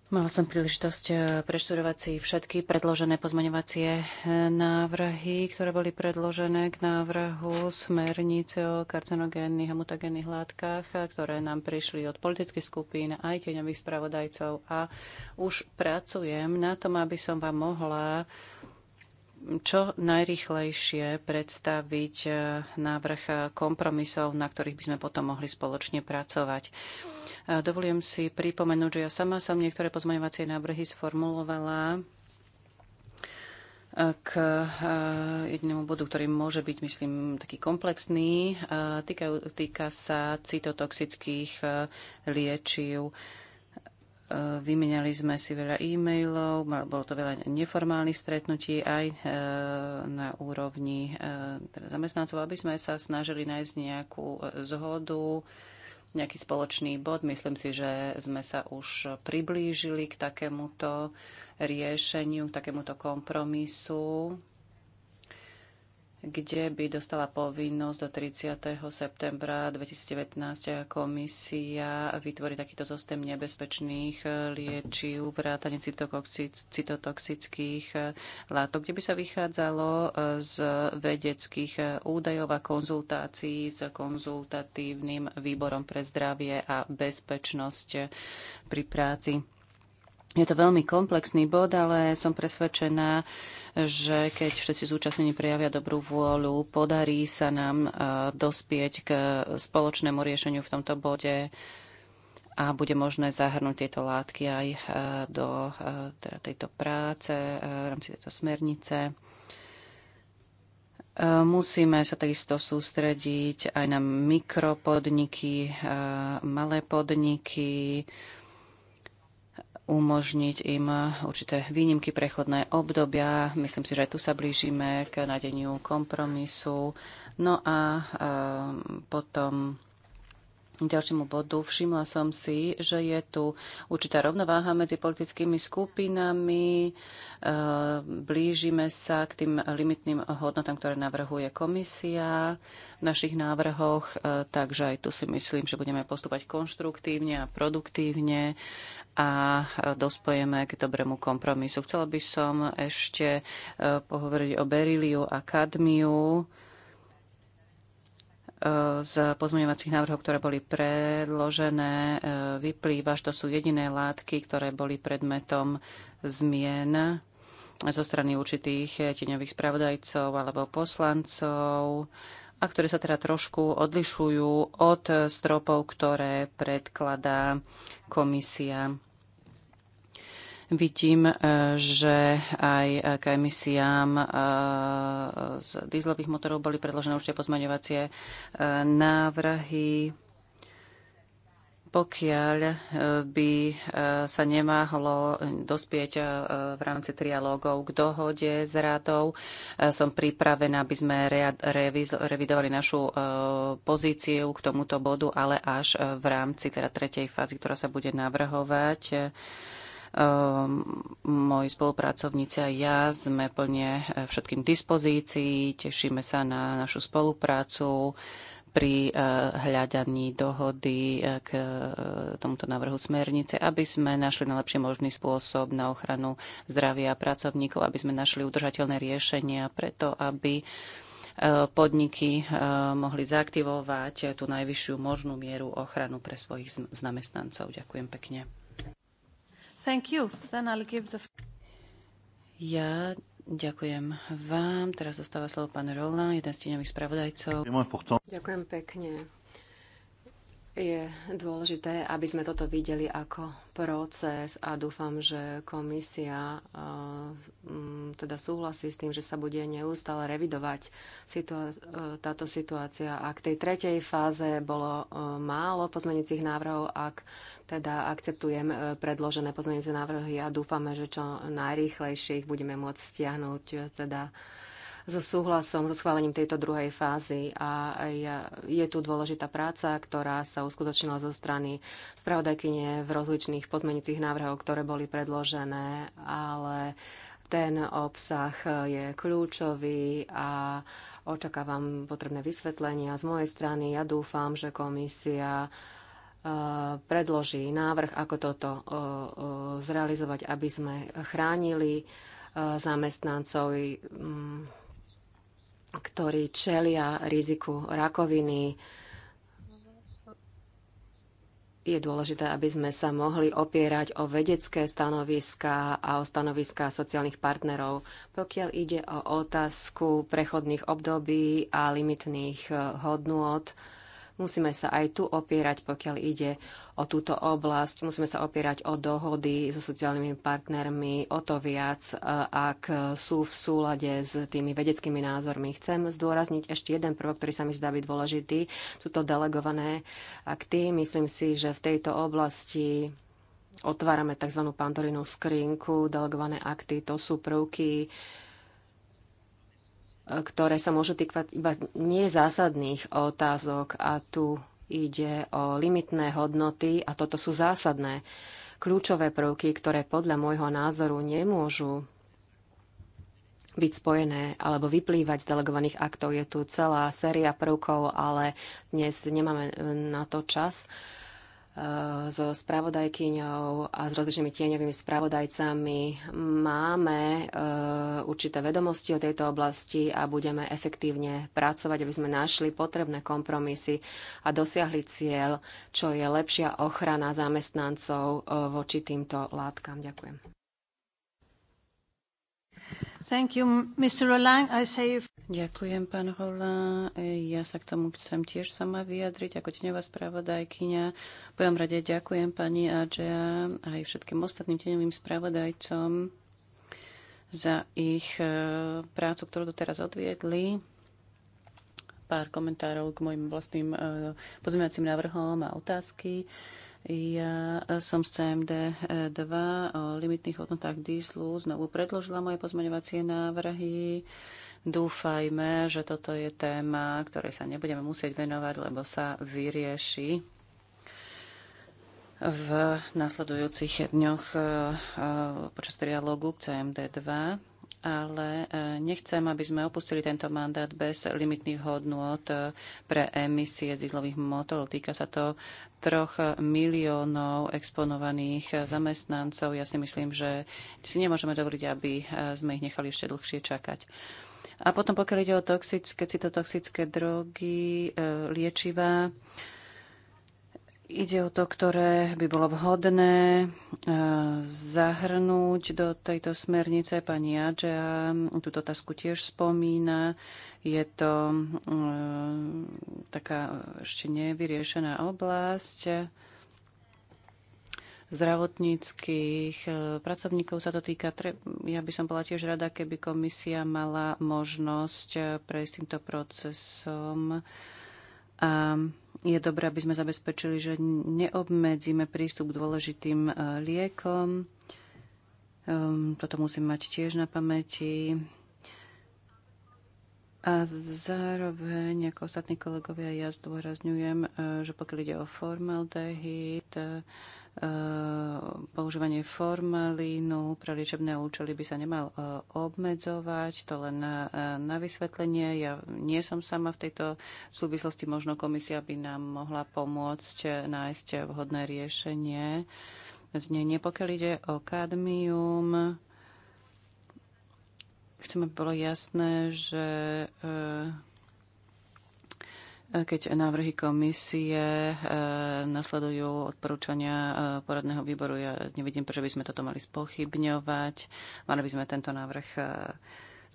Mala som príležitosť eh, preštudovať si všetky predložené pozmeňovacie eh, návrhy, ktoré boli predložené k návrhu smernice o karcinogénnych a mutagénnych látkach, eh, ktoré nám prišli od politických skupín aj tieňových spravodajcov. A už pracujem na tom, aby som vám mohla čo najrychlejšie predstaviť eh, návrh kompromisov, na ktorých by sme potom mohli spoločne pracovať. Eh, dovolím si pripomenúť, že ja sama som niektoré pozmeňovacie návrhy sformulovala eh, k jednému bodu, ktorý môže byť, myslím, taký komplexný. Týka, týka sa citotoxických liečiv Eh, Vymenali sme si veľa e-mailov, bolo to veľa neformálnych stretnutí aj eh, na úrovni eh, teda zamestnancov, aby sme sa snažili nájsť nejakú zhodu, nejaký spoločný bod. Myslím si, že sme sa už priblížili k takémuto riešeniu, k takémuto kompromisu kde by dostala povinnosť do 30. septembra 2019 komisia vytvoriť takýto zostem nebezpečných liečiv, vrátane citotoxických látok, kde by sa vychádzalo z vedeckých údajov a konzultácií s konzultatívnym výborom pre zdravie a bezpečnosť pri práci. Je to veľmi komplexný bod, ale som presvedčená, že keď všetci zúčastnení prejavia dobrú vôľu, podarí sa nám e, dospieť k spoločnému riešeniu v tomto bode a bude možné zahrnúť tieto látky aj e, do e, teda tejto práce v rámci tejto smernice. Musíme sa takisto sústrediť aj na mikropodniky, malé podniky, umožniť im určité výnimky, prechodné obdobia. Myslím si, že aj tu sa blížime k nadeniu kompromisu. No a ehm, potom ďalšiemu bodu. Všimla som si, že je tu určitá rovnováha medzi politickými skupinami. Ehm, blížime sa k tým limitným hodnotám, ktoré navrhuje komisia v našich návrhoch, ehm, takže aj tu si myslím, že budeme postupovať konštruktívne a produktívne a dospojeme k dobrému kompromisu. Chcela by som ešte e, pohovoriť o beriliu a kadmiu e, z pozmeňovacích návrhov, ktoré boli predložené, e, vyplýva, že to sú jediné látky, ktoré boli predmetom zmien zo strany určitých tieňových spravodajcov alebo poslancov a ktoré sa teda trošku odlišujú od stropov, ktoré predkladá komisia. Vidím, e, že aj k emisiám e, z dýzlových motorov boli predložené určite pozmaňovacie e, návrhy. Pokiaľ by sa nemáhlo dospieť v rámci trialógov k dohode s radou, som pripravená, aby sme revidovali našu pozíciu k tomuto bodu, ale až v rámci teda tretej fázy, ktorá sa bude navrhovať Ehm, moji spolupracovníci a ja sme plne eh, všetkým dispozícii, tešíme sa na našu spoluprácu pri eh, hľadaní dohody eh, k tomuto návrhu smernice, aby sme našli najlepší možný spôsob na ochranu zdravia pracovníkov, aby sme našli udržateľné riešenia preto, aby podniky mohli zaaktivovať tú najvyššiu možnú mieru ochranu pre svojich zamestnancov. Ďakujem pekne. Thank you. Then I'll give the... Ja ďakujem vám. Teraz zostáva slovo pán Roland, jeden z tieňových spravodajcov. Ďakujem pekne. Je dôležité, aby sme toto videli ako proces a dúfam, že komisia eh, mm, teda súhlasí s tým, že sa bude neustále revidovať situá- eh, táto situácia. Ak tej tretej fáze bolo eh, málo pozmenicích návrhov, ak teda akceptujem predložené pozmenice návrhy a dúfame, že čo najrýchlejšie ich budeme môcť stiahnuť teda so súhlasom, so schválením tejto druhej fázy. A je tu dôležitá práca, ktorá sa uskutočnila zo strany spravodajkyne v rozličných pozmenicích návrhov, ktoré boli predložené, ale ten obsah je kľúčový a očakávam potrebné vysvetlenia z mojej strany. Ja dúfam, že komisia e, predloží návrh, ako toto e, e, zrealizovať, aby sme chránili zamestnancov mm, ktorí čelia riziku rakoviny. Je dôležité, aby sme sa mohli opierať o vedecké stanoviská a o stanoviská sociálnych partnerov. Pokiaľ ide o otázku prechodných období a limitných eh, hodnôt, Musíme sa aj tu opierať, pokiaľ ide o túto oblasť. Musíme sa opierať o dohody so sociálnymi partnermi, o to viac, e, ak sú v súlade s tými vedeckými názormi. Chcem zdôrazniť ešte jeden prvok, ktorý sa mi zdá byť dôležitý. Sú to delegované akty. Myslím si, že v tejto oblasti otvárame tzv. pandorinú skrinku. Delegované akty to sú prvky, ktoré sa môžu týkať iba nezásadných otázok a tu ide o limitné hodnoty a toto sú zásadné kľúčové prvky, ktoré podľa môjho názoru nemôžu byť spojené alebo vyplývať z delegovaných aktov. Je tu celá séria prvkov, ale dnes nemáme na to čas. Uh, Eh, so spravodajkyňou a s rozličnými tieňovými spravodajcami máme eh, určité vedomosti o tejto oblasti a budeme efektívne pracovať, aby sme našli potrebné kompromisy a dosiahli cieľ, čo je lepšia ochrana zamestnancov eh, voči týmto látkam. Ďakujem. Thank you, Mr. Roland. I say if... Ďakujem, pán Hola. Ja sa k tomu chcem tiež sama vyjadriť ako teňová spravodajkyňa. V prvom rade ďakujem pani Adžia aj všetkým ostatným tieňovým spravodajcom za ich e, prácu, ktorú doteraz odviedli. Pár komentárov k mojim vlastným e, pozmeňovacím návrhom a otázky. Ja som z CMD2 eh, o limitných hodnotách díslu znovu predložila moje pozmeňovacie návrhy. Dúfajme, že toto je téma, ktorej sa nebudeme musieť venovať, lebo sa vyrieši v nasledujúcich dňoch eh, počas trialógu k CMD2 ale e, nechcem, aby sme opustili tento mandát bez limitných hodnôt e, pre emisie z dieselových motorov. Týka sa to troch miliónov exponovaných zamestnancov. Ja si myslím, že si nemôžeme dovoliť, aby e, sme ich nechali ešte dlhšie čakať. A potom pokiaľ ide o toxické, citotoxické drogy, liečivá. Ide o to, ktoré by bolo vhodné e, zahrnúť do tejto smernice. Pani Adžea túto otázku tiež spomína. Je to e, taká ešte nevyriešená oblasť zdravotníckých e, pracovníkov sa to týka. Ja by som bola tiež rada, keby komisia mala možnosť prejsť týmto procesom. A je dobré, aby sme zabezpečili, že neobmedzíme prístup k dôležitým eh, liekom. Ehm, toto musím mať tiež na pamäti. A zároveň, ako ostatní kolegovia, ja zdôrazňujem, e, že pokiaľ ide o formaldehyd, e, používanie formalínu pre liečebné účely by sa nemal e, obmedzovať. To len na, na vysvetlenie. Ja nie som sama v tejto súvislosti. Možno komisia by nám mohla pomôcť nájsť vhodné riešenie. Znenie, pokiaľ ide o kadmium, Chcem, aby bolo jasné, že e, e, keď návrhy komisie e, nasledujú odporúčania poradného výboru, ja nevidím, prečo by sme toto mali spochybňovať. Mali by sme tento návrh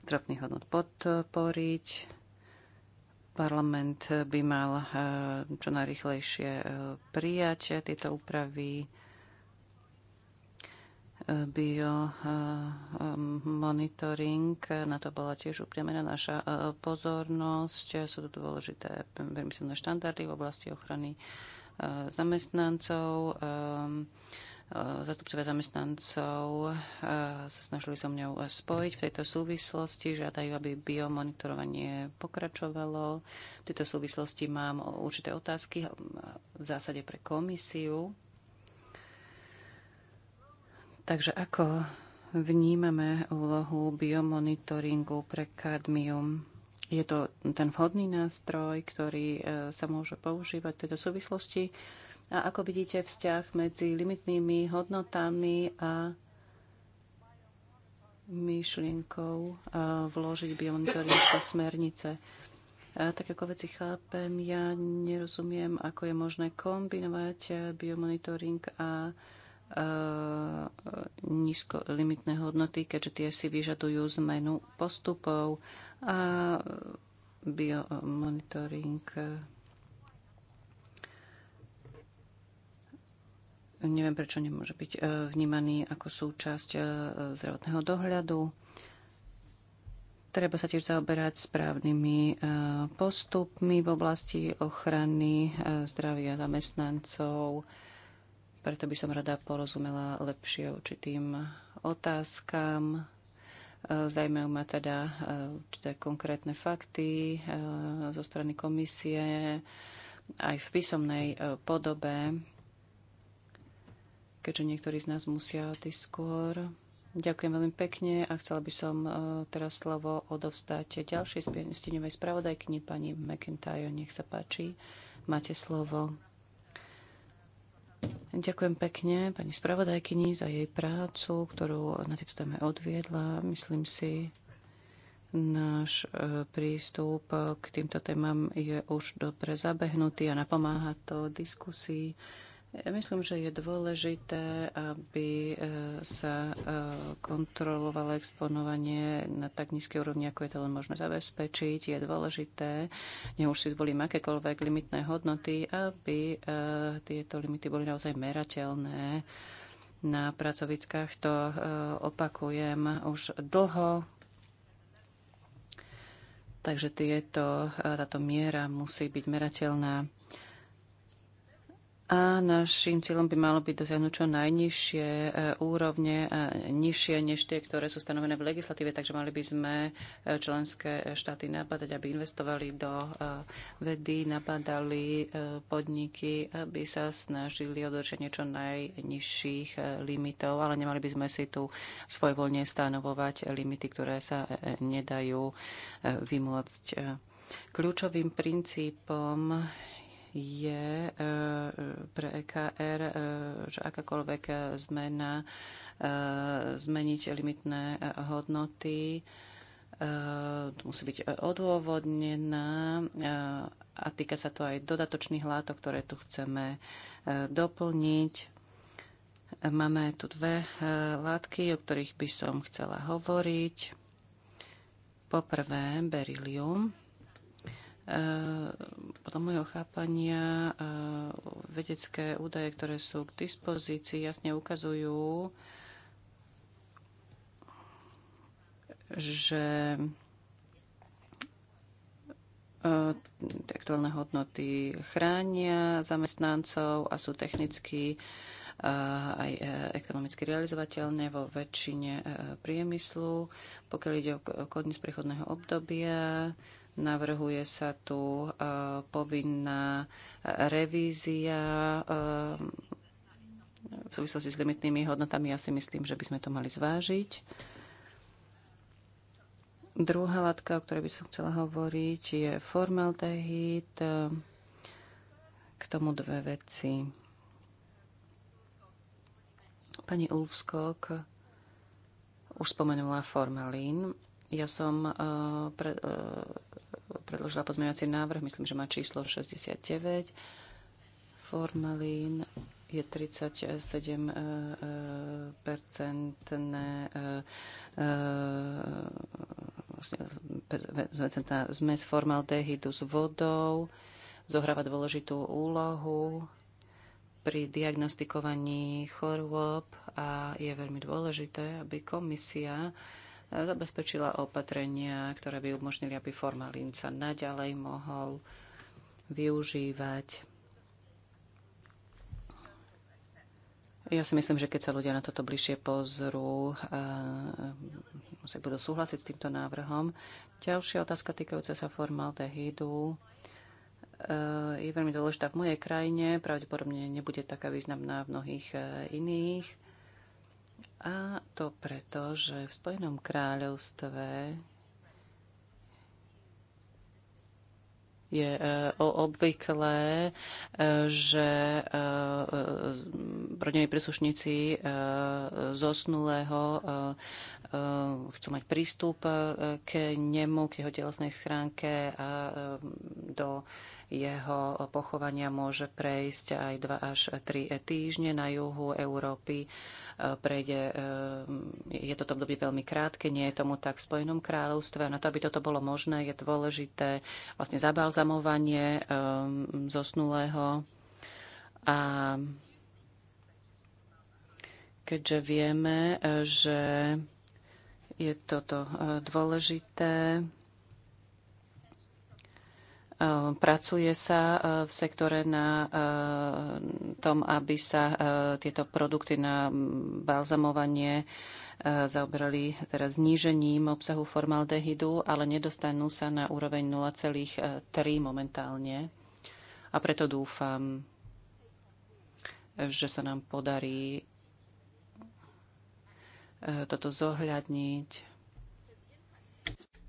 stropných hodnot podporiť. Parlament by mal čo najrychlejšie prijať tieto úpravy biomonitoring. Na to bola tiež upriamená naša e, pozornosť. Sú tu dôležité silné štandardy v oblasti ochrany e, zamestnancov. E, zastupcovia zamestnancov sa snažili so mňou spojiť v tejto súvislosti. Žiadajú, aby biomonitorovanie pokračovalo. V tejto súvislosti mám určité otázky v zásade pre komisiu Takže ako vnímame úlohu biomonitoringu pre kadmium? Je to ten vhodný nástroj, ktorý e, sa môže používať v tejto súvislosti? A ako vidíte vzťah medzi limitnými hodnotami a myšlienkou e, vložiť biomonitoring do smernice? A tak ako veci chápem, ja nerozumiem, ako je možné kombinovať e, biomonitoring a Eh, nízko limitné hodnoty, keďže tie si vyžadujú zmenu postupov a biomonitoring. Neviem, prečo nemôže byť eh, vnímaný ako súčasť eh, zdravotného dohľadu. Treba sa tiež zaoberať správnymi postupmi v oblasti ochrany zdravia zamestnancov, preto by som rada porozumela lepšie určitým otázkam. Zajmajú ma teda e, určité konkrétne fakty e, zo strany komisie aj v písomnej e, podobe, keďže niektorí z nás musia odísť skôr. Ďakujem veľmi pekne a chcela by som teraz slovo odovzdať ďalšej stiňovej spravodajkyni pani McIntyre. Nech sa páči, máte slovo. Ďakujem pekne pani spravodajkyni za jej prácu, ktorú na tejto téme odviedla. Myslím si, náš e, prístup k týmto témam je už dobre zabehnutý a napomáha to diskusii Myslím, že je dôležité, aby e, sa e, kontrolovalo exponovanie na tak nízkej úrovni, ako je to len možné zabezpečiť. Je dôležité, ne už si zvolím akékoľvek limitné hodnoty, aby e, tieto limity boli naozaj merateľné na pracoviskách. To opakujem už dlho. Takže tieto, táto miera musí byť merateľná a našim cieľom by malo byť dosiahnuť čo najnižšie e, úrovne, e, nižšie než tie, ktoré sú stanovené v legislatíve, takže mali by sme e, členské štáty napadať, aby investovali do vedy, napadali podniky, aby sa snažili o dodržanie čo najnižších limitov, ale nemali by sme si tu svojvoľne stanovovať limity, ktoré sa nedajú vymôcť. Kľúčovým princípom je e, pre EKR, e, že akákoľvek zmena, e, zmeniť limitné hodnoty, musí byť odôvodnená a týka sa to aj dodatočných látok, ktoré tu chceme doplniť. Máme tu dve látky, o ktorých by som chcela hovoriť. Poprvé, berilium. E, podľa môjho chápania e, vedecké údaje, ktoré sú k dispozícii, jasne ukazujú, že e, aktuálne hodnoty chránia zamestnancov a sú technicky aj ekonomicky realizovateľné vo väčšine priemyslu. Pokiaľ ide o z prechodného obdobia, Navrhuje sa tu e, povinná revízia e, v súvislosti s limitnými hodnotami. Ja si myslím, že by sme to mali zvážiť. Druhá látka, o ktorej by som chcela hovoriť, je formaldehyd. K tomu dve veci. Pani Ulfskok už spomenula formalín. Ja som uh, pre, uh, predložila pozmeňovací návrh, myslím, že má číslo 69. Formalín je 37-percentné e, e, e, vlastne, zmes formaldehydu s vodou, zohráva dôležitú úlohu pri diagnostikovaní chorôb a je veľmi dôležité, aby komisia zabezpečila opatrenia, ktoré by umožnili, aby formalín sa naďalej mohol využívať. Ja si myslím, že keď sa ľudia na toto bližšie pozrú, eh, si budú súhlasiť s týmto návrhom. Ďalšia otázka týkajúca sa formaldehydu eh, je veľmi dôležitá v mojej krajine, pravdepodobne nebude taká významná v mnohých eh, iných. A to preto, že v Spojenom kráľovstve je e, obvyklé, e, že e, rodinní príslušníci zosnulého Eh, chcú mať prístup eh, k nemu, k jeho telesnej schránke a eh, do jeho pochovania môže prejsť aj 2 až 3 týždne. Na juhu Európy prejde, je toto obdobie veľmi krátke, nie je tomu tak v Spojenom kráľovstve. Na to, aby toto bolo možné, je dôležité vlastne zabalzamovanie zosnulého a keďže vieme, že je toto e, dôležité. E, pracuje sa e, v sektore na tom, aby sa tieto produkty na balzamovanie zaoberali teraz znížením obsahu formaldehydu, ale nedostanú sa na úroveň 0,3 momentálne. A preto dúfam, že sa nám podarí toto zohľadniť.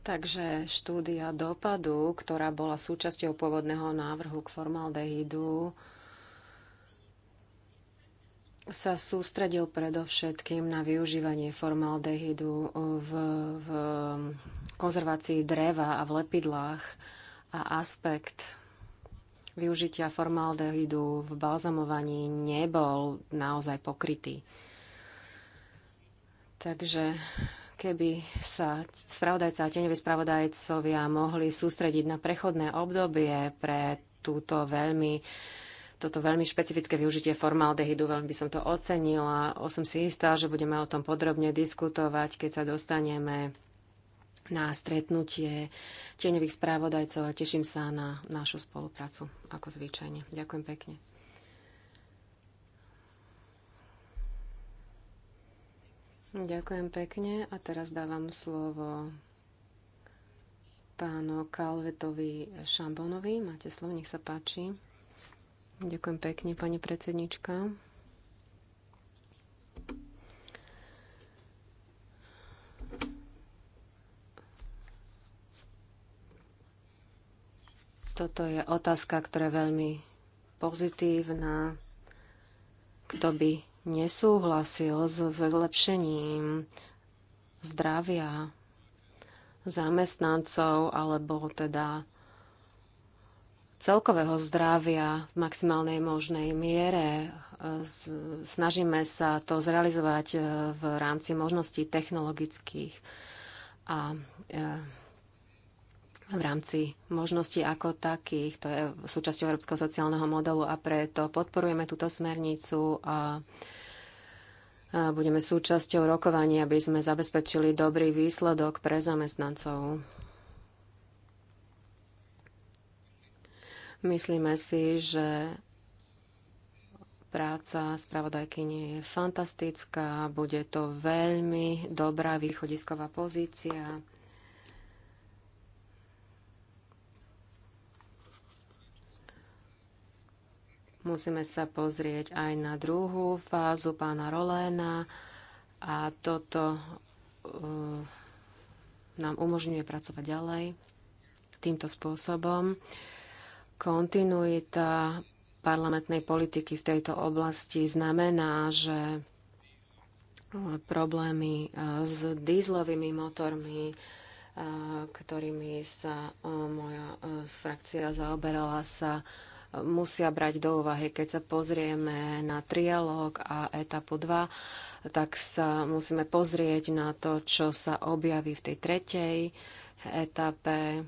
Takže štúdia dopadu, ktorá bola súčasťou pôvodného návrhu k formaldehydu, sa sústredil predovšetkým na využívanie formaldehydu v, v konzervácii dreva a v lepidlách a aspekt využitia formaldehydu v balzamovaní nebol naozaj pokrytý. Takže keby sa spravodajca a tenevi spravodajcovia mohli sústrediť na prechodné obdobie pre túto veľmi toto veľmi špecifické využitie formaldehydu, veľmi by som to ocenila. O som si istá, že budeme o tom podrobne diskutovať, keď sa dostaneme na stretnutie tieňových správodajcov a teším sa na našu spoluprácu, ako zvyčajne. Ďakujem pekne. Ďakujem pekne a teraz dávam slovo pánu Kalvetovi Šambonovi. Máte slovo, nech sa páči. Ďakujem pekne, pani predsednička. Toto je otázka, ktorá je veľmi pozitívna. Kto by nesúhlasil so zlepšením zdravia zamestnancov alebo teda celkového zdravia v maximálnej možnej miere. Snažíme sa to zrealizovať eh, v rámci možností technologických a eh, v rámci možností ako takých. To je súčasťou Európskeho sociálneho modelu a preto podporujeme túto smernicu a budeme súčasťou rokovania, aby sme zabezpečili dobrý výsledok pre zamestnancov. Myslíme si, že práca spravodajkyne je fantastická, bude to veľmi dobrá východisková pozícia Musíme sa pozrieť aj na druhú fázu pána Roléna a toto uh, nám umožňuje pracovať ďalej týmto spôsobom. Kontinuita parlamentnej politiky v tejto oblasti znamená, že eh, problémy eh, s dízlovými motormi, ktorými sa moja frakcia zaoberala, sa musia brať do úvahy. Keď sa pozrieme na trialóg a etapu 2, tak sa musíme pozrieť na to, čo sa objaví v tej tretej etape.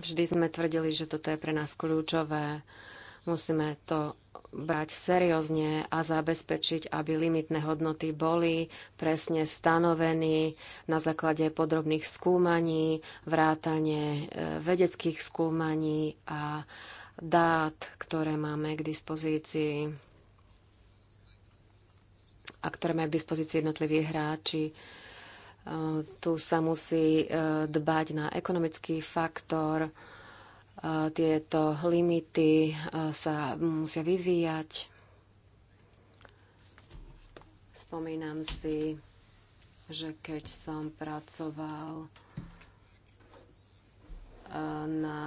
Vždy sme tvrdili, že toto je pre nás kľúčové. Musíme to brať seriózne a zabezpečiť, aby limitné hodnoty boli presne stanovení na základe podrobných skúmaní, vrátane e, vedeckých skúmaní a dát, ktoré máme k dispozícii a ktoré majú k dispozícii jednotliví hráči. E, tu sa musí e, dbať na ekonomický faktor, tieto limity sa musia vyvíjať. Spomínam si, že keď som pracoval na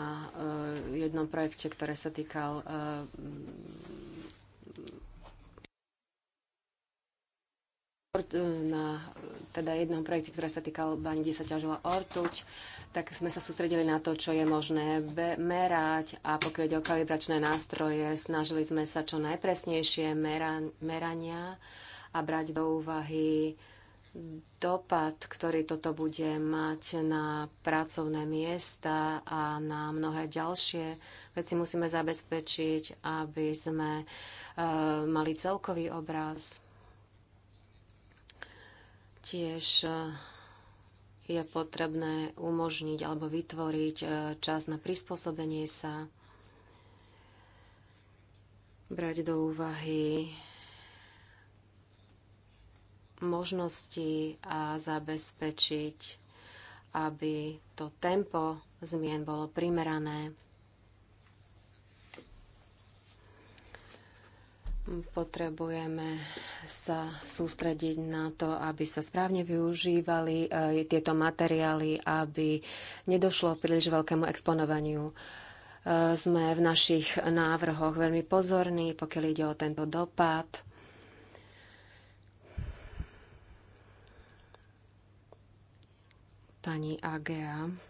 e, jednom projekte, ktoré sa týkal e, e, na teda jednom projekte, ktoré sa týkal bani kde sa ťažila ortuť tak sme sa sústredili na to, čo je možné merať a pokiaľ ide o kalibračné nástroje, snažili sme sa čo najpresnejšie mera- merania a brať do úvahy dopad, ktorý toto bude mať na pracovné miesta a na mnohé ďalšie veci musíme zabezpečiť, aby sme e, mali celkový obraz. Tiež e, je potrebné umožniť alebo vytvoriť e, čas na prispôsobenie sa, brať do úvahy možnosti a zabezpečiť, aby to tempo zmien bolo primerané. Potrebujeme sa sústrediť na to, aby sa správne využívali eh, tieto materiály, aby nedošlo príliš veľkému exponovaniu. Eh, sme v našich návrhoch veľmi pozorní, pokiaľ ide o tento dopad. Pani Agea.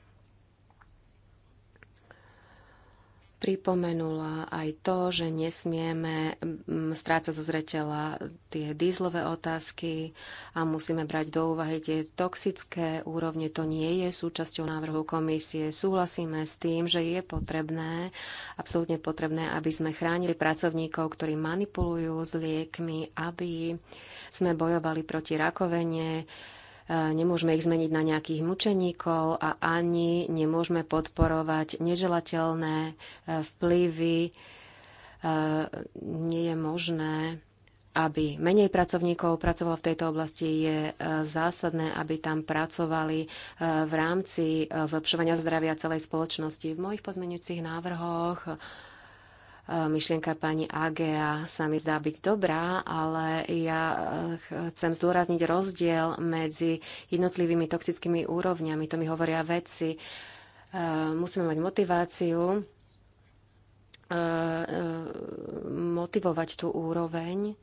pripomenula aj to, že nesmieme mm, strácať zo zreteľa tie dízlové otázky a musíme brať do úvahy tie toxické úrovne. To nie je súčasťou návrhu komisie. Súhlasíme s tým, že je potrebné, absolútne potrebné, aby sme chránili pracovníkov, ktorí manipulujú s liekmi, aby sme bojovali proti rakovenie. E, nemôžeme ich zmeniť na nejakých mučeníkov a ani nemôžeme podporovať neželateľné e, vplyvy. E, nie je možné, aby menej pracovníkov pracovalo v tejto oblasti. Je zásadné, aby tam pracovali v rámci vlepšovania zdravia celej spoločnosti. V mojich pozmeňujúcich návrhoch E, myšlienka pani Agea sa mi zdá byť dobrá, ale ja e, chcem zdôrazniť rozdiel medzi jednotlivými toxickými úrovňami. To mi hovoria vedci. E, musíme mať motiváciu, motivovať tú úroveň,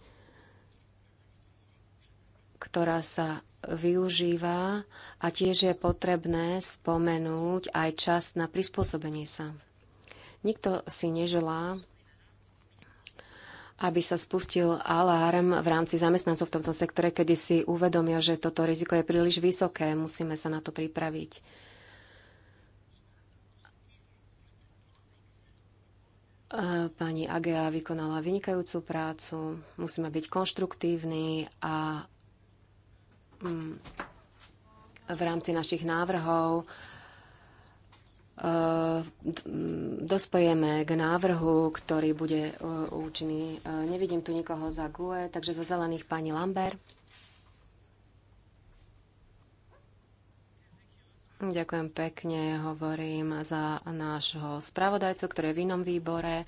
ktorá sa využíva a tiež je potrebné spomenúť aj čas na prispôsobenie sa. Nikto si neželá aby sa spustil alarm v rámci zamestnancov v tomto sektore, kedy si uvedomia, že toto riziko je príliš vysoké. Musíme sa na to pripraviť. Pani Agea vykonala vynikajúcu prácu. Musíme byť konštruktívni a mm, v rámci našich návrhov Ehm, dospojeme k návrhu, ktorý bude e, účinný. E, nevidím tu nikoho za GUE, takže za zelených pani Lambert. Ďakujem pekne, hovorím za nášho spravodajcu, ktorý je v inom výbore.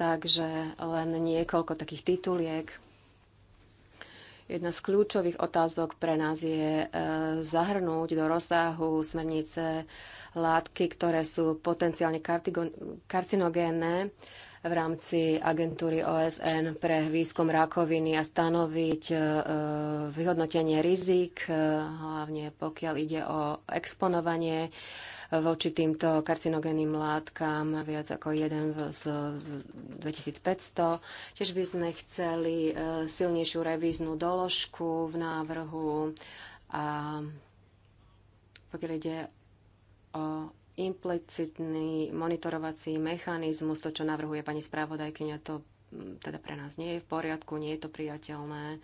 Takže len niekoľko takých tituliek. Jedna z kľúčových otázok pre nás je e, zahrnúť do rozsahu smernice látky, ktoré sú potenciálne karcinogénne v rámci agentúry OSN pre výskum rakoviny a stanoviť e, e, vyhodnotenie rizik, hlavne pokiaľ ide o exponovanie voči týmto karcinogénnym látkam viac ako jeden z 2500. Tiež by sme chceli e, silnejšiu revíznu doložku v návrhu a pokiaľ ide o implicitný monitorovací mechanizmus, to, čo navrhuje pani správodajkyňa, to teda pre nás nie je v poriadku, nie je to priateľné.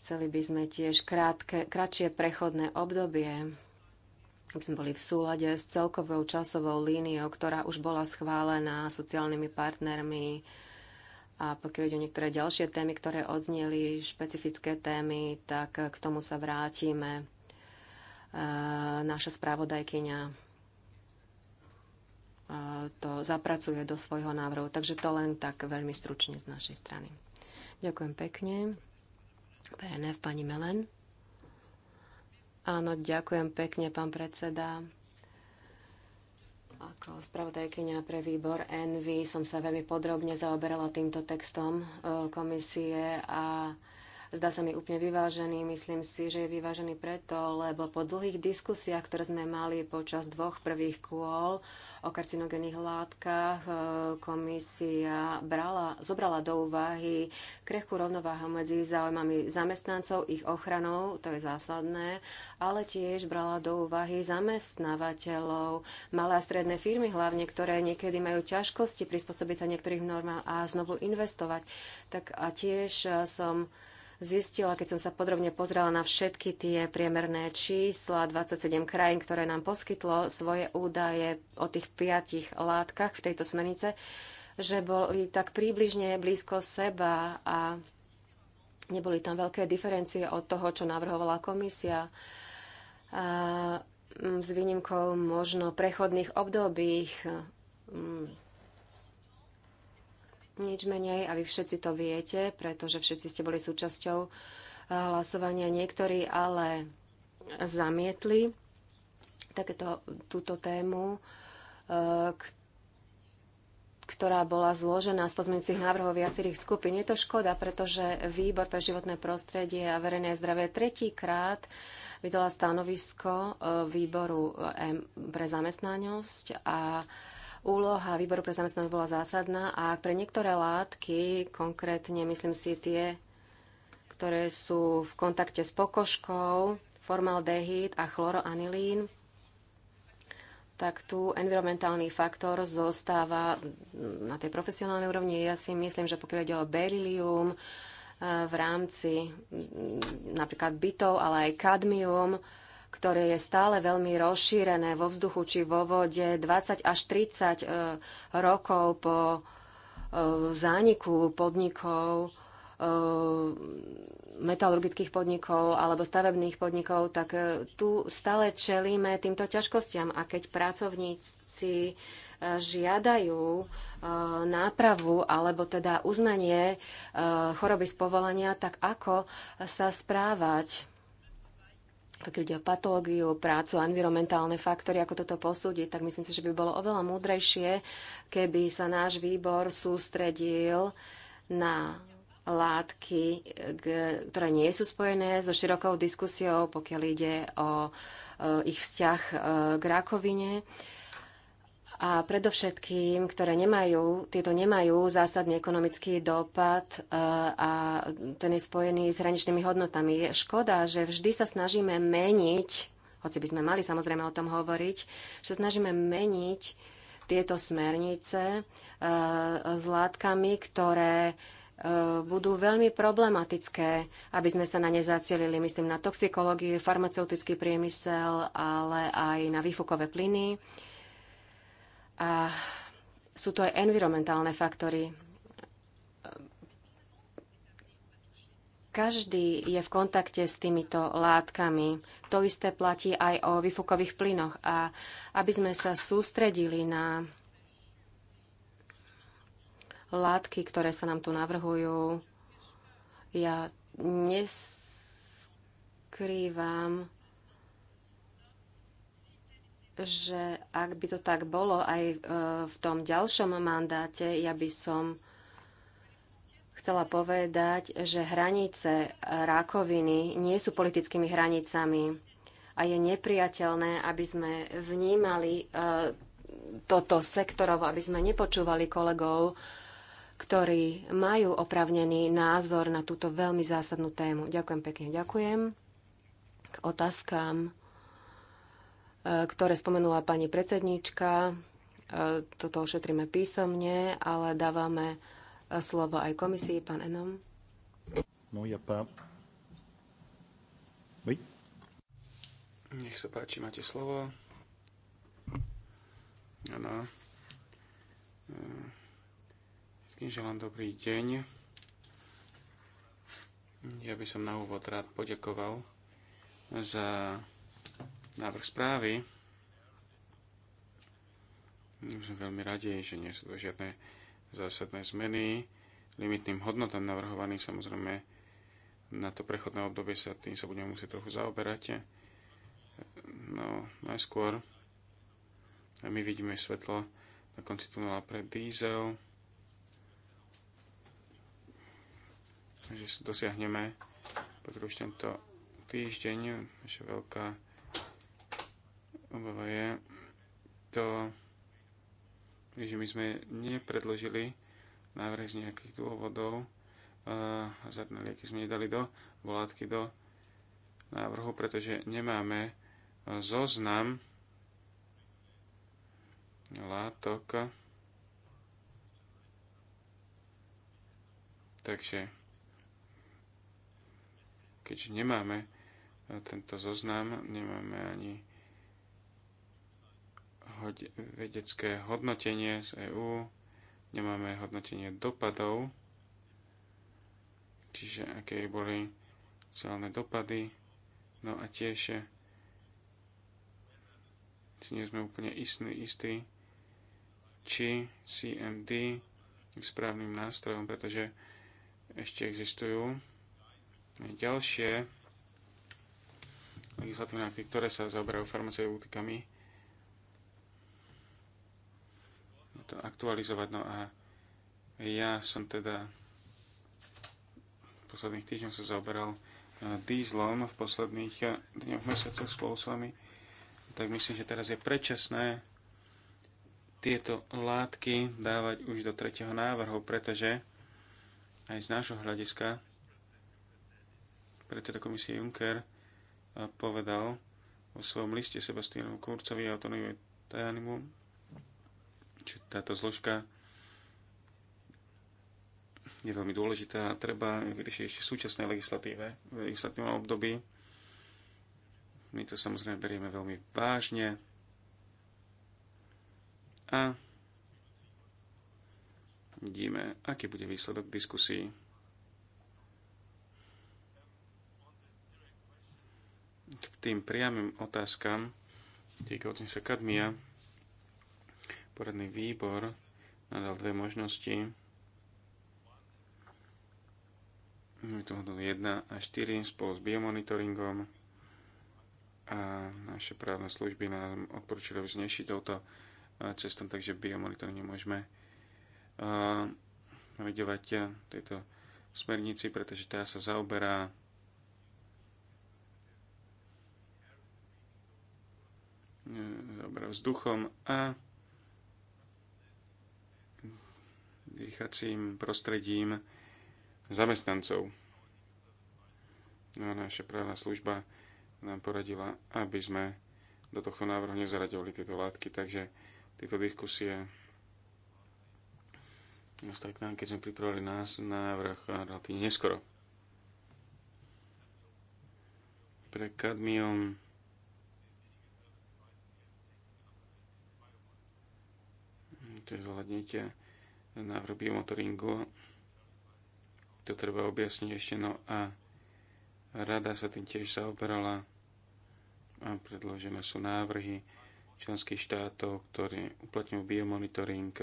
Chceli by sme tiež krátke, kratšie prechodné obdobie aby sme boli v súlade s celkovou časovou líniou, ktorá už bola schválená sociálnymi partnermi a pokiaľ ide o niektoré ďalšie témy, ktoré odznieli, špecifické témy, tak k tomu sa vrátime. E, naša správodajkyňa e, to zapracuje do svojho návrhu. Takže to len tak veľmi stručne z našej strany. Ďakujem pekne. PRNF, pani Melen. Áno, ďakujem pekne, pán predseda. Ako spravodajkynia pre výbor Envy som sa veľmi podrobne zaoberala týmto textom e, komisie a zdá sa mi úplne vyvážený. Myslím si, že je vyvážený preto, lebo po dlhých diskusiách, ktoré sme mali počas dvoch prvých kôl o karcinogénnych látkach e, komisia brala, zobrala do úvahy krehkú rovnováhu medzi záujmami zamestnancov, ich ochranou, to je zásadné, ale tiež brala do úvahy zamestnávateľov, malé a stredné firmy hlavne, ktoré niekedy majú ťažkosti prispôsobiť sa niektorých normám a znovu investovať. Tak a tiež e, som zistila, keď som sa podrobne pozrela na všetky tie priemerné čísla 27 krajín, ktoré nám poskytlo svoje údaje o tých piatich látkach v tejto smernice, že boli tak príbližne blízko seba a neboli tam veľké diferencie od toho, čo navrhovala komisia. A mm, s výnimkou možno prechodných obdobích mm, nič menej a vy všetci to viete, pretože všetci ste boli súčasťou eh, hlasovania niektorí, ale zamietli takéto, túto tému, eh, ktorá bola zložená z pozmeňujúcich návrhov viacerých skupín. Je to škoda, pretože Výbor pre životné prostredie a verejné zdravie tretíkrát vydala stanovisko eh, výboru pre zamestnanosť a Úloha výboru pre zamestnanosť bola zásadná a pre niektoré látky, konkrétne myslím si tie, ktoré sú v kontakte s pokožkou, formaldehyd a chloroanilín, tak tu environmentálny faktor zostáva na tej profesionálnej úrovni. Ja si myslím, že pokiaľ ide o berilium eh, v rámci mm, napríklad bytov, ale aj kadmium, ktoré je stále veľmi rozšírené vo vzduchu či vo vode 20 až 30 e, rokov po e, zániku podnikov, e, metalurgických podnikov alebo stavebných podnikov, tak tu stále čelíme týmto ťažkostiam. A keď pracovníci žiadajú nápravu alebo teda uznanie choroby z povolania, tak ako sa správať? pokiaľ ide o patológiu, prácu, environmentálne faktory, ako toto posúdiť, tak myslím si, že by bolo oveľa múdrejšie, keby sa náš výbor sústredil na látky, eh, ktoré nie sú spojené so širokou diskusiou, pokiaľ ide o eh, ich vzťah eh, k rakovine a predovšetkým, ktoré nemajú, tieto nemajú zásadný ekonomický dopad e, a ten je spojený s hraničnými hodnotami. Je škoda, že vždy sa snažíme meniť, hoci by sme mali samozrejme o tom hovoriť, že sa snažíme meniť tieto smernice e, s látkami, ktoré e, budú veľmi problematické, aby sme sa na ne zacielili, myslím na toxikológiu, farmaceutický priemysel, ale aj na výfukové plyny. A sú to aj environmentálne faktory. Každý je v kontakte s týmito látkami. To isté platí aj o vyfukových plynoch. A aby sme sa sústredili na látky, ktoré sa nám tu navrhujú, ja neskrývam, že ak by to tak bolo aj e, v tom ďalšom mandáte, ja by som chcela povedať, že hranice rakoviny nie sú politickými hranicami a je nepriateľné, aby sme vnímali e, toto sektorovo, aby sme nepočúvali kolegov, ktorí majú opravnený názor na túto veľmi zásadnú tému. Ďakujem pekne, ďakujem. K otázkám ktoré spomenula pani predsedníčka. E, toto ošetríme písomne, ale dávame e, slovo aj komisii. Pán Enom. No, ja pá... Oui. Nech sa páči, máte slovo. Áno. E, Všetkým želám dobrý deň. Ja by som na úvod rád poďakoval za návrh správy. Som veľmi radi, že nie sú to žiadne zásadné zmeny. Limitným hodnotám navrhovaných samozrejme na to prechodné obdobie sa tým sa budeme musieť trochu zaoberať. No, najskôr a my vidíme svetlo na konci tunela pre diesel. Takže dosiahneme potom už tento týždeň naša veľká obava je to, že my sme nepredložili návrh z nejakých dôvodov, hazardné lieky sme nedali do volátky do návrhu, pretože nemáme zoznam látok. Takže keďže nemáme tento zoznam, nemáme ani vedecké hodnotenie z EÚ, nemáme hodnotenie dopadov, čiže aké boli celné dopady, no a tiež eh, si nie sme úplne istí, istí, či CMD je správnym nástrojom, pretože ešte existujú ďalšie legislatívne akty, ktoré sa zaoberajú farmaceutikami, to aktualizovať. No a ja som teda v posledných týždňoch sa zaoberal e, dieslom v posledných e, dňoch, mesiacoch spolu s vami, tak myslím, že teraz je predčasné tieto látky dávať už do tretieho návrhu, pretože aj z nášho hľadiska predseda komisie Juncker e, povedal vo svojom liste Sebastianovi Kurcovi a Antonimu Tajanimu Čiže táto zložka je veľmi dôležitá a treba vyriešiť ešte v súčasnej legislatíve, v legislatívnom období. My to samozrejme berieme veľmi vážne a vidíme, aký bude výsledok diskusí. K tým priamým otázkam týkajúcim sa kadmia, poradný výbor nadal dve možnosti. tu to 1 a 4 spolu s biomonitoringom a naše právne služby nám odporúčili vznešiť touto e, cestou, takže biomonitoring môžeme e, vedovať e, tejto smernici, pretože tá sa zaoberá zaoberá vzduchom a dýchacím prostredím zamestnancov. No a naša právna služba nám poradila, aby sme do tohto návrhu nezaradili tieto látky, takže tieto diskusie nastali k nám, keď sme pripravili nás návrh relatívne neskoro. Pre kadmium to zohľadnite Návrh biomotoringu. To treba objasniť ešte. No a rada sa tým tiež zaoberala a predložené sú návrhy členských štátov, ktorí uplatňujú biomonitoring,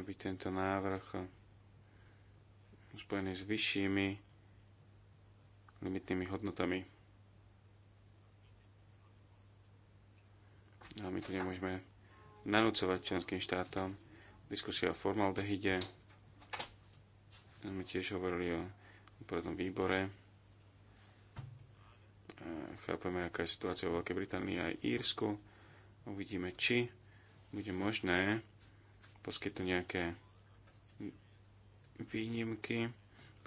aby tento návrh spojený s vyššími limitnými hodnotami. A my to nemôžeme nanúcovať členským štátom diskusia o formaldehyde. Sme tiež hovorili o poradnom výbore. Chápeme, aká je situácia vo Veľkej Británii a aj Írsku. Uvidíme, či bude možné poskytnúť nejaké výnimky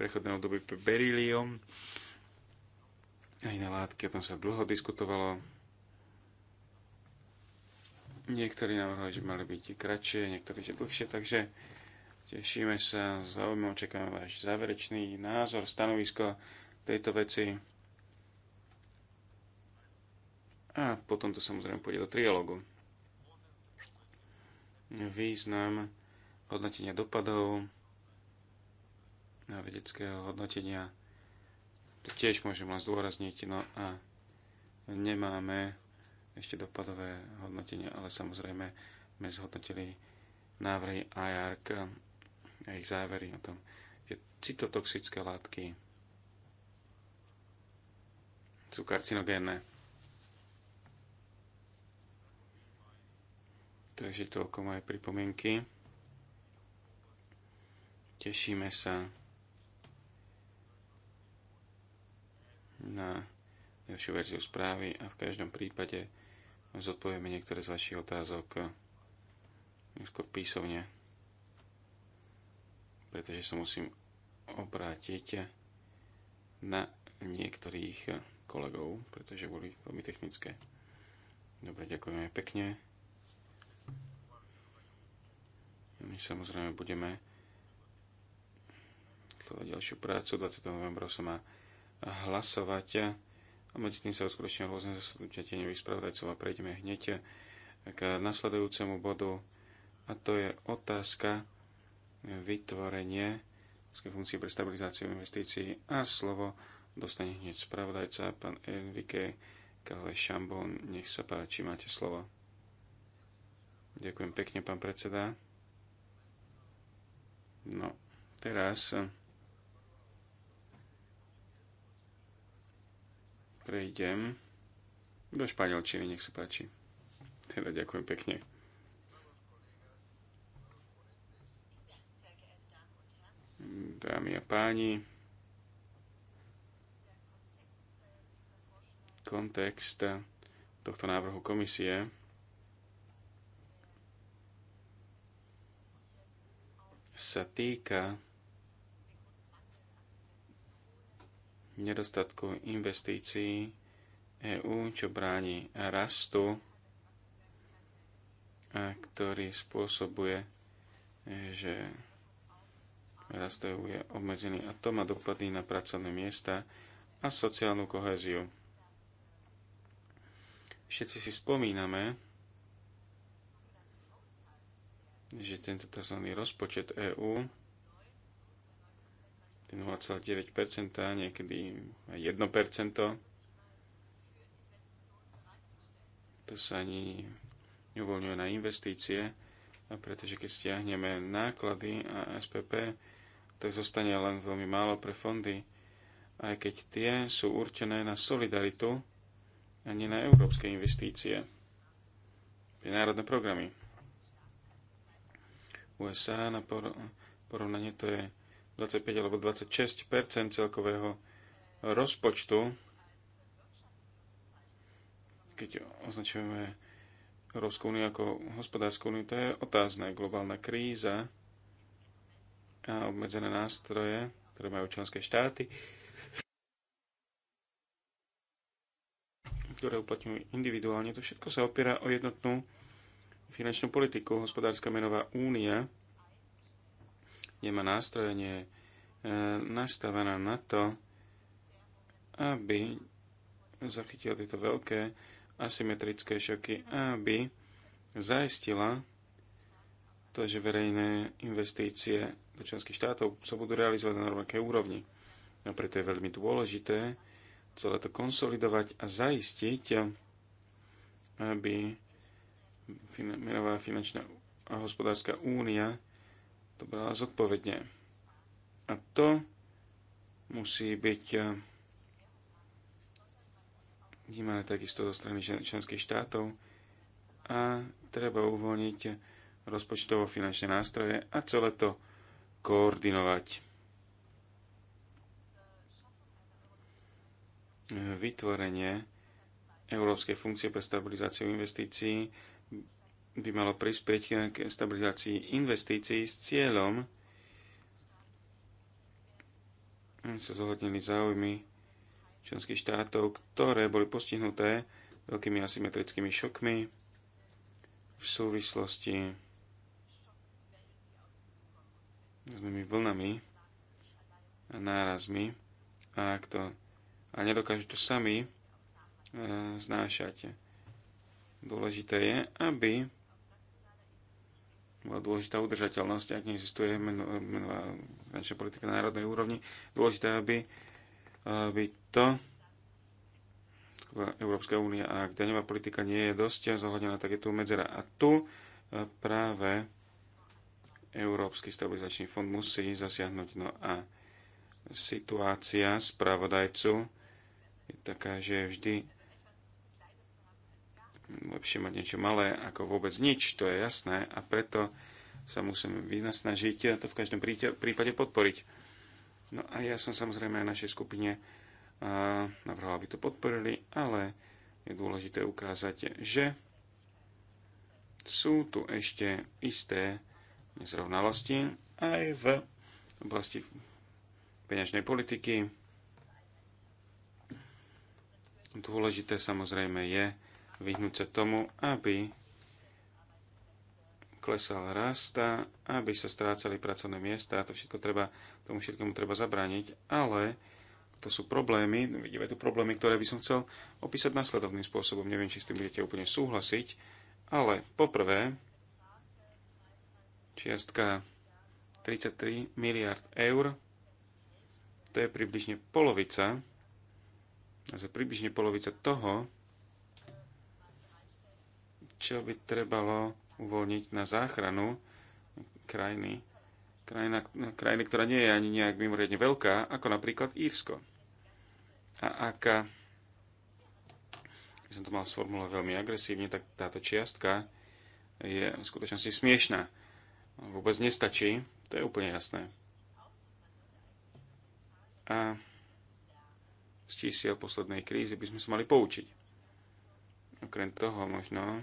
doby pre berilium a na látky, o tom sa dlho diskutovalo Niektorí navrhli, že mali byť kratšie, niektorí, že dlhšie, takže tešíme sa, zaujímavé, čakáme váš záverečný názor, stanovisko tejto veci. A potom to samozrejme pôjde do trialogu. Význam hodnotenia dopadov a vedeckého hodnotenia to tiež môžem len zdôrazniť. No a nemáme ešte dopadové hodnotenie, ale samozrejme sme zhodnotili návrhy IARC a ich závery o tom, že citotoxické látky sú karcinogénne. Takže toľko moje pripomienky. Tešíme sa na ďalšiu verziu správy a v každom prípade zodpovieme niektoré z vašich otázok eh, skôr písomne, pretože sa musím obrátiť eh, na niektorých eh, kolegov, pretože boli veľmi technické. Dobre, ďakujeme pekne. My samozrejme budeme sledovať ďalšiu prácu. 20. novembra sa má hlasovať a medzi tým sa uskutočnia rôzne zasadnutia tieňových spravodajcov a prejdeme hneď k nasledujúcemu bodu. A to je otázka vytvorenie funkcie pre stabilizáciu investícií a slovo dostane hneď spravodajca, pán Envike Kale Šambón. Nech sa páči, máte slovo. Ďakujem pekne, pán predseda. No, teraz prejdem do španielčiny, nech sa páči. Teda ďakujem pekne. Dámy a páni, kontext tohto návrhu komisie sa týka nedostatku investícií EÚ, čo bráni rastu, a ktorý spôsobuje, že rast EÚ je obmedzený a to má dopady na pracovné miesta a sociálnu kohéziu. Všetci si spomíname, že tento tzv. rozpočet EÚ 0,9%, niekedy aj 1%. To sa ani neuvoľňuje na investície, pretože keď stiahneme náklady a SPP, tak zostane len veľmi málo pre fondy, aj keď tie sú určené na solidaritu a nie na európske investície, pre národné programy. USA na porovnanie to je 25 alebo 26 celkového rozpočtu, keď označujeme Európsku úniu ako hospodárskú úniu, to je otázne. Globálna kríza a obmedzené nástroje, ktoré majú členské štáty, ktoré uplatňujú individuálne, to všetko sa opiera o jednotnú finančnú politiku. Hospodárska menová únia nemá nástrojenie e, nastavené na to, aby zachytila tieto veľké asymetrické šoky, aby zaistila to, že verejné investície do členských štátov sa budú realizovať na rovnakej úrovni. A no, preto je veľmi dôležité celé to konsolidovať a zaistiť, aby menová finančná a hospodárska únia to brala zodpovedne. A to musí byť eh, vnímané takisto zo strany členských štátov a treba uvoľniť rozpočtovo-finančné nástroje a celé to koordinovať. Vytvorenie Európskej funkcie pre stabilizáciu investícií by malo prispieť k stabilizácii investícií s cieľom, aby sa zohodnili záujmy členských štátov, ktoré boli postihnuté veľkými asymetrickými šokmi v súvislosti s tými vlnami a nárazmi. A, ak to, a nedokážu to sami e, znášať. Dôležité je, aby dôležitá udržateľnosť, ak neexistuje menšia politika na národnej úrovni, dôležité, aby, aby to Európska únia a ak daňová politika nie je dosť zohľadená, tak je tu medzera. A tu e, práve Európsky stabilizačný fond musí zasiahnuť. No a situácia spravodajcu je taká, že vždy lepšie mať niečo malé ako vôbec nič, to je jasné a preto sa musím vynasnažiť a to v každom prípade podporiť. No a ja som samozrejme aj našej skupine navrhol, aby to podporili, ale je dôležité ukázať, že sú tu ešte isté nezrovnalosti aj v oblasti peňažnej politiky. Dôležité samozrejme je, vyhnúť sa tomu, aby klesal rasta, aby sa strácali pracovné miesta, a to všetko treba, tomu všetkému treba zabrániť, ale to sú problémy, vidíme tu problémy, ktoré by som chcel opísať nasledovným spôsobom, neviem, či s tým budete úplne súhlasiť, ale poprvé, čiastka 33 miliard eur, to je približne polovica, to je približne polovica toho, čo by trebalo uvoľniť na záchranu krajiny, krajina, krajiny, ktorá nie je ani nejak mimoriadne veľká, ako napríklad Írsko. A aká, eh, by som to mal sformulovať veľmi agresívne, tak táto čiastka je v skutočnosti smiešná. Vôbec nestačí, to je úplne jasné. A z čísiel poslednej krízy by sme sa mali poučiť. Okrem toho možno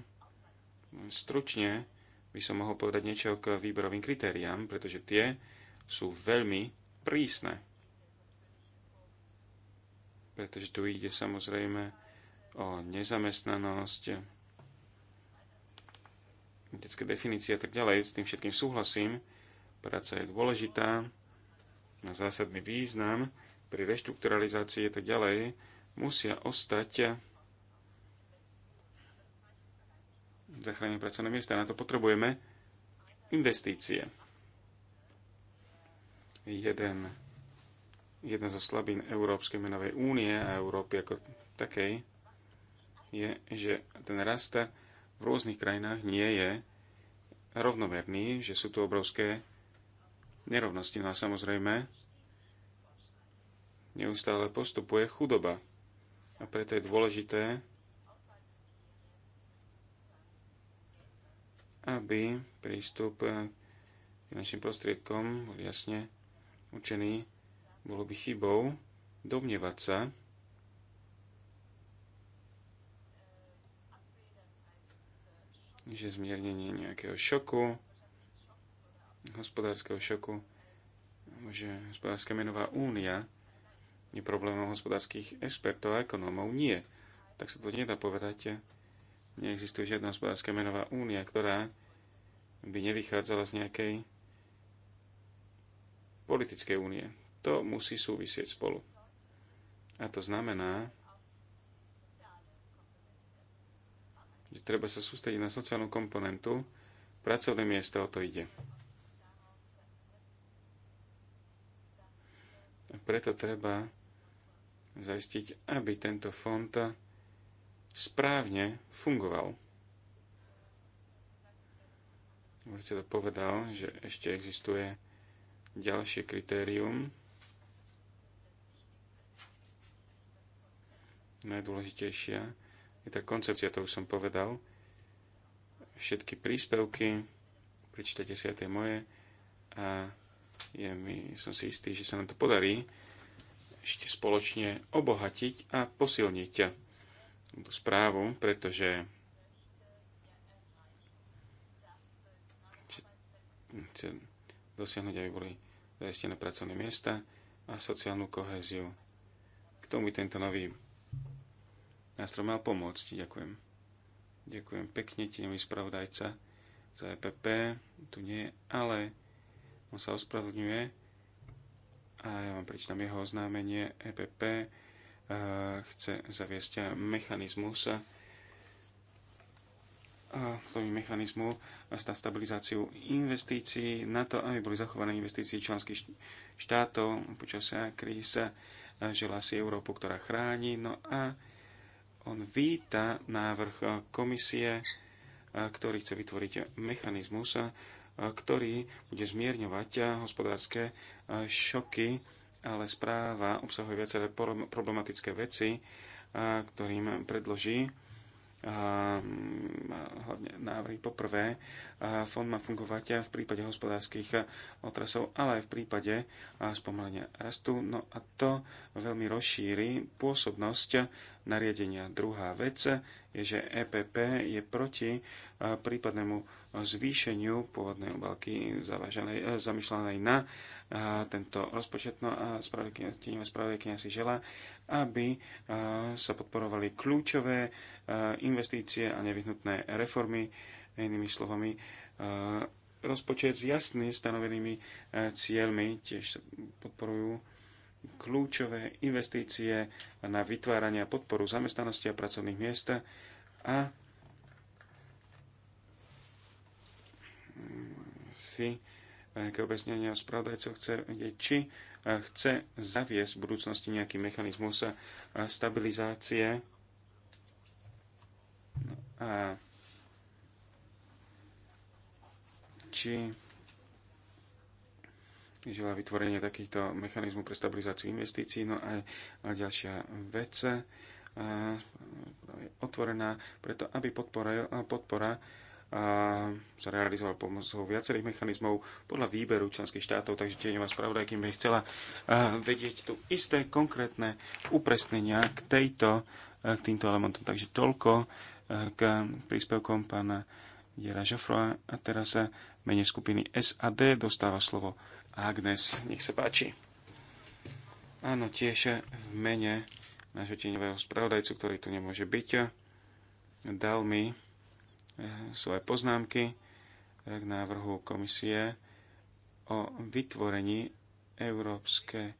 Stručne by som mohol povedať niečo k výberovým kritériám, pretože tie sú veľmi prísne. Pretože tu ide samozrejme o nezamestnanosť, detské definície a tak ďalej. S tým všetkým súhlasím. Práca je dôležitá, má zásadný význam. Pri reštrukturalizácii a tak ďalej musia ostať zachránime pracovné miesta. Na to potrebujeme investície. Jeden, jedna zo slabín Európskej menovej únie a Európy ako takej je, že ten rast v rôznych krajinách nie je rovnomerný, že sú tu obrovské nerovnosti. No a samozrejme, neustále postupuje chudoba. A preto je dôležité aby prístup eh, k našim prostriedkom bol jasne učený. Bolo by chybou domnievať sa, že zmiernenie nejakého šoku, hospodárskeho šoku, že hospodárska menová únia je problémom hospodárskych expertov a ekonómov. Nie. Tak sa to nedá povedať neexistuje žiadna hospodárska menová únia, ktorá by nevychádzala z nejakej politickej únie. To musí súvisieť spolu. A to znamená, že treba sa sústrediť na sociálnu komponentu, pracovné miesto o to ide. A preto treba zaistiť, aby tento fond správne fungoval. to teda povedal, že ešte existuje ďalšie kritérium. Najdôležitejšia je tá koncepcia, to už som povedal. Všetky príspevky, prečítajte si aj tie moje a je my, som si istý, že sa nám to podarí ešte spoločne obohatiť a posilniť správu, pretože chce dosiahnuť, aby boli zaistené pracovné miesta a sociálnu kohéziu. K tomu by tento nový nástroj mal pomôcť. Ďakujem. Ďakujem pekne, tieňový spravodajca za EPP. Tu nie, ale on sa ospravedlňuje a ja vám prečítam jeho oznámenie EPP chce zaviesť mechanizmus plový mechanizmu na stabilizáciu investícií na to, aby boli zachované investície členských štátov počas kríze, Žela si Európu, ktorá chráni. No a on víta návrh komisie, ktorý chce vytvoriť mechanizmus, ktorý bude zmierňovať hospodárske šoky ale správa obsahuje viaceré problematické veci, ktorým predloží Ehm, hlavne návrhy. Poprvé, eh, fond má fungovať v prípade hospodárskych eh, otrasov, ale aj v prípade eh, spomalenia rastu. No a to veľmi rozšíri pôsobnosť nariadenia. Druhá vec je, že EPP je proti prípadnému zvýšeniu pôvodnej obalky zamýšľanej na tento rozpočet. No a spravodajkynia si žela, aby eh, sa podporovali kľúčové eh, investície a nevyhnutné reformy. Inými slovami, eh, rozpočet s jasne stanovenými cieľmi tiež sa podporujú kľúčové investície na vytváranie a podporu zamestnanosti a pracovných miest a si k objasneniu spravodajcov chce vedieť, či chce zaviesť v budúcnosti nejaký mechanizmus stabilizácie no a či žila vytvorenie takýchto mechanizmov pre stabilizáciu investícií. No a, ďalšia vec je otvorená preto, aby podpora, podpora a sa realizoval pomocou viacerých mechanizmov podľa výberu členských štátov, takže tieňová spravodajka by chcela vedieť tu isté konkrétne upresnenia k, tejto, k týmto elementom. Takže toľko k príspevkom pána Jera Žofroa a teraz sa mene skupiny SAD dostáva slovo Agnes. Nech sa páči. Áno, tiež v mene nášho tieňového spravodajcu, ktorý tu nemôže byť, dal mi svoje poznámky k návrhu komisie o vytvorení európske,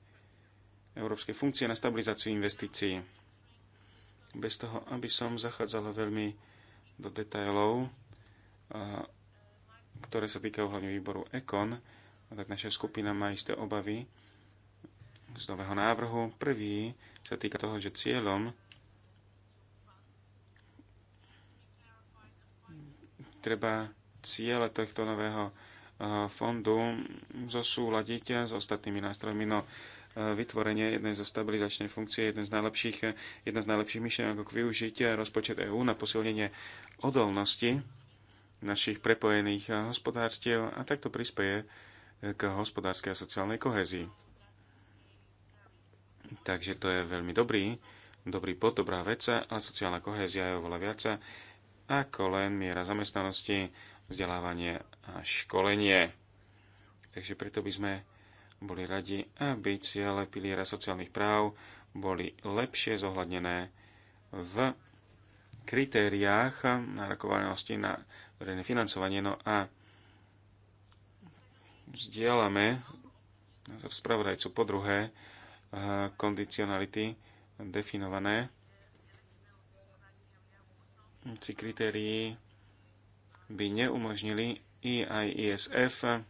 európske funkcie na stabilizáciu investícií. Bez toho, aby som zachádzala veľmi do detajlov, ktoré sa týkajú hlavne výboru ECON, tak naša skupina má isté obavy z nového návrhu. Prvý sa týka toho, že cieľom treba ciele tohto nového eh, fondu zosúľadiť s ostatnými nástrojmi. No, eh, vytvorenie jednej zo stabilizačnej funkcie, jeden z najlepších, eh, jedna z najlepších myšlienok, ako využiť rozpočet EÚ na posilnenie odolnosti našich prepojených hospodárstiev a takto prispieje k hospodárskej a sociálnej kohezii. Takže to je veľmi dobrý, dobrý bod, dobrá vec a sociálna kohézia je oveľa viac ako len miera zamestnanosti, vzdelávanie a školenie. Takže preto by sme boli radi, aby ciele piliera sociálnych práv boli lepšie zohľadnené v kritériách nárokovanosti na verejné financovanie. No a vzdielame spravodajcu po druhé eh, kondicionality definované Hm, si kritérií by neumožnili EISF, e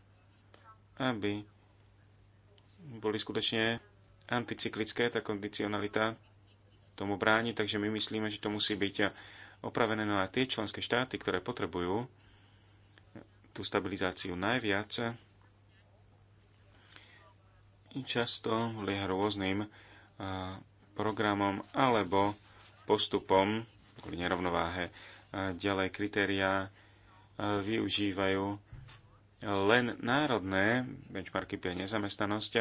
aby boli skutočne anticyklické, tá kondicionalita tomu bráni, takže my myslíme, že to musí byť opravené. No a tie členské štáty, ktoré potrebujú tú stabilizáciu najviac, často lieha rôznym programom alebo postupom v nerovnováhe. E, ďalej kritériá e, využívajú len národné benchmarky pre nezamestnanosť.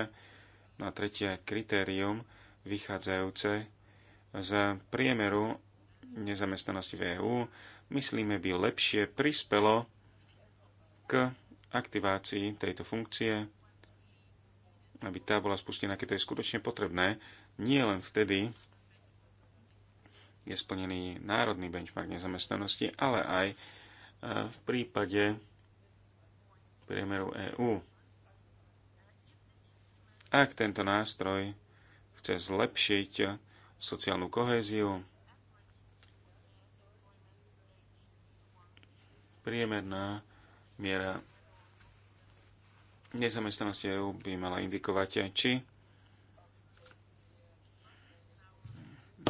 No a tretie kritérium vychádzajúce z priemeru nezamestnanosti v EÚ, myslíme by lepšie prispelo k aktivácii tejto funkcie, aby tá bola spustená, keď to je skutočne potrebné, nie len vtedy, je splnený národný benchmark nezamestnanosti, ale aj e, v prípade priemeru EÚ. Ak tento nástroj chce zlepšiť sociálnu kohéziu, priemerná miera nezamestnanosti EÚ by mala indikovať, či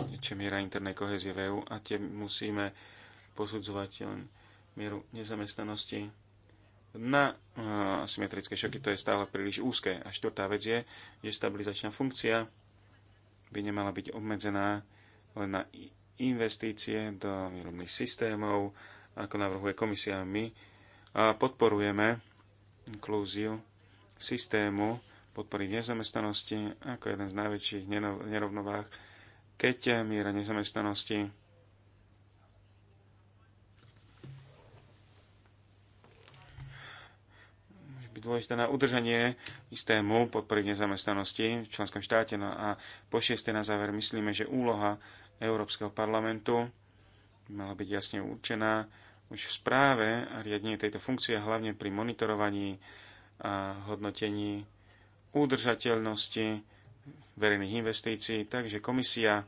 či miera internej kohezie v EU a tie musíme posudzovať len mieru nezamestnanosti na e, asymetrické šoky. To je stále príliš úzke. A štvrtá vec je, že stabilizačná funkcia by nemala byť obmedzená len na investície do výrobných systémov, ako navrhuje komisia. My a podporujeme inklúziu systému podpory nezamestnanosti ako jeden z najväčších nerovnovách keď miera nezamestnanosti môže byť dôležité na udržanie systému podpory nezamestnanosti v členskom štáte. No a po šieste na záver myslíme, že úloha Európskeho parlamentu mala byť jasne určená už v správe a riadenie tejto funkcie, hlavne pri monitorovaní a hodnotení udržateľnosti verejných investícií. Takže komisia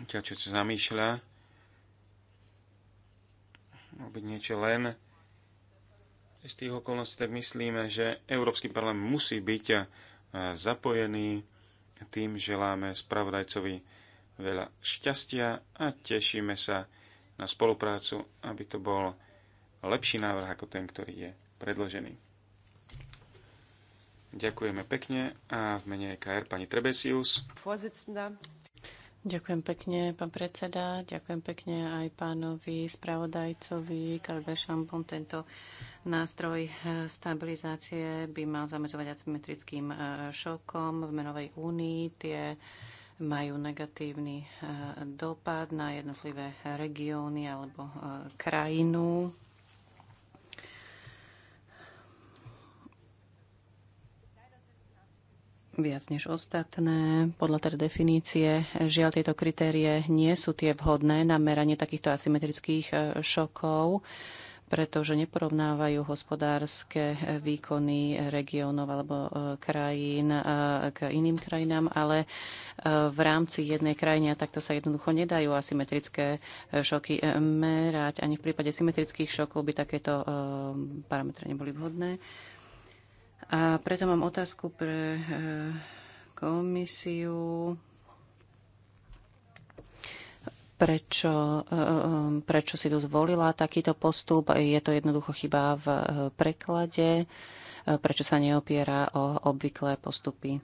ťa čo zamýšľa robiť niečo len z tých okolností, tak myslíme, že Európsky parlament musí byť eh, zapojený. Tým želáme spravodajcovi veľa šťastia a tešíme sa na spoluprácu, aby to bol lepší návrh ako ten, ktorý je predložený. Ďakujeme pekne a v mene e KR pani Trebesius. Ďakujem pekne, pán predseda. Ďakujem pekne aj pánovi spravodajcovi Kalve Tento nástroj stabilizácie by mal zamezovať asymetrickým e, šokom v menovej únii. Tie majú negatívny e, dopad na jednotlivé regióny alebo krajinu viac než ostatné. Podľa teda definície, žiaľ tieto kritérie nie sú tie vhodné na meranie takýchto asymetrických e, šokov, pretože neporovnávajú hospodárske e, výkony regiónov alebo e, krajín k iným krajinám, ale v rámci jednej krajiny a takto sa jednoducho nedajú asymetrické šoky merať. Ani v prípade symetrických šokov by takéto parametre neboli vhodné. A preto mám otázku pre eh, komisiu prečo, eh, eh, prečo si tu zvolila takýto postup. Je to jednoducho chyba v preklade, prečo sa neopiera o obvyklé postupy.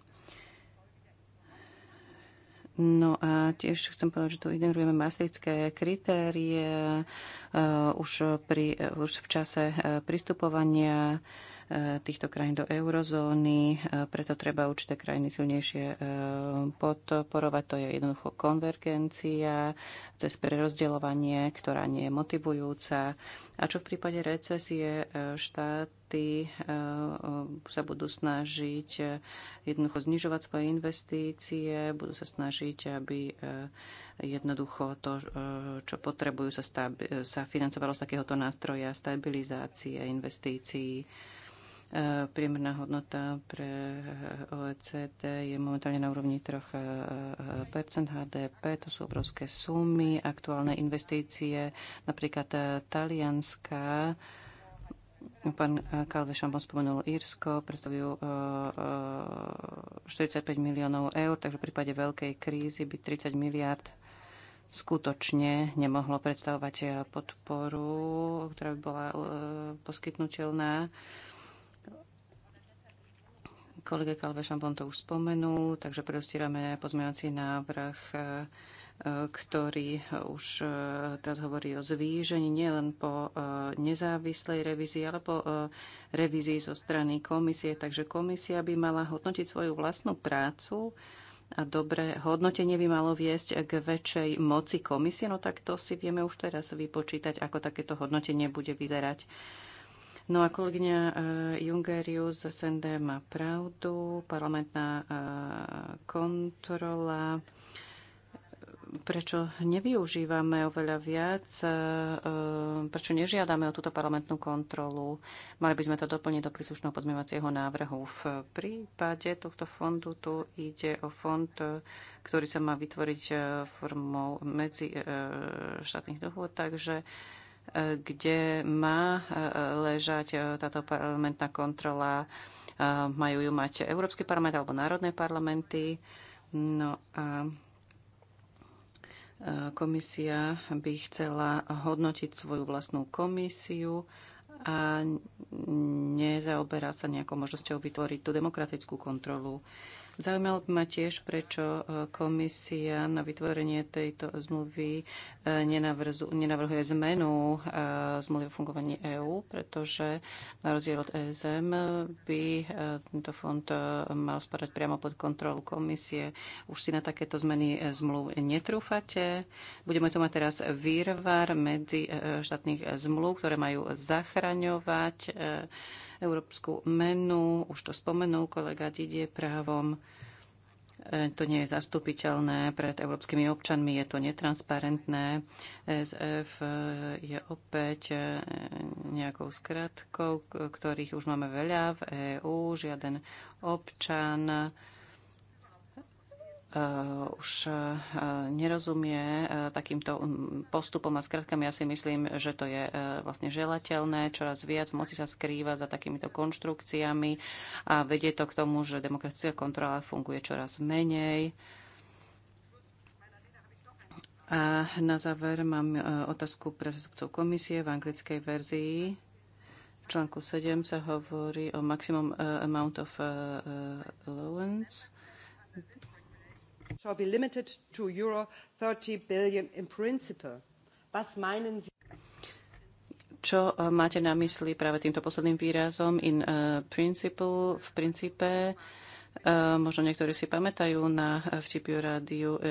No a tiež chcem povedať, že tu ignorujeme maastrichtské kritérie už, pri, už v čase pristupovania Eh, týchto krajín do eurozóny, eh, preto treba určité krajiny silnejšie eh, podporovať. To je jednoducho konvergencia cez prerozdeľovanie, ktorá nie je motivujúca. A čo v prípade recesie štát sa budú snažiť jednoducho znižovať svoje investície, budú sa snažiť, aby jednoducho to, čo potrebujú, sa, stabi- sa financovalo z takéhoto nástroja stabilizácie investícií. E, Priemerná hodnota pre OECD je momentálne na úrovni 3 e, HDP. To sú obrovské sumy. Aktuálne investície napríklad e, Talianska Pán Kalve Šambon spomenul Írsko, predstavujú 45 miliónov eur, takže v prípade veľkej krízy by 30 miliard skutočne nemohlo predstavovať podporu, ktorá by bola poskytnutelná. Kolega Kalve Šampon to už spomenul, takže predostierame pozmeňovací návrh, e, ktorý už e, teraz hovorí o zvýžení nielen po e, nezávislej revízii, ale po revízii zo strany komisie. Takže komisia by mala hodnotiť svoju vlastnú prácu a dobré hodnotenie by malo viesť k väčšej moci komisie. No tak to si vieme už teraz vypočítať, ako takéto hodnotenie bude vyzerať. No a kolegyňa eh, Jungerius z SND má pravdu. Parlamentná eh, kontrola prečo nevyužívame oveľa viac, eh, prečo nežiadame o túto parlamentnú kontrolu. Mali by sme to doplniť do príslušného pozmývacieho návrhu. V prípade tohto fondu tu ide o fond, ktorý sa má vytvoriť formou medzi štátnych dohôd, takže kde má e, ležať e, táto parlamentná kontrola. E, majú ju mať Európsky parlament alebo národné parlamenty. No a komisia by chcela hodnotiť svoju vlastnú komisiu a nezaoberá sa nejakou možnosťou vytvoriť tú demokratickú kontrolu Zaujímalo by ma tiež, prečo e, komisia na vytvorenie tejto zmluvy e, nenavrhuje zmenu e, zmluvy o fungovaní EÚ, pretože na rozdiel od ESM by tento fond mal spadať priamo pod kontrolu komisie. Už si na takéto zmeny zmluv netrúfate. Budeme tu mať teraz výrvar medzi štátnych zmluv, ktoré majú zachraňovať európsku menu. Už to spomenul kolega Didie právom. E, to nie je zastupiteľné pred európskymi občanmi, je to netransparentné. SF je opäť e, nejakou skratkou, ktorých už máme veľa v EÚ. Žiaden občan Eh, už eh, nerozumie eh, takýmto mm, postupom a skratkami. Ja si myslím, že to je vlastne želateľné. Čoraz viac moci sa skrýva za takýmito konštrukciami a vedie to k tomu, že demokracia kontrola funguje čoraz menej. A na záver mám otázku pre zastupcov komisie v anglickej verzii. V článku 7 sa hovorí o maximum amount of allowance shall be limited to euro 30 billion in principle. Was meinen Sie? Čo eh, máte na mysli práve týmto posledným výrazom in uh, principle, v princípe? Uh, možno niektorí si pamätajú na vtipiu rádiu uh,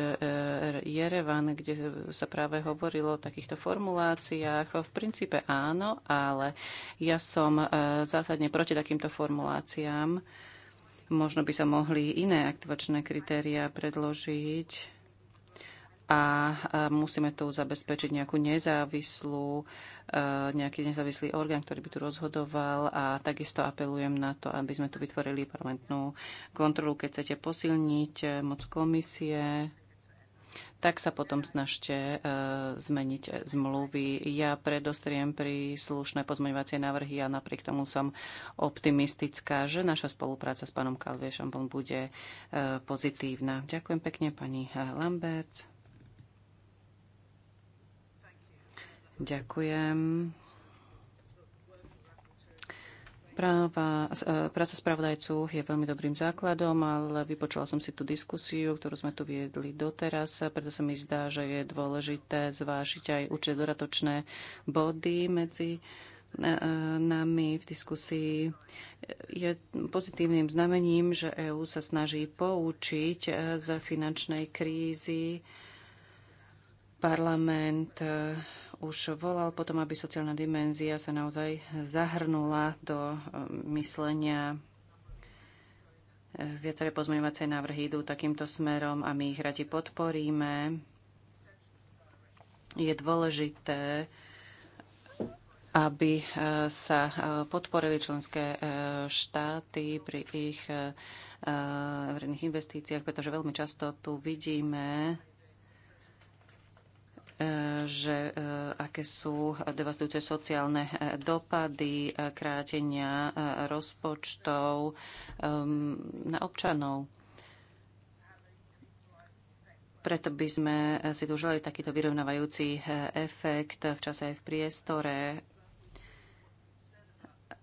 Jerevan, kde sa práve hovorilo o takýchto formuláciách. V princípe áno, ale ja som uh, zásadne proti takýmto formuláciám. Uh, Možno by sa mohli iné aktivačné kritéria predložiť a musíme tu zabezpečiť nejakú nezávislú, e, nejaký nezávislý orgán, ktorý by tu rozhodoval a takisto apelujem na to, aby sme tu vytvorili parlamentnú kontrolu, keď chcete posilniť e, moc komisie, tak sa potom snažte e, zmeniť zmluvy. Ja predostriem slušné pozmeňovacie návrhy a napriek tomu som optimistická, že naša spolupráca s pánom Kalviešom bude e, pozitívna. Ďakujem pekne pani e, Lambert. Ďakujem. Práva, e, práca spravodajcu je veľmi dobrým základom, ale vypočula som si tú diskusiu, ktorú sme tu viedli doteraz, preto sa mi zdá, že je dôležité zvážiť aj určite doratočné body medzi e, e, nami v diskusii je pozitívnym znamením, že EÚ sa snaží poučiť z finančnej krízy. Parlament už volal potom, aby sociálna dimenzia sa naozaj zahrnula do um, myslenia. E, viaceré pozmeňovacie návrhy idú takýmto smerom a my ich radi podporíme. Je dôležité, aby e, sa e, podporili členské štáty pri ich verejných investíciách, pretože veľmi často tu vidíme E, že e, aké sú devastujúce sociálne e, dopady krátenia rozpočtov na občanov. Preto by sme si tu želali takýto vyrovnávajúci efekt v čase aj v priestore.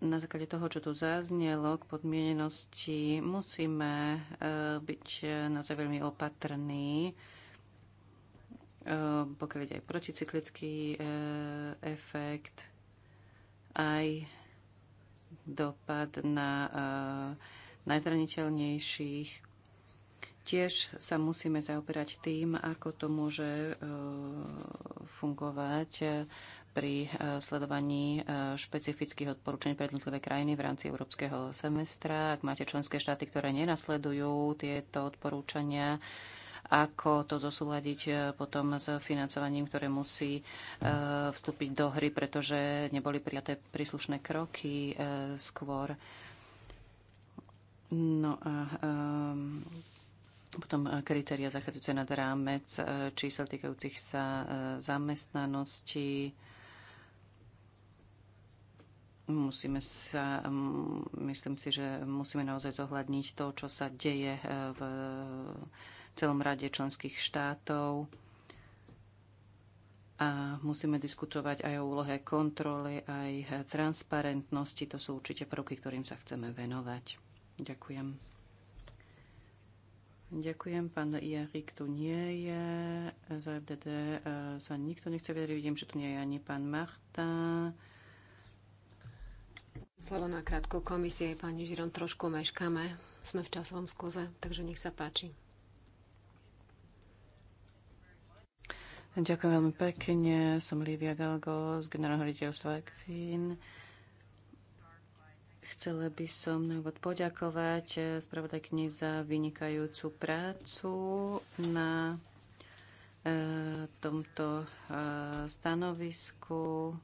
Na základe toho, čo tu zaznelo k podmienenosti, musíme byť naozaj veľmi opatrní Ehm, pokryť aj proticyklický ehm, efekt, aj dopad na ehm, najzraniteľnejších. Tiež sa musíme zaoberať tým, ako to môže fungovať pri sledovaní špecifických odporúčaní pre jednotlivé krajiny v rámci európskeho semestra. Ak máte členské štáty, ktoré nenasledujú tieto odporúčania, ako to zosúľadiť e, potom s financovaním, ktoré musí e, vstúpiť do hry, pretože neboli prijaté príslušné kroky e, skôr. No a potom kritéria zachádzajúce nad rámec čísel týkajúcich sa zamestnanosti. Musíme sa, myslím si, že musíme naozaj zohľadniť to, čo sa deje v celom rade členských štátov. A musíme diskutovať aj o úlohe kontroly, aj transparentnosti. To sú určite prvky, ktorým sa chceme venovať. Ďakujem. Ďakujem, pán Jarik tu nie je. Za FDD e, sa nikto nechce vyjadriť. Vidím, že tu nie je ani pán Marta. Slovo na krátko komisie, pani Žiron, trošku meškáme. Sme v časovom skloze, takže nech sa páči. Ďakujem veľmi pekne. Som Lívia Galgo z generálneho riaditeľstva ECFIN. Chcela by som na úvod poďakovať spravodajkyni za vynikajúcu prácu na eh, tomto eh, stanovisku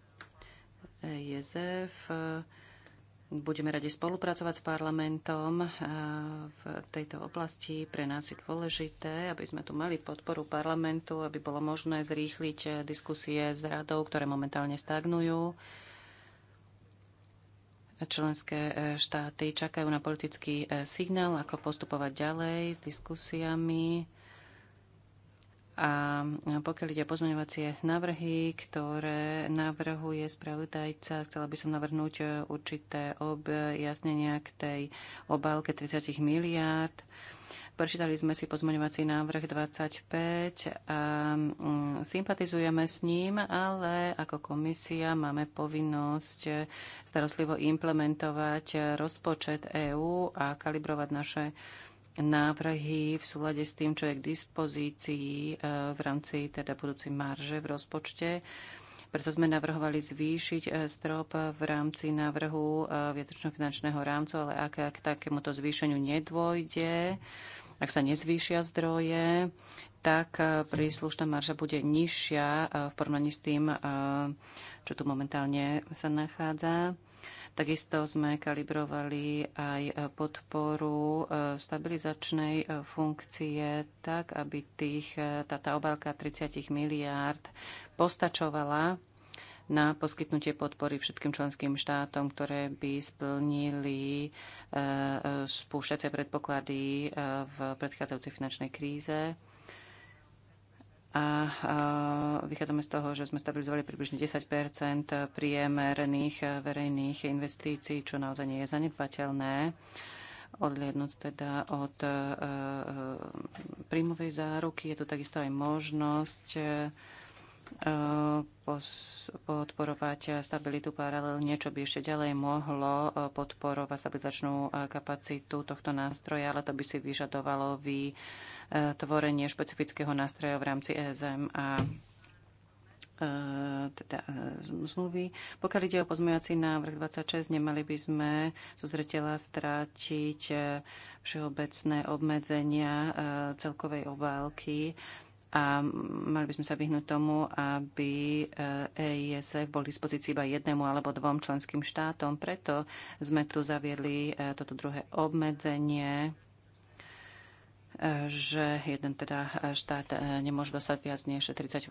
EZF. Budeme radi spolupracovať s parlamentom eh, v tejto oblasti. Pre nás je dôležité, aby sme tu mali podporu parlamentu, aby bolo možné zrýchliť eh, diskusie s radou, ktoré momentálne stagnujú. Členské eh, štáty čakajú na politický signál, ako postupovať ďalej s diskusiami a pokiaľ ide o pozmeňovacie návrhy, ktoré navrhuje spravodajca, chcela by som navrhnúť určité objasnenia k tej obálke 30 miliárd. Prečítali sme si pozmeňovací návrh 25 a mm, sympatizujeme s ním, ale ako komisia máme povinnosť starostlivo implementovať rozpočet EÚ a kalibrovať naše návrhy v súlade s tým, čo je k dispozícii e, v rámci teda budúcej marže v rozpočte. Preto sme navrhovali zvýšiť e, strop v rámci návrhu e, vietročno-finančného rámcu, ale ak k takémuto zvýšeniu nedôjde, ak sa nezvýšia zdroje, tak príslušná marža bude nižšia v porovnaní s tým, čo tu momentálne sa nachádza. Takisto sme kalibrovali aj e, podporu e, stabilizačnej e, funkcie tak, aby tých, tá, tá obálka 30 miliárd postačovala na poskytnutie podpory všetkým členským štátom, ktoré by splnili spúšťacie predpoklady v predchádzajúcej finančnej kríze a vychádzame z toho, že sme stabilizovali približne 10 priemerných verejných investícií, čo naozaj nie je zanedbateľné odliadnúť teda od e, e, príjmovej záruky. Je tu takisto aj možnosť Eh, podporovať stabilitu paralelne, čo by ešte ďalej mohlo eh, podporovať stabilizačnú eh, kapacitu tohto nástroja, ale to by si vyžadovalo vytvorenie špecifického nástroja v rámci ESM a teda zmluvy. Pokiaľ ide o pozmejací návrh 26, nemali by sme zo zretela strátiť všeobecné obmedzenia celkovej obálky a mali by sme sa vyhnúť tomu, aby EISF eh, e bol v dispozícii iba jednému alebo dvom členským štátom. Preto sme tu zaviedli eh, toto druhé obmedzenie že jeden teda štát nemôže dostať viac než 30 eh,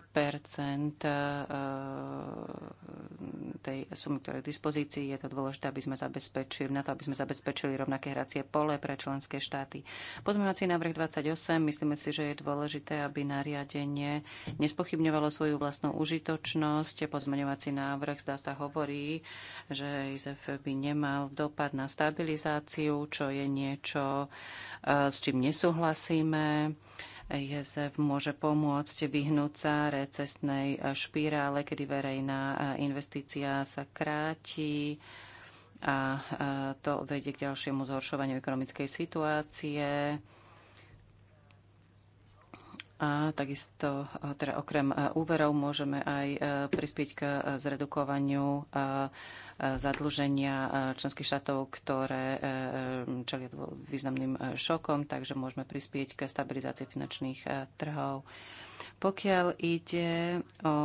tej sumy, ktoré je k dispozícii. Je to dôležité, aby sme zabezpečili, na to, aby sme zabezpečili rovnaké hracie pole pre členské štáty. Pozmeňovací návrh 28. Myslíme si, že je dôležité, aby nariadenie nespochybňovalo svoju vlastnú užitočnosť. Pozmeňovací návrh zdá sa hovorí, že IZF by nemal dopad na stabilizáciu, čo je niečo, eh, s čím nesúhlasím súhlasíme. ISF môže pomôcť vyhnúť sa recesnej špirále, kedy verejná investícia sa kráti a to vedie k ďalšiemu zhoršovaniu ekonomickej situácie a takisto e, teda okrem e, úverov môžeme aj e, prispieť k zredukovaniu zadlženia členských štátov, ktoré čelia významným šokom, takže môžeme prispieť k stabilizácii finančných trhov. Pokiaľ ide o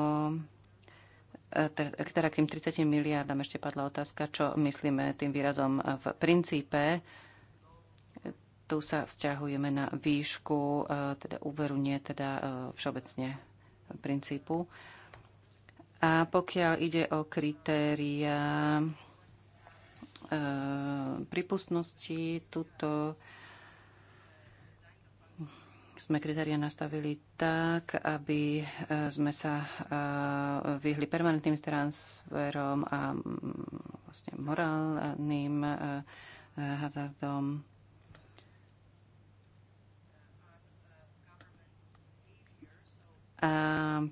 teda k tým 30 miliardám ešte padla otázka, čo myslíme tým výrazom v princípe tu sa vzťahujeme na výšku, e, teda úveru, nie teda e, všeobecne princípu. A pokiaľ ide o kritéria e, prípustnosti, tuto sme kritéria nastavili tak, aby sme sa vyhli permanentným transferom a vlastne morálnym hazardom.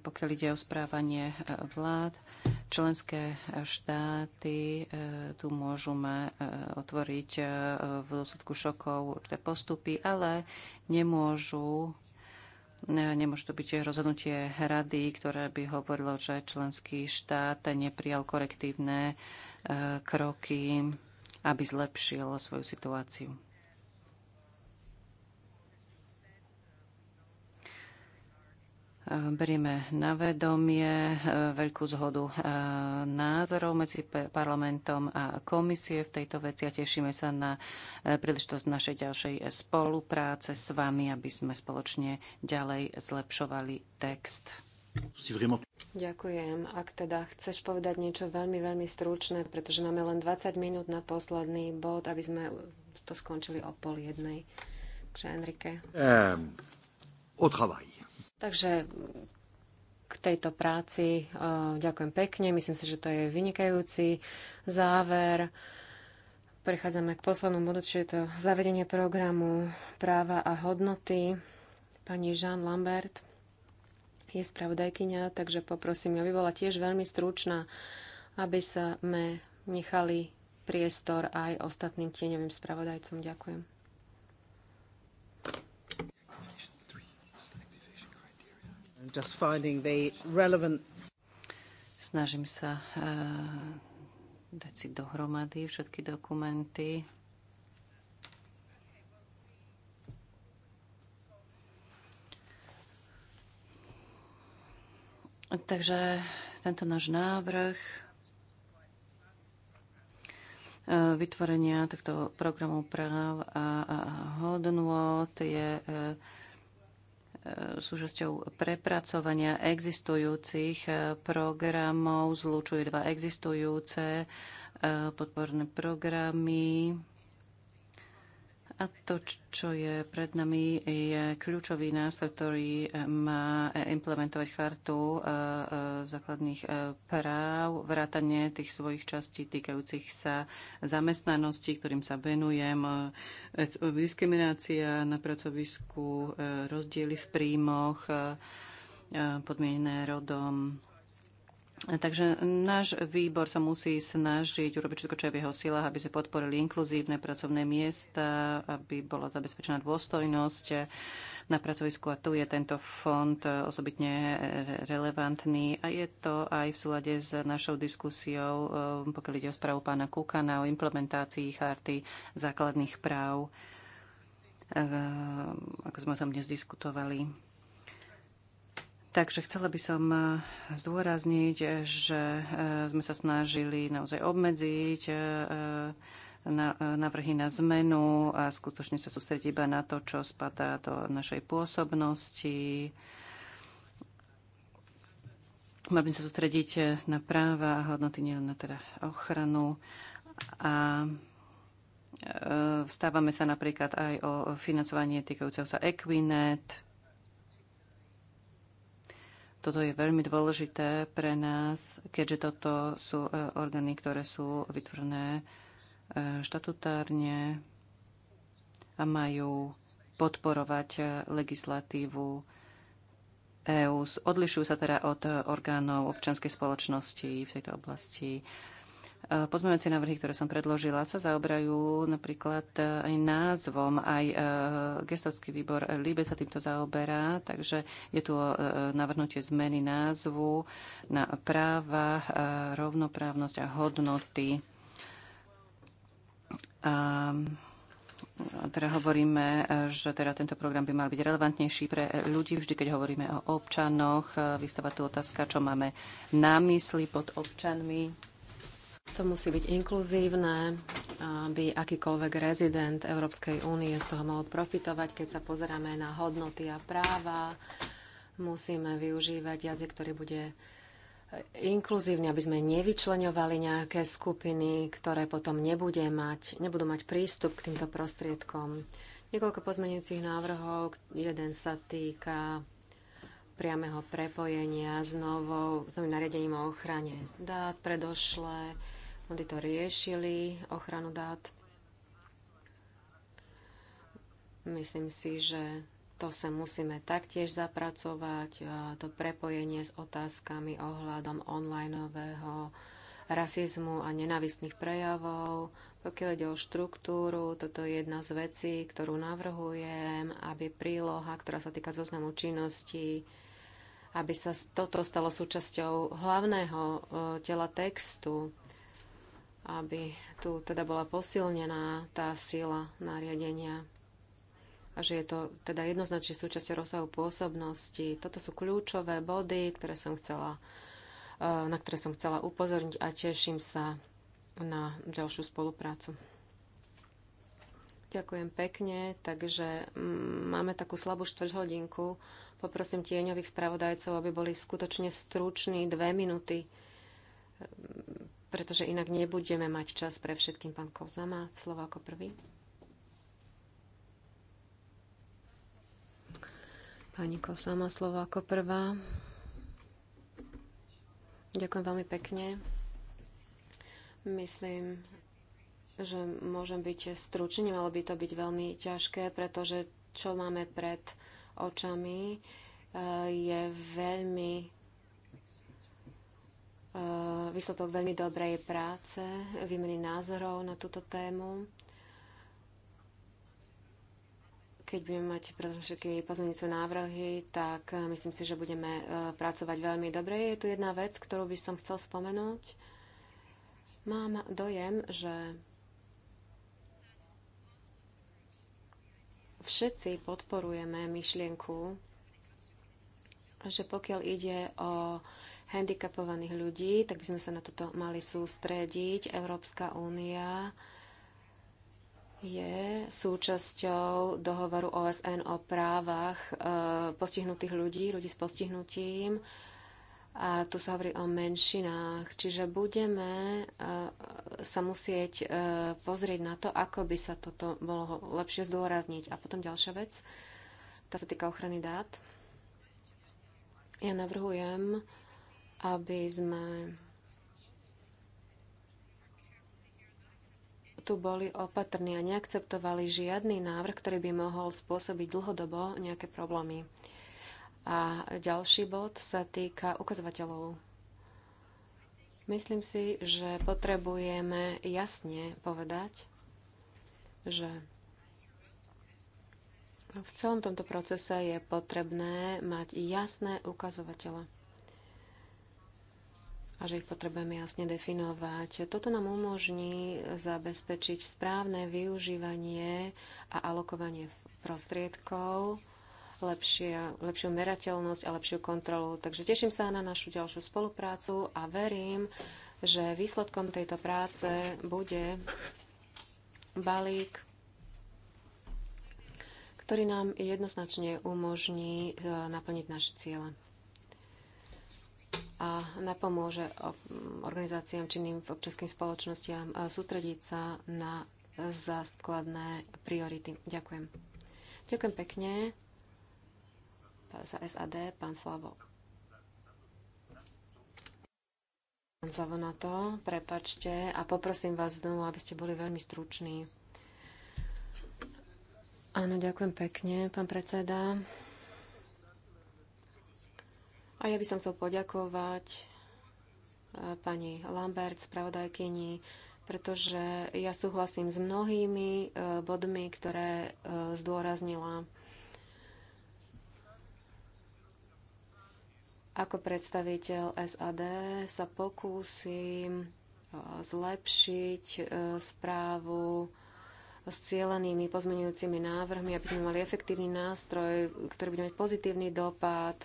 pokiaľ ide o správanie e, vlád. Členské štáty e, tu môžeme otvoriť e, v dôsledku šokov určité postupy, ale nemôžu Nemôže to byť rozhodnutie rady, ktoré by hovorilo, že členský štát neprijal korektívne kroky, aby zlepšil svoju situáciu. Berieme na vedomie e, veľkú zhodu e, názorov medzi parlamentom a komisie v tejto veci a tešíme sa na e, príležitosť našej ďalšej spolupráce s vami, aby sme spoločne ďalej zlepšovali text. Ďakujem. Ak teda chceš povedať niečo veľmi, veľmi stručné, pretože máme len 20 minút na posledný bod, aby sme to skončili o pol jednej. Takže Enrique. Um, travail. Takže k tejto práci e, ďakujem pekne. Myslím si, že to je vynikajúci záver. Prechádzame k poslednom bodu, čiže to zavedenie programu práva a hodnoty. Pani Jean Lambert je spravodajkyňa, takže poprosím, aby bola tiež veľmi stručná, aby sa me nechali priestor aj ostatným tieňovým spravodajcom. Ďakujem. just finding the relevant... Snažím sa uh, dať si dohromady všetky dokumenty. Takže tento náš návrh eh, vytvorenia tohto programu práv a, a hodnôt je eh, súčasťou prepracovania existujúcich e, programov, zlučuje dva existujúce e, podporné programy a to, čo je pred nami, je kľúčový nástroj, ktorý eh, má eh, implementovať chartu eh, základných práv, vrátanie tých svojich častí týkajúcich sa zamestnanosti, ktorým sa venujem, diskriminácia na pracovisku, rozdiely v príjmoch, podmienené rodom, Takže náš výbor sa musí snažiť urobiť všetko, čo je v jeho silách, aby sme podporili inkluzívne pracovné miesta, aby bola zabezpečená dôstojnosť na pracovisku a tu je tento fond osobitne relevantný a je to aj v súlade s našou diskusiou, eh, pokiaľ ide o správu pána Kukana o implementácii charty základných práv, eh, ako sme o tom dnes diskutovali. Takže chcela by som eh, zdôrazniť, že eh, sme sa snažili naozaj obmedziť eh, na, návrhy na zmenu a skutočne sa sústrediť iba na to, čo spadá do našej pôsobnosti. Mali by sa sústrediť na práva a hodnoty, nielen na teda ochranu. A vstávame sa napríklad aj o financovanie týkajúceho sa Equinet, toto je veľmi dôležité pre nás, keďže toto sú e, orgány, ktoré sú vytvorené e, štatutárne a majú podporovať e, legislatívu EÚ. Odlišujú sa teda od orgánov občianskej spoločnosti v tejto oblasti. Eh, pozmeňujúce návrhy, ktoré som predložila, sa zaoberajú napríklad eh, aj názvom, aj eh, gestovský výbor Líbe sa týmto zaoberá, takže je tu navrhnutie zmeny názvu na práva, rovnoprávnosť a hodnoty. A teda hovoríme, že teda tento program by mal byť relevantnejší pre ľudí. Vždy, keď hovoríme o občanoch, vystáva tu otázka, čo máme na mysli pod občanmi to musí byť inkluzívne, aby akýkoľvek rezident Európskej únie z toho mohol profitovať. Keď sa pozeráme na hodnoty a práva, musíme využívať jazyk, ktorý bude inkluzívne, aby sme nevyčleňovali nejaké skupiny, ktoré potom nebude mať, nebudú mať prístup k týmto prostriedkom. Niekoľko pozmenujúcich návrhov. Jeden sa týka priameho prepojenia s novou s novým nariadením o ochrane dát. predošle, oni to riešili, ochranu dát. Myslím si, že to sa musíme taktiež zapracovať, to prepojenie s otázkami ohľadom onlineového rasizmu a nenávistných prejavov. Pokiaľ ide o štruktúru, toto je jedna z vecí, ktorú navrhujem, aby príloha, ktorá sa týka zoznamu činností, aby sa toto stalo súčasťou hlavného e, tela textu, aby tu teda bola posilnená tá sila nariadenia a že je to teda jednoznačne súčasťou rozsahu pôsobnosti. Toto sú kľúčové body, ktoré som chcela, e, na ktoré som chcela upozorniť a teším sa na ďalšiu spoluprácu. Ďakujem pekne. Takže mm, máme takú slabú štvrťhodinku. Poprosím tieňových spravodajcov, aby boli skutočne struční dve minúty, mm, pretože inak nebudeme mať čas pre všetkým. Pán Kovza má slovo ako prvý. Pani Kosa má slovo ako prvá. Ďakujem veľmi pekne. Myslím, že môžem byť stručný, nemalo by to byť veľmi ťažké, pretože čo máme pred očami eh, je veľmi eh, výsledok veľmi dobrej práce, výmeny názorov na túto tému. Keď budeme mať všetky pozmeňujúce návrhy, tak eh, myslím si, že budeme pracovať veľmi dobre. Je tu jedna vec, ktorú by som chcel spomenúť. Mám dojem, že Všetci podporujeme myšlienku, že pokiaľ ide o handicapovaných ľudí, tak by sme sa na toto mali sústrediť. Európska únia je súčasťou dohovoru OSN o právach eh, postihnutých ľudí, ľudí s postihnutím. A tu sa hovorí o menšinách, čiže budeme e, sa musieť e, pozrieť na to, ako by sa toto bolo lepšie zdôrazniť. A potom ďalšia vec, tá sa týka ochrany dát. Ja navrhujem, aby sme tu boli opatrní a neakceptovali žiadny návrh, ktorý by mohol spôsobiť dlhodobo nejaké problémy. A ďalší bod sa týka ukazovateľov. Myslím si, že potrebujeme jasne povedať, že v celom tomto procese je potrebné mať jasné ukazovatele a že ich potrebujeme jasne definovať. Toto nám umožní zabezpečiť správne využívanie a alokovanie prostriedkov lepšia, lepšiu merateľnosť a lepšiu kontrolu. Takže teším sa na našu ďalšiu spoluprácu a verím, že výsledkom tejto práce bude balík, ktorý nám jednoznačne umožní e, naplniť naše ciele a napomôže organizáciám činným v občanským spoločnostiam e, sústrediť sa na základné priority. Ďakujem. Ďakujem pekne za SAD, pán Flavo. Pán Zavonato, prepačte a poprosím vás znovu, aby ste boli veľmi struční. Áno, ďakujem pekne, pán predseda. A ja by som chcel poďakovať e, pani Lambert, spravodajkyni, pretože ja súhlasím s mnohými e, bodmi, ktoré e, zdôraznila Ako predstaviteľ SAD sa pokúsim e, zlepšiť e, správu s cieľenými pozmenujúcimi návrhmi, aby sme mali efektívny nástroj, ktorý bude mať pozitívny dopad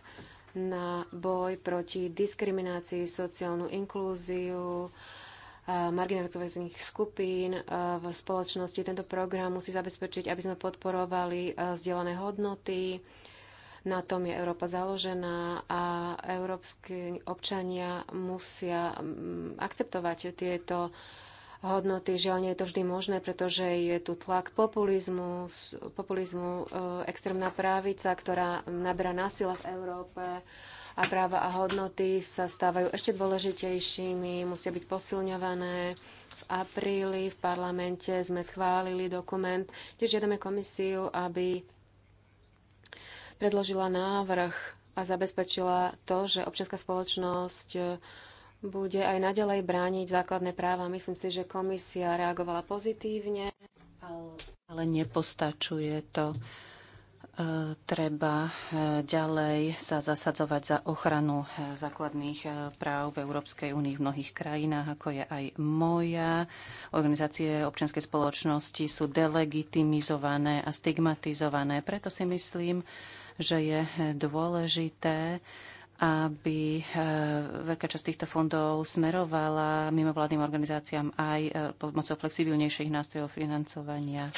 na boj proti diskriminácii, sociálnu inklúziu, e, marginalizovaných skupín v spoločnosti. Tento program musí zabezpečiť, aby sme podporovali zdieľané hodnoty, na tom je Európa založená a európsky občania musia mm, akceptovať tieto hodnoty. Žiaľ, nie je to vždy možné, pretože je tu tlak populizmu, populizmu e, extrémna právica, ktorá naberá násila v Európe a práva a hodnoty sa stávajú ešte dôležitejšími, musia byť posilňované. V apríli v parlamente sme schválili dokument, kde žiadame komisiu, aby predložila návrh a zabezpečila to, že občianská spoločnosť e, bude aj naďalej brániť základné práva. Myslím si, že komisia reagovala pozitívne. Ale nepostačuje to. E, treba e, ďalej sa zasadzovať za ochranu základných práv v Európskej únii v mnohých krajinách, ako je aj moja. Organizácie občianskej spoločnosti sú delegitimizované a stigmatizované. Preto si myslím, že je dôležité, aby eh, veľká časť týchto fondov smerovala mimovládnym organizáciám aj eh, pomocou flexibilnejších nástrojov financovania.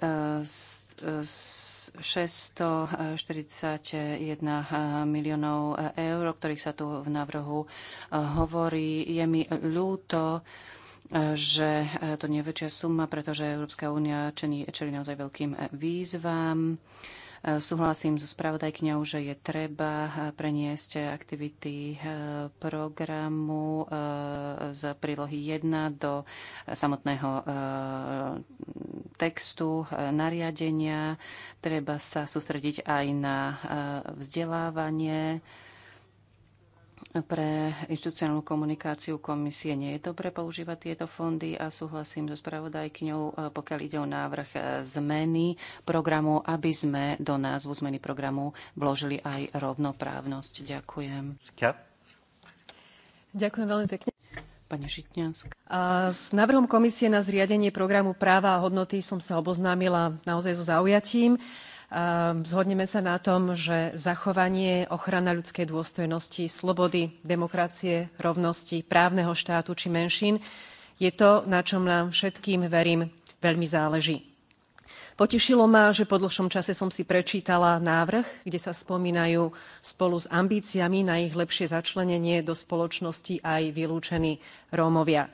641 eh, miliónov eur, o ktorých sa tu v návrhu hovorí. Je mi ľúto, že e, to nie je väčšia suma, pretože Európska únia čelí, čelí naozaj veľkým e, výzvam. E, súhlasím so spravodajkňou, že je treba preniesť aktivity programu z prílohy 1 do samotného textu nariadenia. Treba sa sústrediť aj na vzdelávanie pre inštitucionálnu komunikáciu komisie nie je dobre používať tieto fondy a súhlasím so spravodajkyňou, e, pokiaľ ide o návrh e, zmeny programu, aby sme do názvu zmeny programu vložili aj rovnoprávnosť. Ďakujem. Ďakujem veľmi pekne. Pani Žitňansk. A s návrhom komisie na zriadenie programu práva a hodnoty som sa oboznámila naozaj so zaujatím. Ehm, zhodneme sa na tom, že zachovanie, ochrana ľudskej dôstojnosti, slobody, demokracie, rovnosti, právneho štátu či menšín je to, na čom nám všetkým, verím, veľmi záleží. Potešilo ma, že po dlhšom čase som si prečítala návrh, kde sa spomínajú spolu s ambíciami na ich lepšie začlenenie do spoločnosti aj vylúčení Rómovia.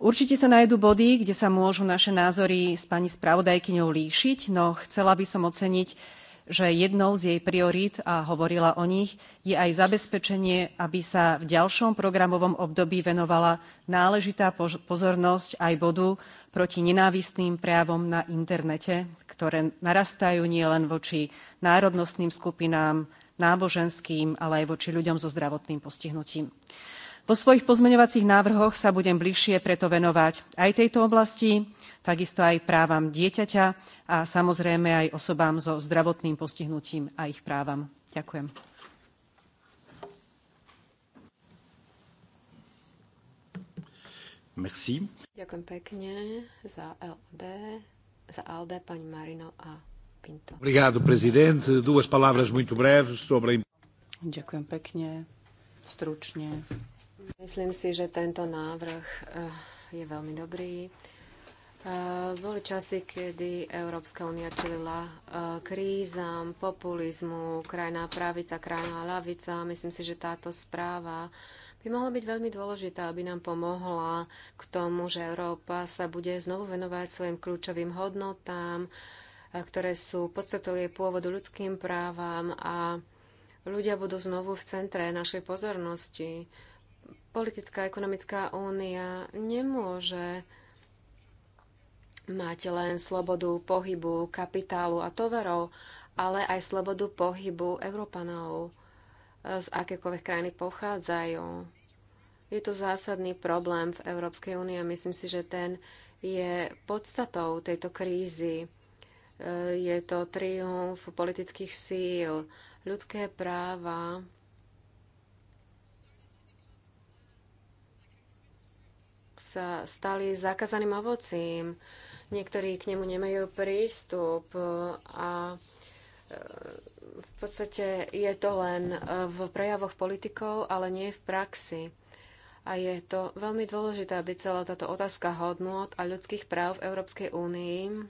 Určite sa nájdu body, kde sa môžu naše názory s pani spravodajkyňou líšiť, no chcela by som oceniť, že jednou z jej priorít, a hovorila o nich, je aj zabezpečenie, aby sa v ďalšom programovom období venovala náležitá pozornosť aj bodu proti nenávistným prejavom na internete, ktoré narastajú nielen voči národnostným skupinám, náboženským, ale aj voči ľuďom so zdravotným postihnutím. Vo svojich pozmeňovacích návrhoch sa budem bližšie preto venovať aj tejto oblasti, takisto aj právam dieťaťa a samozrejme aj osobám so zdravotným postihnutím a ich právam. Ďakujem. Merci. Ďakujem pekne za LD, za ALDE, pani Marino a Pinto. Obrigado, prezident. Duas palavras muito breves sobre... Ďakujem pekne, stručne Myslím si, že tento návrh eh, je veľmi dobrý. Eh, boli časy, kedy Európska únia čelila eh, krízam, populizmu, krajná pravica, krajná lavica. Myslím si, že táto správa by mohla byť veľmi dôležitá, aby nám pomohla k tomu, že Európa sa bude znovu venovať svojim kľúčovým hodnotám, ktoré sú podstatou jej pôvodu ľudským právam a ľudia budú znovu v centre našej pozornosti politická a ekonomická únia nemôže mať len slobodu pohybu kapitálu a tovarov, ale aj slobodu pohybu Európanov z akékoľvek krajiny pochádzajú. Je to zásadný problém v Európskej únii a myslím si, že ten je podstatou tejto krízy. E, je to triumf politických síl, ľudské práva, sa stali zakázaným ovocím. Niektorí k nemu nemajú prístup a e, v podstate je to len e, v prejavoch politikov, ale nie v praxi. A je to veľmi dôležité, aby celá táto otázka hodnot a ľudských práv v Európskej únii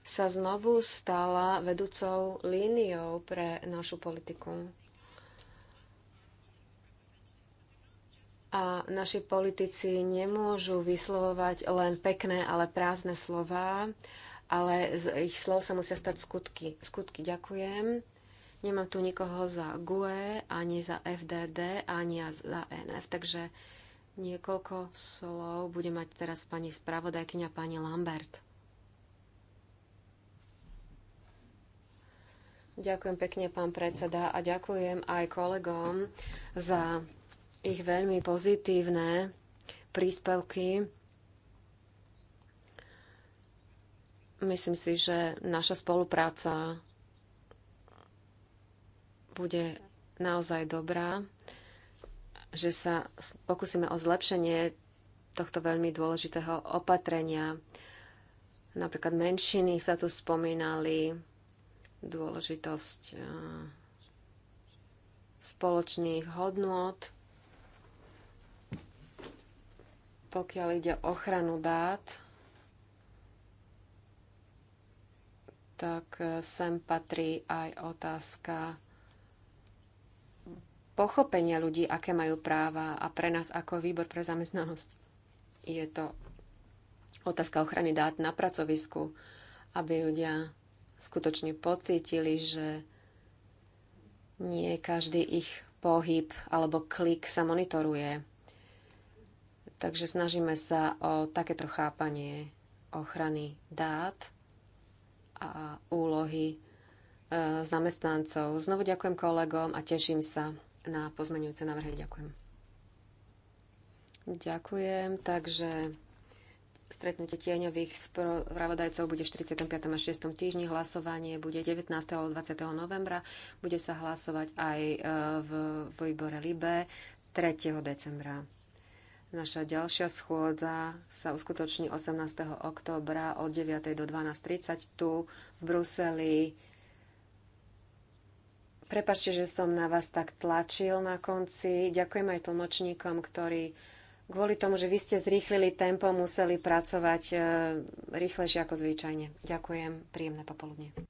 sa znovu stala vedúcou líniou pre našu politiku. A naši politici nemôžu vyslovovať len pekné, ale prázdne slova, ale z ich slov sa musia stať skutky. Skutky ďakujem. Nemám tu nikoho za GUE, ani za FDD, ani za NF, takže niekoľko slov bude mať teraz pani spravodajkyňa, pani Lambert. Ďakujem pekne, pán predseda, a ďakujem aj kolegom za ich veľmi pozitívne príspevky. Myslím si, že naša spolupráca bude naozaj dobrá, že sa pokúsime o zlepšenie tohto veľmi dôležitého opatrenia. Napríklad menšiny sa tu spomínali, dôležitosť eh, spoločných hodnôt. pokiaľ ide o ochranu dát, tak sem patrí aj otázka pochopenia ľudí, aké majú práva a pre nás ako výbor pre zamestnanosť je to otázka ochrany dát na pracovisku, aby ľudia skutočne pocítili, že nie každý ich pohyb alebo klik sa monitoruje. Takže snažíme sa o takéto chápanie ochrany dát a úlohy e, zamestnancov. Znovu ďakujem kolegom a teším sa na pozmenujúce návrhy. Ďakujem. Ďakujem. Takže stretnutie tieňových spravodajcov bude v 45. a 6. týždni. Hlasovanie bude 19. a 20. novembra. Bude sa hlasovať aj e, v výbore LIBE 3. decembra. Naša ďalšia schôdza sa uskutoční 18. októbra od 9. do 12.30 tu v Bruseli. Prepačte, že som na vás tak tlačil na konci. Ďakujem aj tlmočníkom, ktorí kvôli tomu, že vy ste zrýchlili tempo, museli pracovať eh, rýchlejšie ako zvyčajne. Ďakujem, príjemné popoludne.